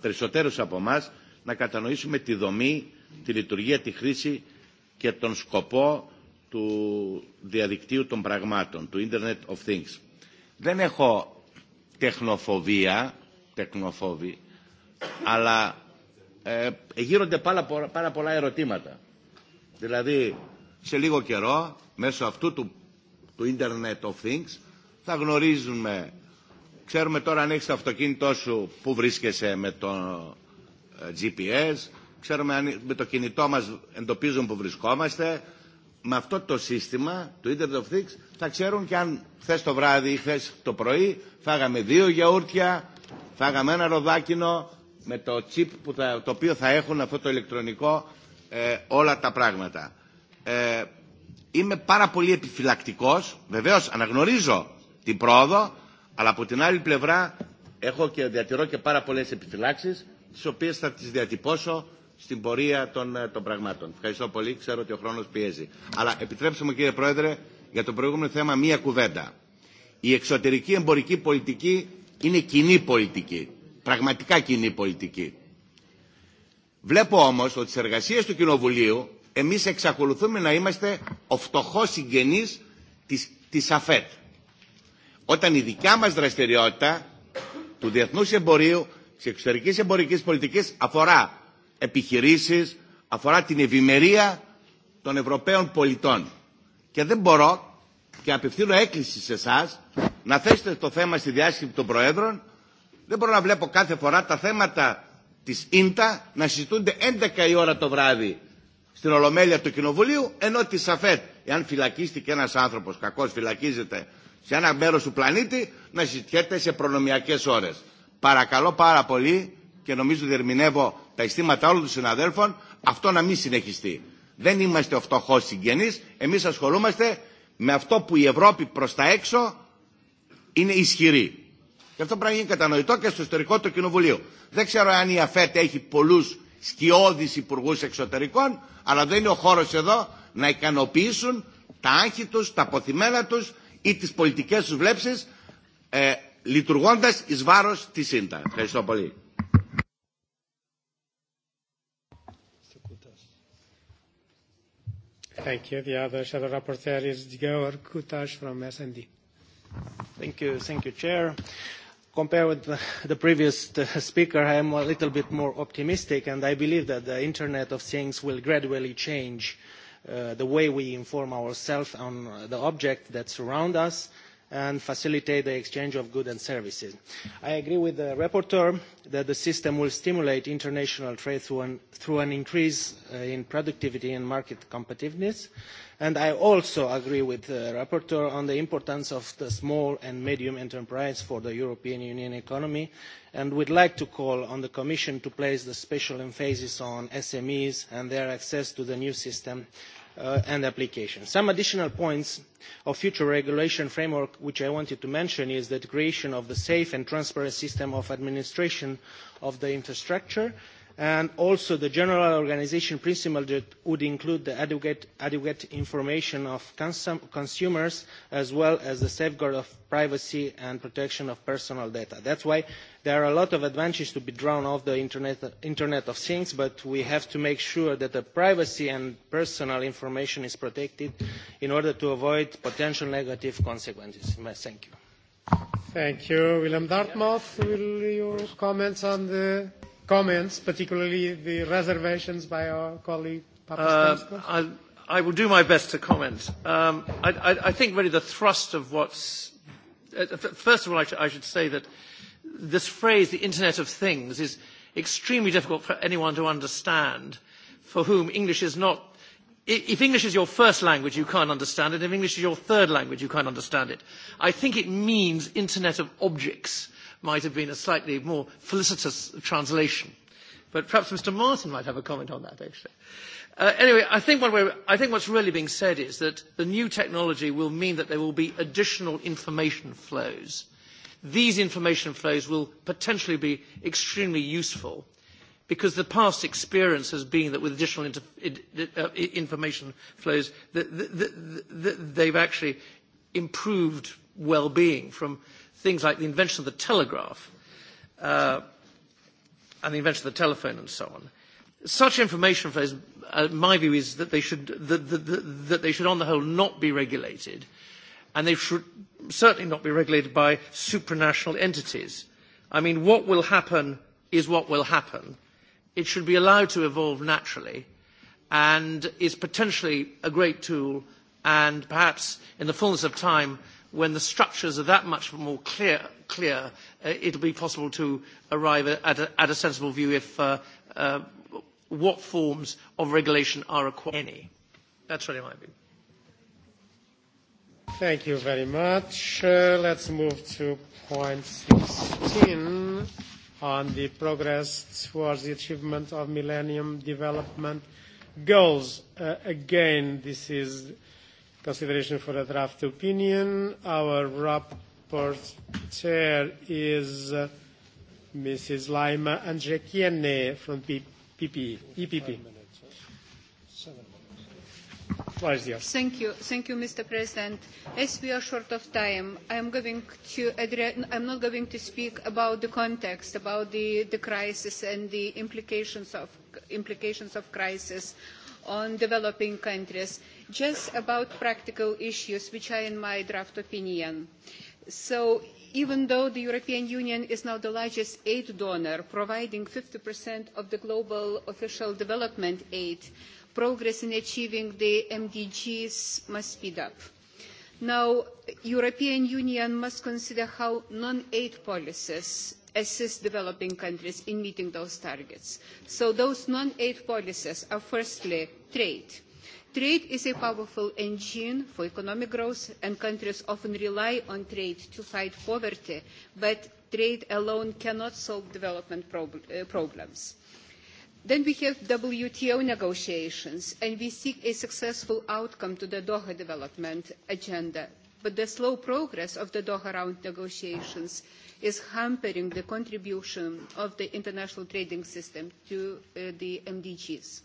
περισσότερους από εμά, να κατανοήσουμε τη δομή, τη λειτουργία, τη χρήση και τον σκοπό του διαδικτύου των πραγμάτων, του Internet of Things. Δεν έχω τεχνοφοβία, τεχνοφόβη, αλλά ε, γύρονται πάρα, πάρα πολλά ερωτήματα. Δηλαδή, σε λίγο καιρό, μέσω αυτού του, του Internet of Things, θα γνωρίζουμε, ξέρουμε τώρα αν έχεις το αυτοκίνητό σου που βρίσκεσαι με το GPS, ξέρουμε αν με το κινητό μας εντοπίζουν που βρισκόμαστε, με αυτό το σύστημα, το Internet of Things, θα ξέρουν και αν χθε το βράδυ ή χθε το πρωί φάγαμε δύο γιαούρτια, φάγαμε ένα ροδάκινο με το chip που θα, το οποίο θα έχουν αυτό το ηλεκτρονικό ε, όλα τα πράγματα. Ε, είμαι πάρα πολύ επιφυλακτικός, βεβαίως αναγνωρίζω την πρόοδο, αλλά από την άλλη πλευρά έχω και διατηρώ και πάρα πολλές επιφυλάξεις, τις οποίες θα τις διατυπώσω στην πορεία των, των πραγμάτων. Ευχαριστώ πολύ. Ξέρω ότι ο χρόνο πιέζει. Αλλά επιτρέψτε μου κύριε Πρόεδρε για το προηγούμενο θέμα μία κουβέντα. Η εξωτερική εμπορική πολιτική είναι κοινή πολιτική. Πραγματικά κοινή πολιτική. Βλέπω όμω ότι στι εργασίε του Κοινοβουλίου εμεί εξακολουθούμε να είμαστε ο φτωχό συγγενή τη ΑΦΕΤ. Όταν η δικιά μα δραστηριότητα του διεθνού εμπορίου, τη εξωτερική εμπορική πολιτική αφορά επιχειρήσεις, αφορά την ευημερία των Ευρωπαίων πολιτών. Και δεν μπορώ και απευθύνω έκκληση σε εσά να θέσετε το θέμα στη διάσκεψη των Προέδρων. Δεν μπορώ να βλέπω κάθε φορά τα θέματα της ΙΝΤΑ να συζητούνται 11 η ώρα το βράδυ στην Ολομέλεια του Κοινοβουλίου, ενώ τη ΣΑΦΕΤ, εάν φυλακίστηκε ένας άνθρωπος, κακός φυλακίζεται σε ένα μέρος του πλανήτη, να συζητιέται σε προνομιακές ώρες. Παρακαλώ πάρα πολύ και νομίζω διερμηνεύω τα αισθήματα όλων των συναδέλφων, αυτό να μην συνεχιστεί. Δεν είμαστε ο φτωχό συγγενή. Εμεί ασχολούμαστε με αυτό που η Ευρώπη προ τα έξω είναι ισχυρή. Και αυτό πρέπει να γίνει κατανοητό και στο ιστορικό του Κοινοβουλίου. Δεν ξέρω αν η ΑΦΕΤ έχει πολλού σκιώδει υπουργού εξωτερικών, αλλά δεν είναι ο χώρο εδώ να ικανοποιήσουν τα άγχη του, τα αποθυμένα του ή τι πολιτικέ του βλέψει ε, λειτουργώντα ει βάρο τη ΣΥΝΤΑ. Ευχαριστώ πολύ. Thank you. The other shadow rapporteur is Georg Kutash from SND. Thank you. Thank you, Chair. Compared with the previous speaker, I am a little bit more optimistic, and I believe that the Internet of Things will gradually change uh, the way we inform ourselves on the objects that surround us, and facilitate the exchange of goods and services. I agree with the rapporteur that the system will stimulate international trade through an, through an increase uh, in productivity and market competitiveness. And I also agree with the rapporteur on the importance of the small and medium enterprise for the European Union economy and would like to call on the Commission to place the special emphasis on SMEs and their access to the new system Uh, and application. Some additional points of future regulation framework which I wanted to mention is the creation of the safe and transparent system of administration of the infrastructure and also the general organisation principle that would include the adequate, adequate information of consumers as well as the safeguard of privacy and protection of personal data. That's why there are a lot of advantages to be drawn off the Internet, Internet of Things, but we have to make sure that the privacy and personal information is protected in order to avoid potential negative consequences. Thank you. Thank you. Willem Dartmouth, will your comments on the comments, particularly the reservations by our colleague Uh, I, I will do my best to comment. Um, I, I, I think really the thrust of what's... Uh, first of all, I, sh- I should say that this phrase, the Internet of Things, is extremely difficult for anyone to understand for whom English is not if English is your first language, you can't understand it. If English is your third language, you can't understand it. I think it means Internet of Objects might have been a slightly more felicitous translation. But perhaps Mr. Martin might have a comment on that, actually. Uh, anyway, I think, what we're, I think what's really being said is that the new technology will mean that there will be additional information flows. These information flows will potentially be extremely useful because the past experience has been that with additional uh, information flows, that they've actually improved well-being from things like the invention of the telegraph uh, and the invention of the telephone and so on. Such information flows, uh, my view is that they should, that, that, that, that they should on the whole not be regulated, and they should certainly not be regulated by supranational entities. I mean, what will happen is what will happen. It should be allowed to evolve naturally and is potentially a great tool and perhaps in the fullness of time when the structures are that much more clear, clear uh, it'll be possible to arrive at a, at a sensible view if uh, uh, what forms of regulation are required. Any. That's really my view. Thank you very much. Uh, let's move to point 16 on the progress towards the achievement of Millennium Development Goals. Uh, again, this is consideration for a draft opinion. Our rapporteur is uh, Mrs. Lima Andrekiene from PPE, EPP. Thank you. Thank you, Mr. President. As we are short of time, I'm, going to address, I'm not going to speak about the context, about the, the crisis and the implications of, implications of crisis on developing countries just about practical issues which are in my draft opinion. So even though the European Union is now the largest aid donor, providing 50% of the global official development aid, progress in achieving the MDGs must speed up. Now, European Union must consider how non-aid policies assist developing countries in meeting those targets. So those non-aid policies are firstly trade Trade is a powerful engine for economic growth, and countries often rely on trade to fight poverty, but trade alone cannot solve development prob uh, problems. Then we have WTO negotiations, and we seek a successful outcome to the Doha development agenda. But the slow progress of the Doha round negotiations is hampering the contribution of the international trading system to uh, the MDGs.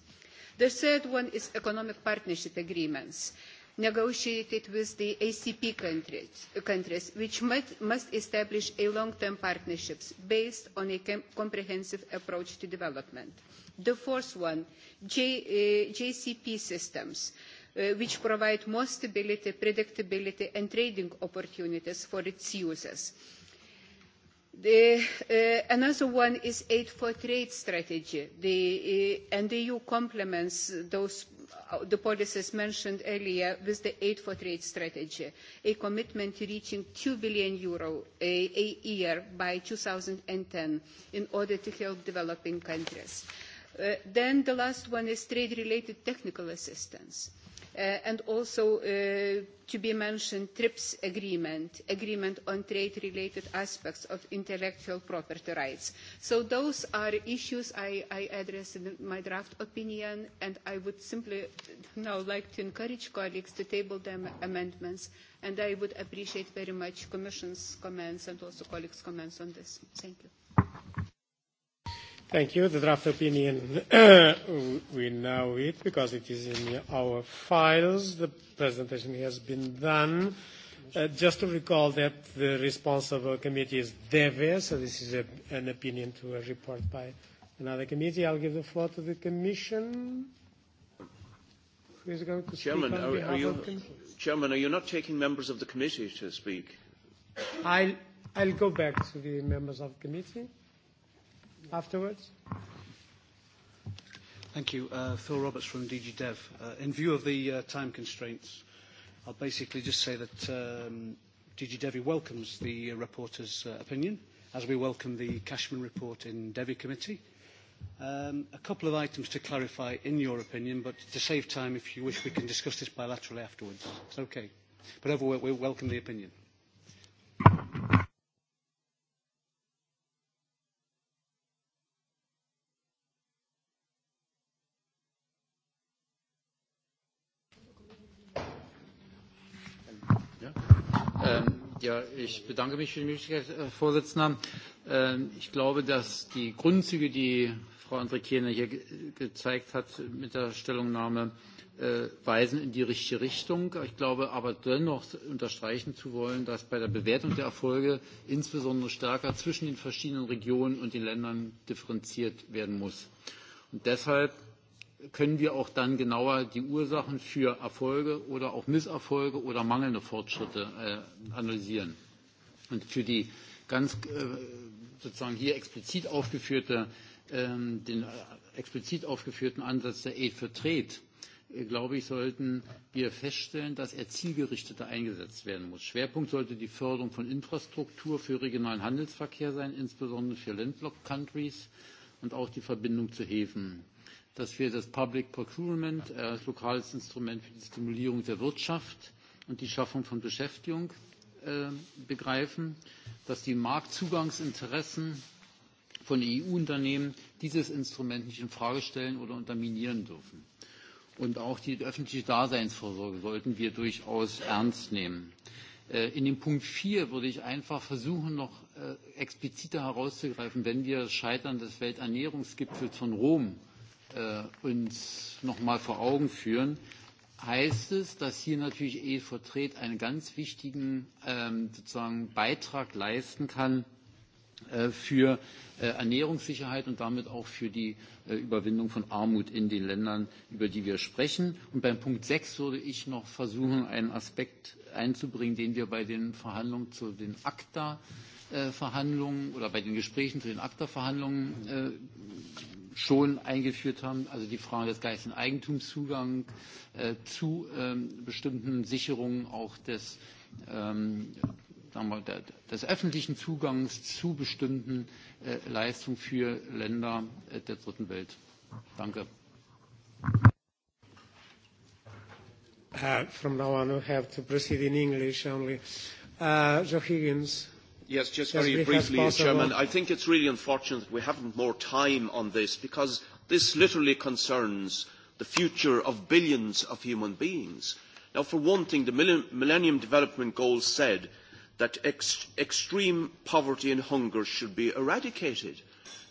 The third one is economic partnership agreements negotiated with the ACP countries, countries which might, must establish a long-term partnerships based on a com comprehensive approach to development. The fourth one, J, uh, JCP systems, uh, which provide more stability, predictability and trading opportunities for its users The, uh, another one is aid for trade strategy, the, uh, and the EU complements those uh, the policies mentioned earlier with the aid for trade strategy, a commitment to reaching 2 billion euro a, a year by 2010 in order to help developing countries. Uh, then the last one is trade-related technical assistance. Uh, and also uh, to be mentioned TRIPS agreement, agreement on trade-related aspects of intellectual property rights. So those are issues I, I address in my draft opinion, and I would simply now like to encourage colleagues to table them amendments, and I would appreciate very much Commission's comments and also colleagues' comments on this. Thank you. Thank you. The draft opinion we now read because it is in our files. The presentation has been done. Uh, just to recall that the responsible committee is DEVE, so this is a, an opinion to a report by another committee. I'll give the floor to the Commission. Who is going to Chairman, speak on are, are you, of the Chairman, are you not taking members of the committee to speak? I'll, I'll go back to the members of the committee afterwards? Thank you. Uh, Phil Roberts from DG Dev. Uh, in view of the uh, time constraints, I'll basically just say that um, DG Devi welcomes the uh, reporter's uh, opinion, as we welcome the Cashman report in Devi Committee. Um, a couple of items to clarify in your opinion, but to save time, if you wish, we can discuss this bilaterally afterwards. It's okay. But overall, we welcome the opinion. Ja, ich bedanke mich für die Möglichkeit, Herr Vorsitzender. Ähm, ich glaube, dass die Grundzüge, die Frau Andrikien hier gezeigt hat mit der Stellungnahme, äh, weisen in die richtige Richtung. Ich glaube aber dennoch unterstreichen zu wollen, dass bei der Bewertung der Erfolge insbesondere stärker zwischen den verschiedenen Regionen und den Ländern differenziert werden muss. Und deshalb können wir auch dann genauer die Ursachen für Erfolge oder auch Misserfolge oder mangelnde Fortschritte äh, analysieren. Und für die ganz äh, sozusagen hier explizit aufgeführte, ähm, den äh, explizit aufgeführten Ansatz der Aid for Trade, äh, glaube ich, sollten wir feststellen, dass er zielgerichteter eingesetzt werden muss. Schwerpunkt sollte die Förderung von Infrastruktur für regionalen Handelsverkehr sein, insbesondere für Landlocked Countries und auch die Verbindung zu Häfen dass wir das Public Procurement äh, als lokales Instrument für die Stimulierung der Wirtschaft und die Schaffung von Beschäftigung äh, begreifen, dass die Marktzugangsinteressen von EU-Unternehmen dieses Instrument nicht in Frage stellen oder unterminieren dürfen. Und auch die öffentliche Daseinsvorsorge sollten wir durchaus ernst nehmen. Äh, in dem Punkt 4 würde ich einfach versuchen, noch expliziter herauszugreifen, wenn wir das Scheitern des Welternährungsgipfels von Rom äh, uns noch mal vor Augen führen, heißt es, dass hier natürlich E-Vertret einen ganz wichtigen ähm, sozusagen Beitrag leisten kann äh, für äh, Ernährungssicherheit und damit auch für die äh, Überwindung von Armut in den Ländern, über die wir sprechen. Und beim Punkt 6 würde ich noch versuchen, einen Aspekt einzubringen, den wir bei den Verhandlungen zu den ACTA äh, Verhandlungen oder bei den Gesprächen zu den ACTA-Verhandlungen schon eingeführt haben, also die Frage des geistigen Eigentumszugangs äh, zu ähm, bestimmten Sicherungen auch des, ähm, sagen wir, der, des öffentlichen Zugangs zu bestimmten äh, Leistungen für Länder äh, der dritten Welt. Danke. Uh, from now on, we have to proceed in English only. Uh, Joe Higgins. Yes, just very briefly, Chairman. I think it's really unfortunate that we haven't more time on this because this literally concerns the future of billions of human beings. Now, for one thing, the Millennium Development Goals said that ex extreme poverty and hunger should be eradicated.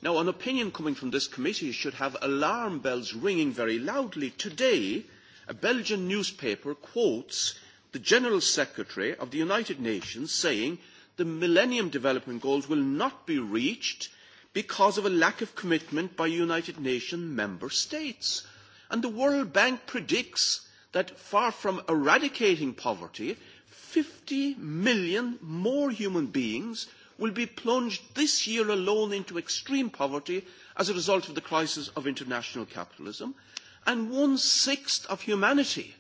Now, an opinion coming from this committee should have alarm bells ringing very loudly. Today, a Belgian newspaper quotes the General Secretary of the United Nations saying the Millennium Development Goals will not be reached because of a lack of commitment by United Nations member states. And the World Bank predicts that far from eradicating poverty, 50 million more human beings will be plunged this year alone into extreme poverty as a result of the crisis of international capitalism, and one-sixth of humanity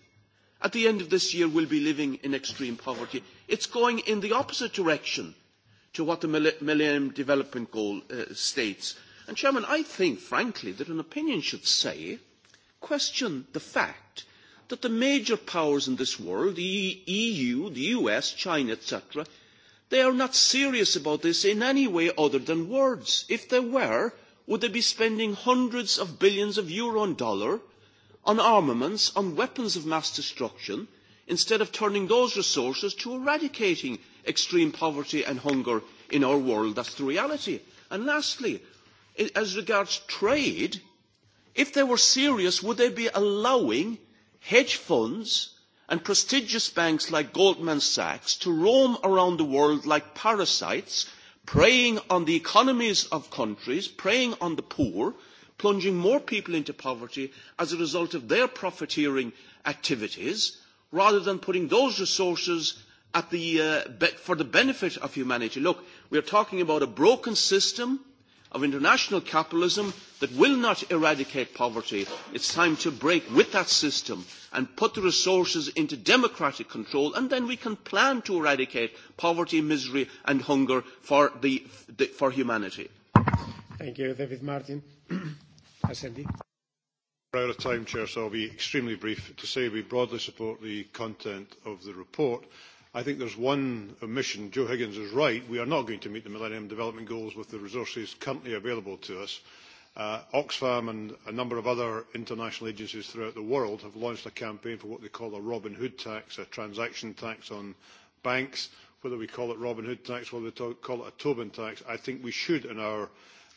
at the end of this year will be living in extreme poverty. It's going in the opposite direction to what the Millennium Development Goal uh, states. And Chairman, I think, frankly, that an opinion should say, question the fact that the major powers in this world, the EU, e the US, China, etc., they are not serious about this in any way other than words. If they were, would they be spending hundreds of billions of euro and dollar on armaments, on weapons of mass destruction, instead of turning those resources to eradicating extreme poverty and hunger in our world. That's the reality. And lastly, as regards trade, if they were serious, would they be allowing hedge funds and prestigious banks like Goldman Sachs to roam around the world like parasites, preying on the economies of countries, preying on the poor, plunging more people into poverty as a result of their profiteering activities, rather than putting those resources at the, uh, for the benefit of humanity. Look, we are talking about a broken system of international capitalism that will not eradicate poverty. It's time to break with that system and put the resources into democratic control, and then we can plan to eradicate poverty, misery, and hunger for, the, the, for humanity. Thank you, David Martin. SND. We're out of time, Chair, so I'll be extremely brief to say we broadly support the content of the report. I think there's one omission. Joe Higgins is right. We are not going to meet the Millennium Development Goals with the resources currently available to us. Uh, Oxfam and a number of other international agencies throughout the world have launched a campaign for what they call a Robin Hood tax, a transaction tax on banks. Whether we call it Robin Hood tax, whether we call it a Tobin tax, I think we should, in our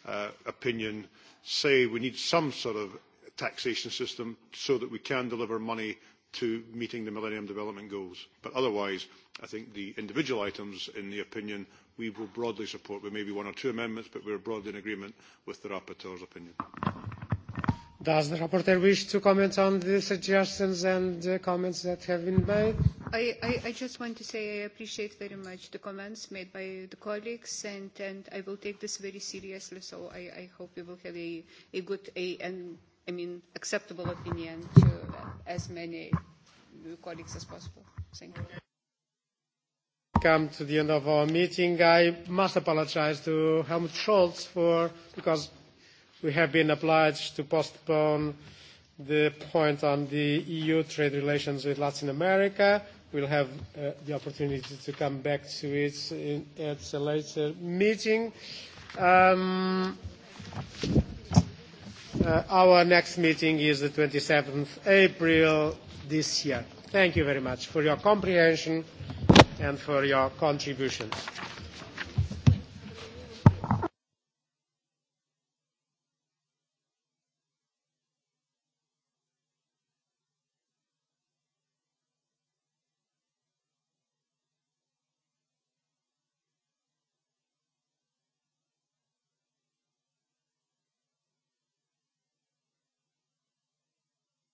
uh, opinion, say we need some sort of taxation system so that we can deliver money to meeting the Millennium Development Goals. But otherwise, I think the individual items in the opinion we will broadly support. There may be one or two amendments, but we are broadly in agreement with the rapporteur's opinion. Does the rapporteur wish to comment on the suggestions and comments that have been made? I, just want to say I appreciate very much the comments made by the colleagues, and, I will take this very seriously. So I, hope we will have a, good and I mean acceptable opinion to as many colleagues as possible. Thank you. Come to the end of our meeting. I must apologize to Helmut Scholz for because we have been obliged to postpone the point on the EU trade relations with Latin America. We'll have uh, the opportunity to come back to it in, at a later meeting. Um, uh, our next meeting is the 27th April this year. Thank you very much for your comprehension and for your contributions.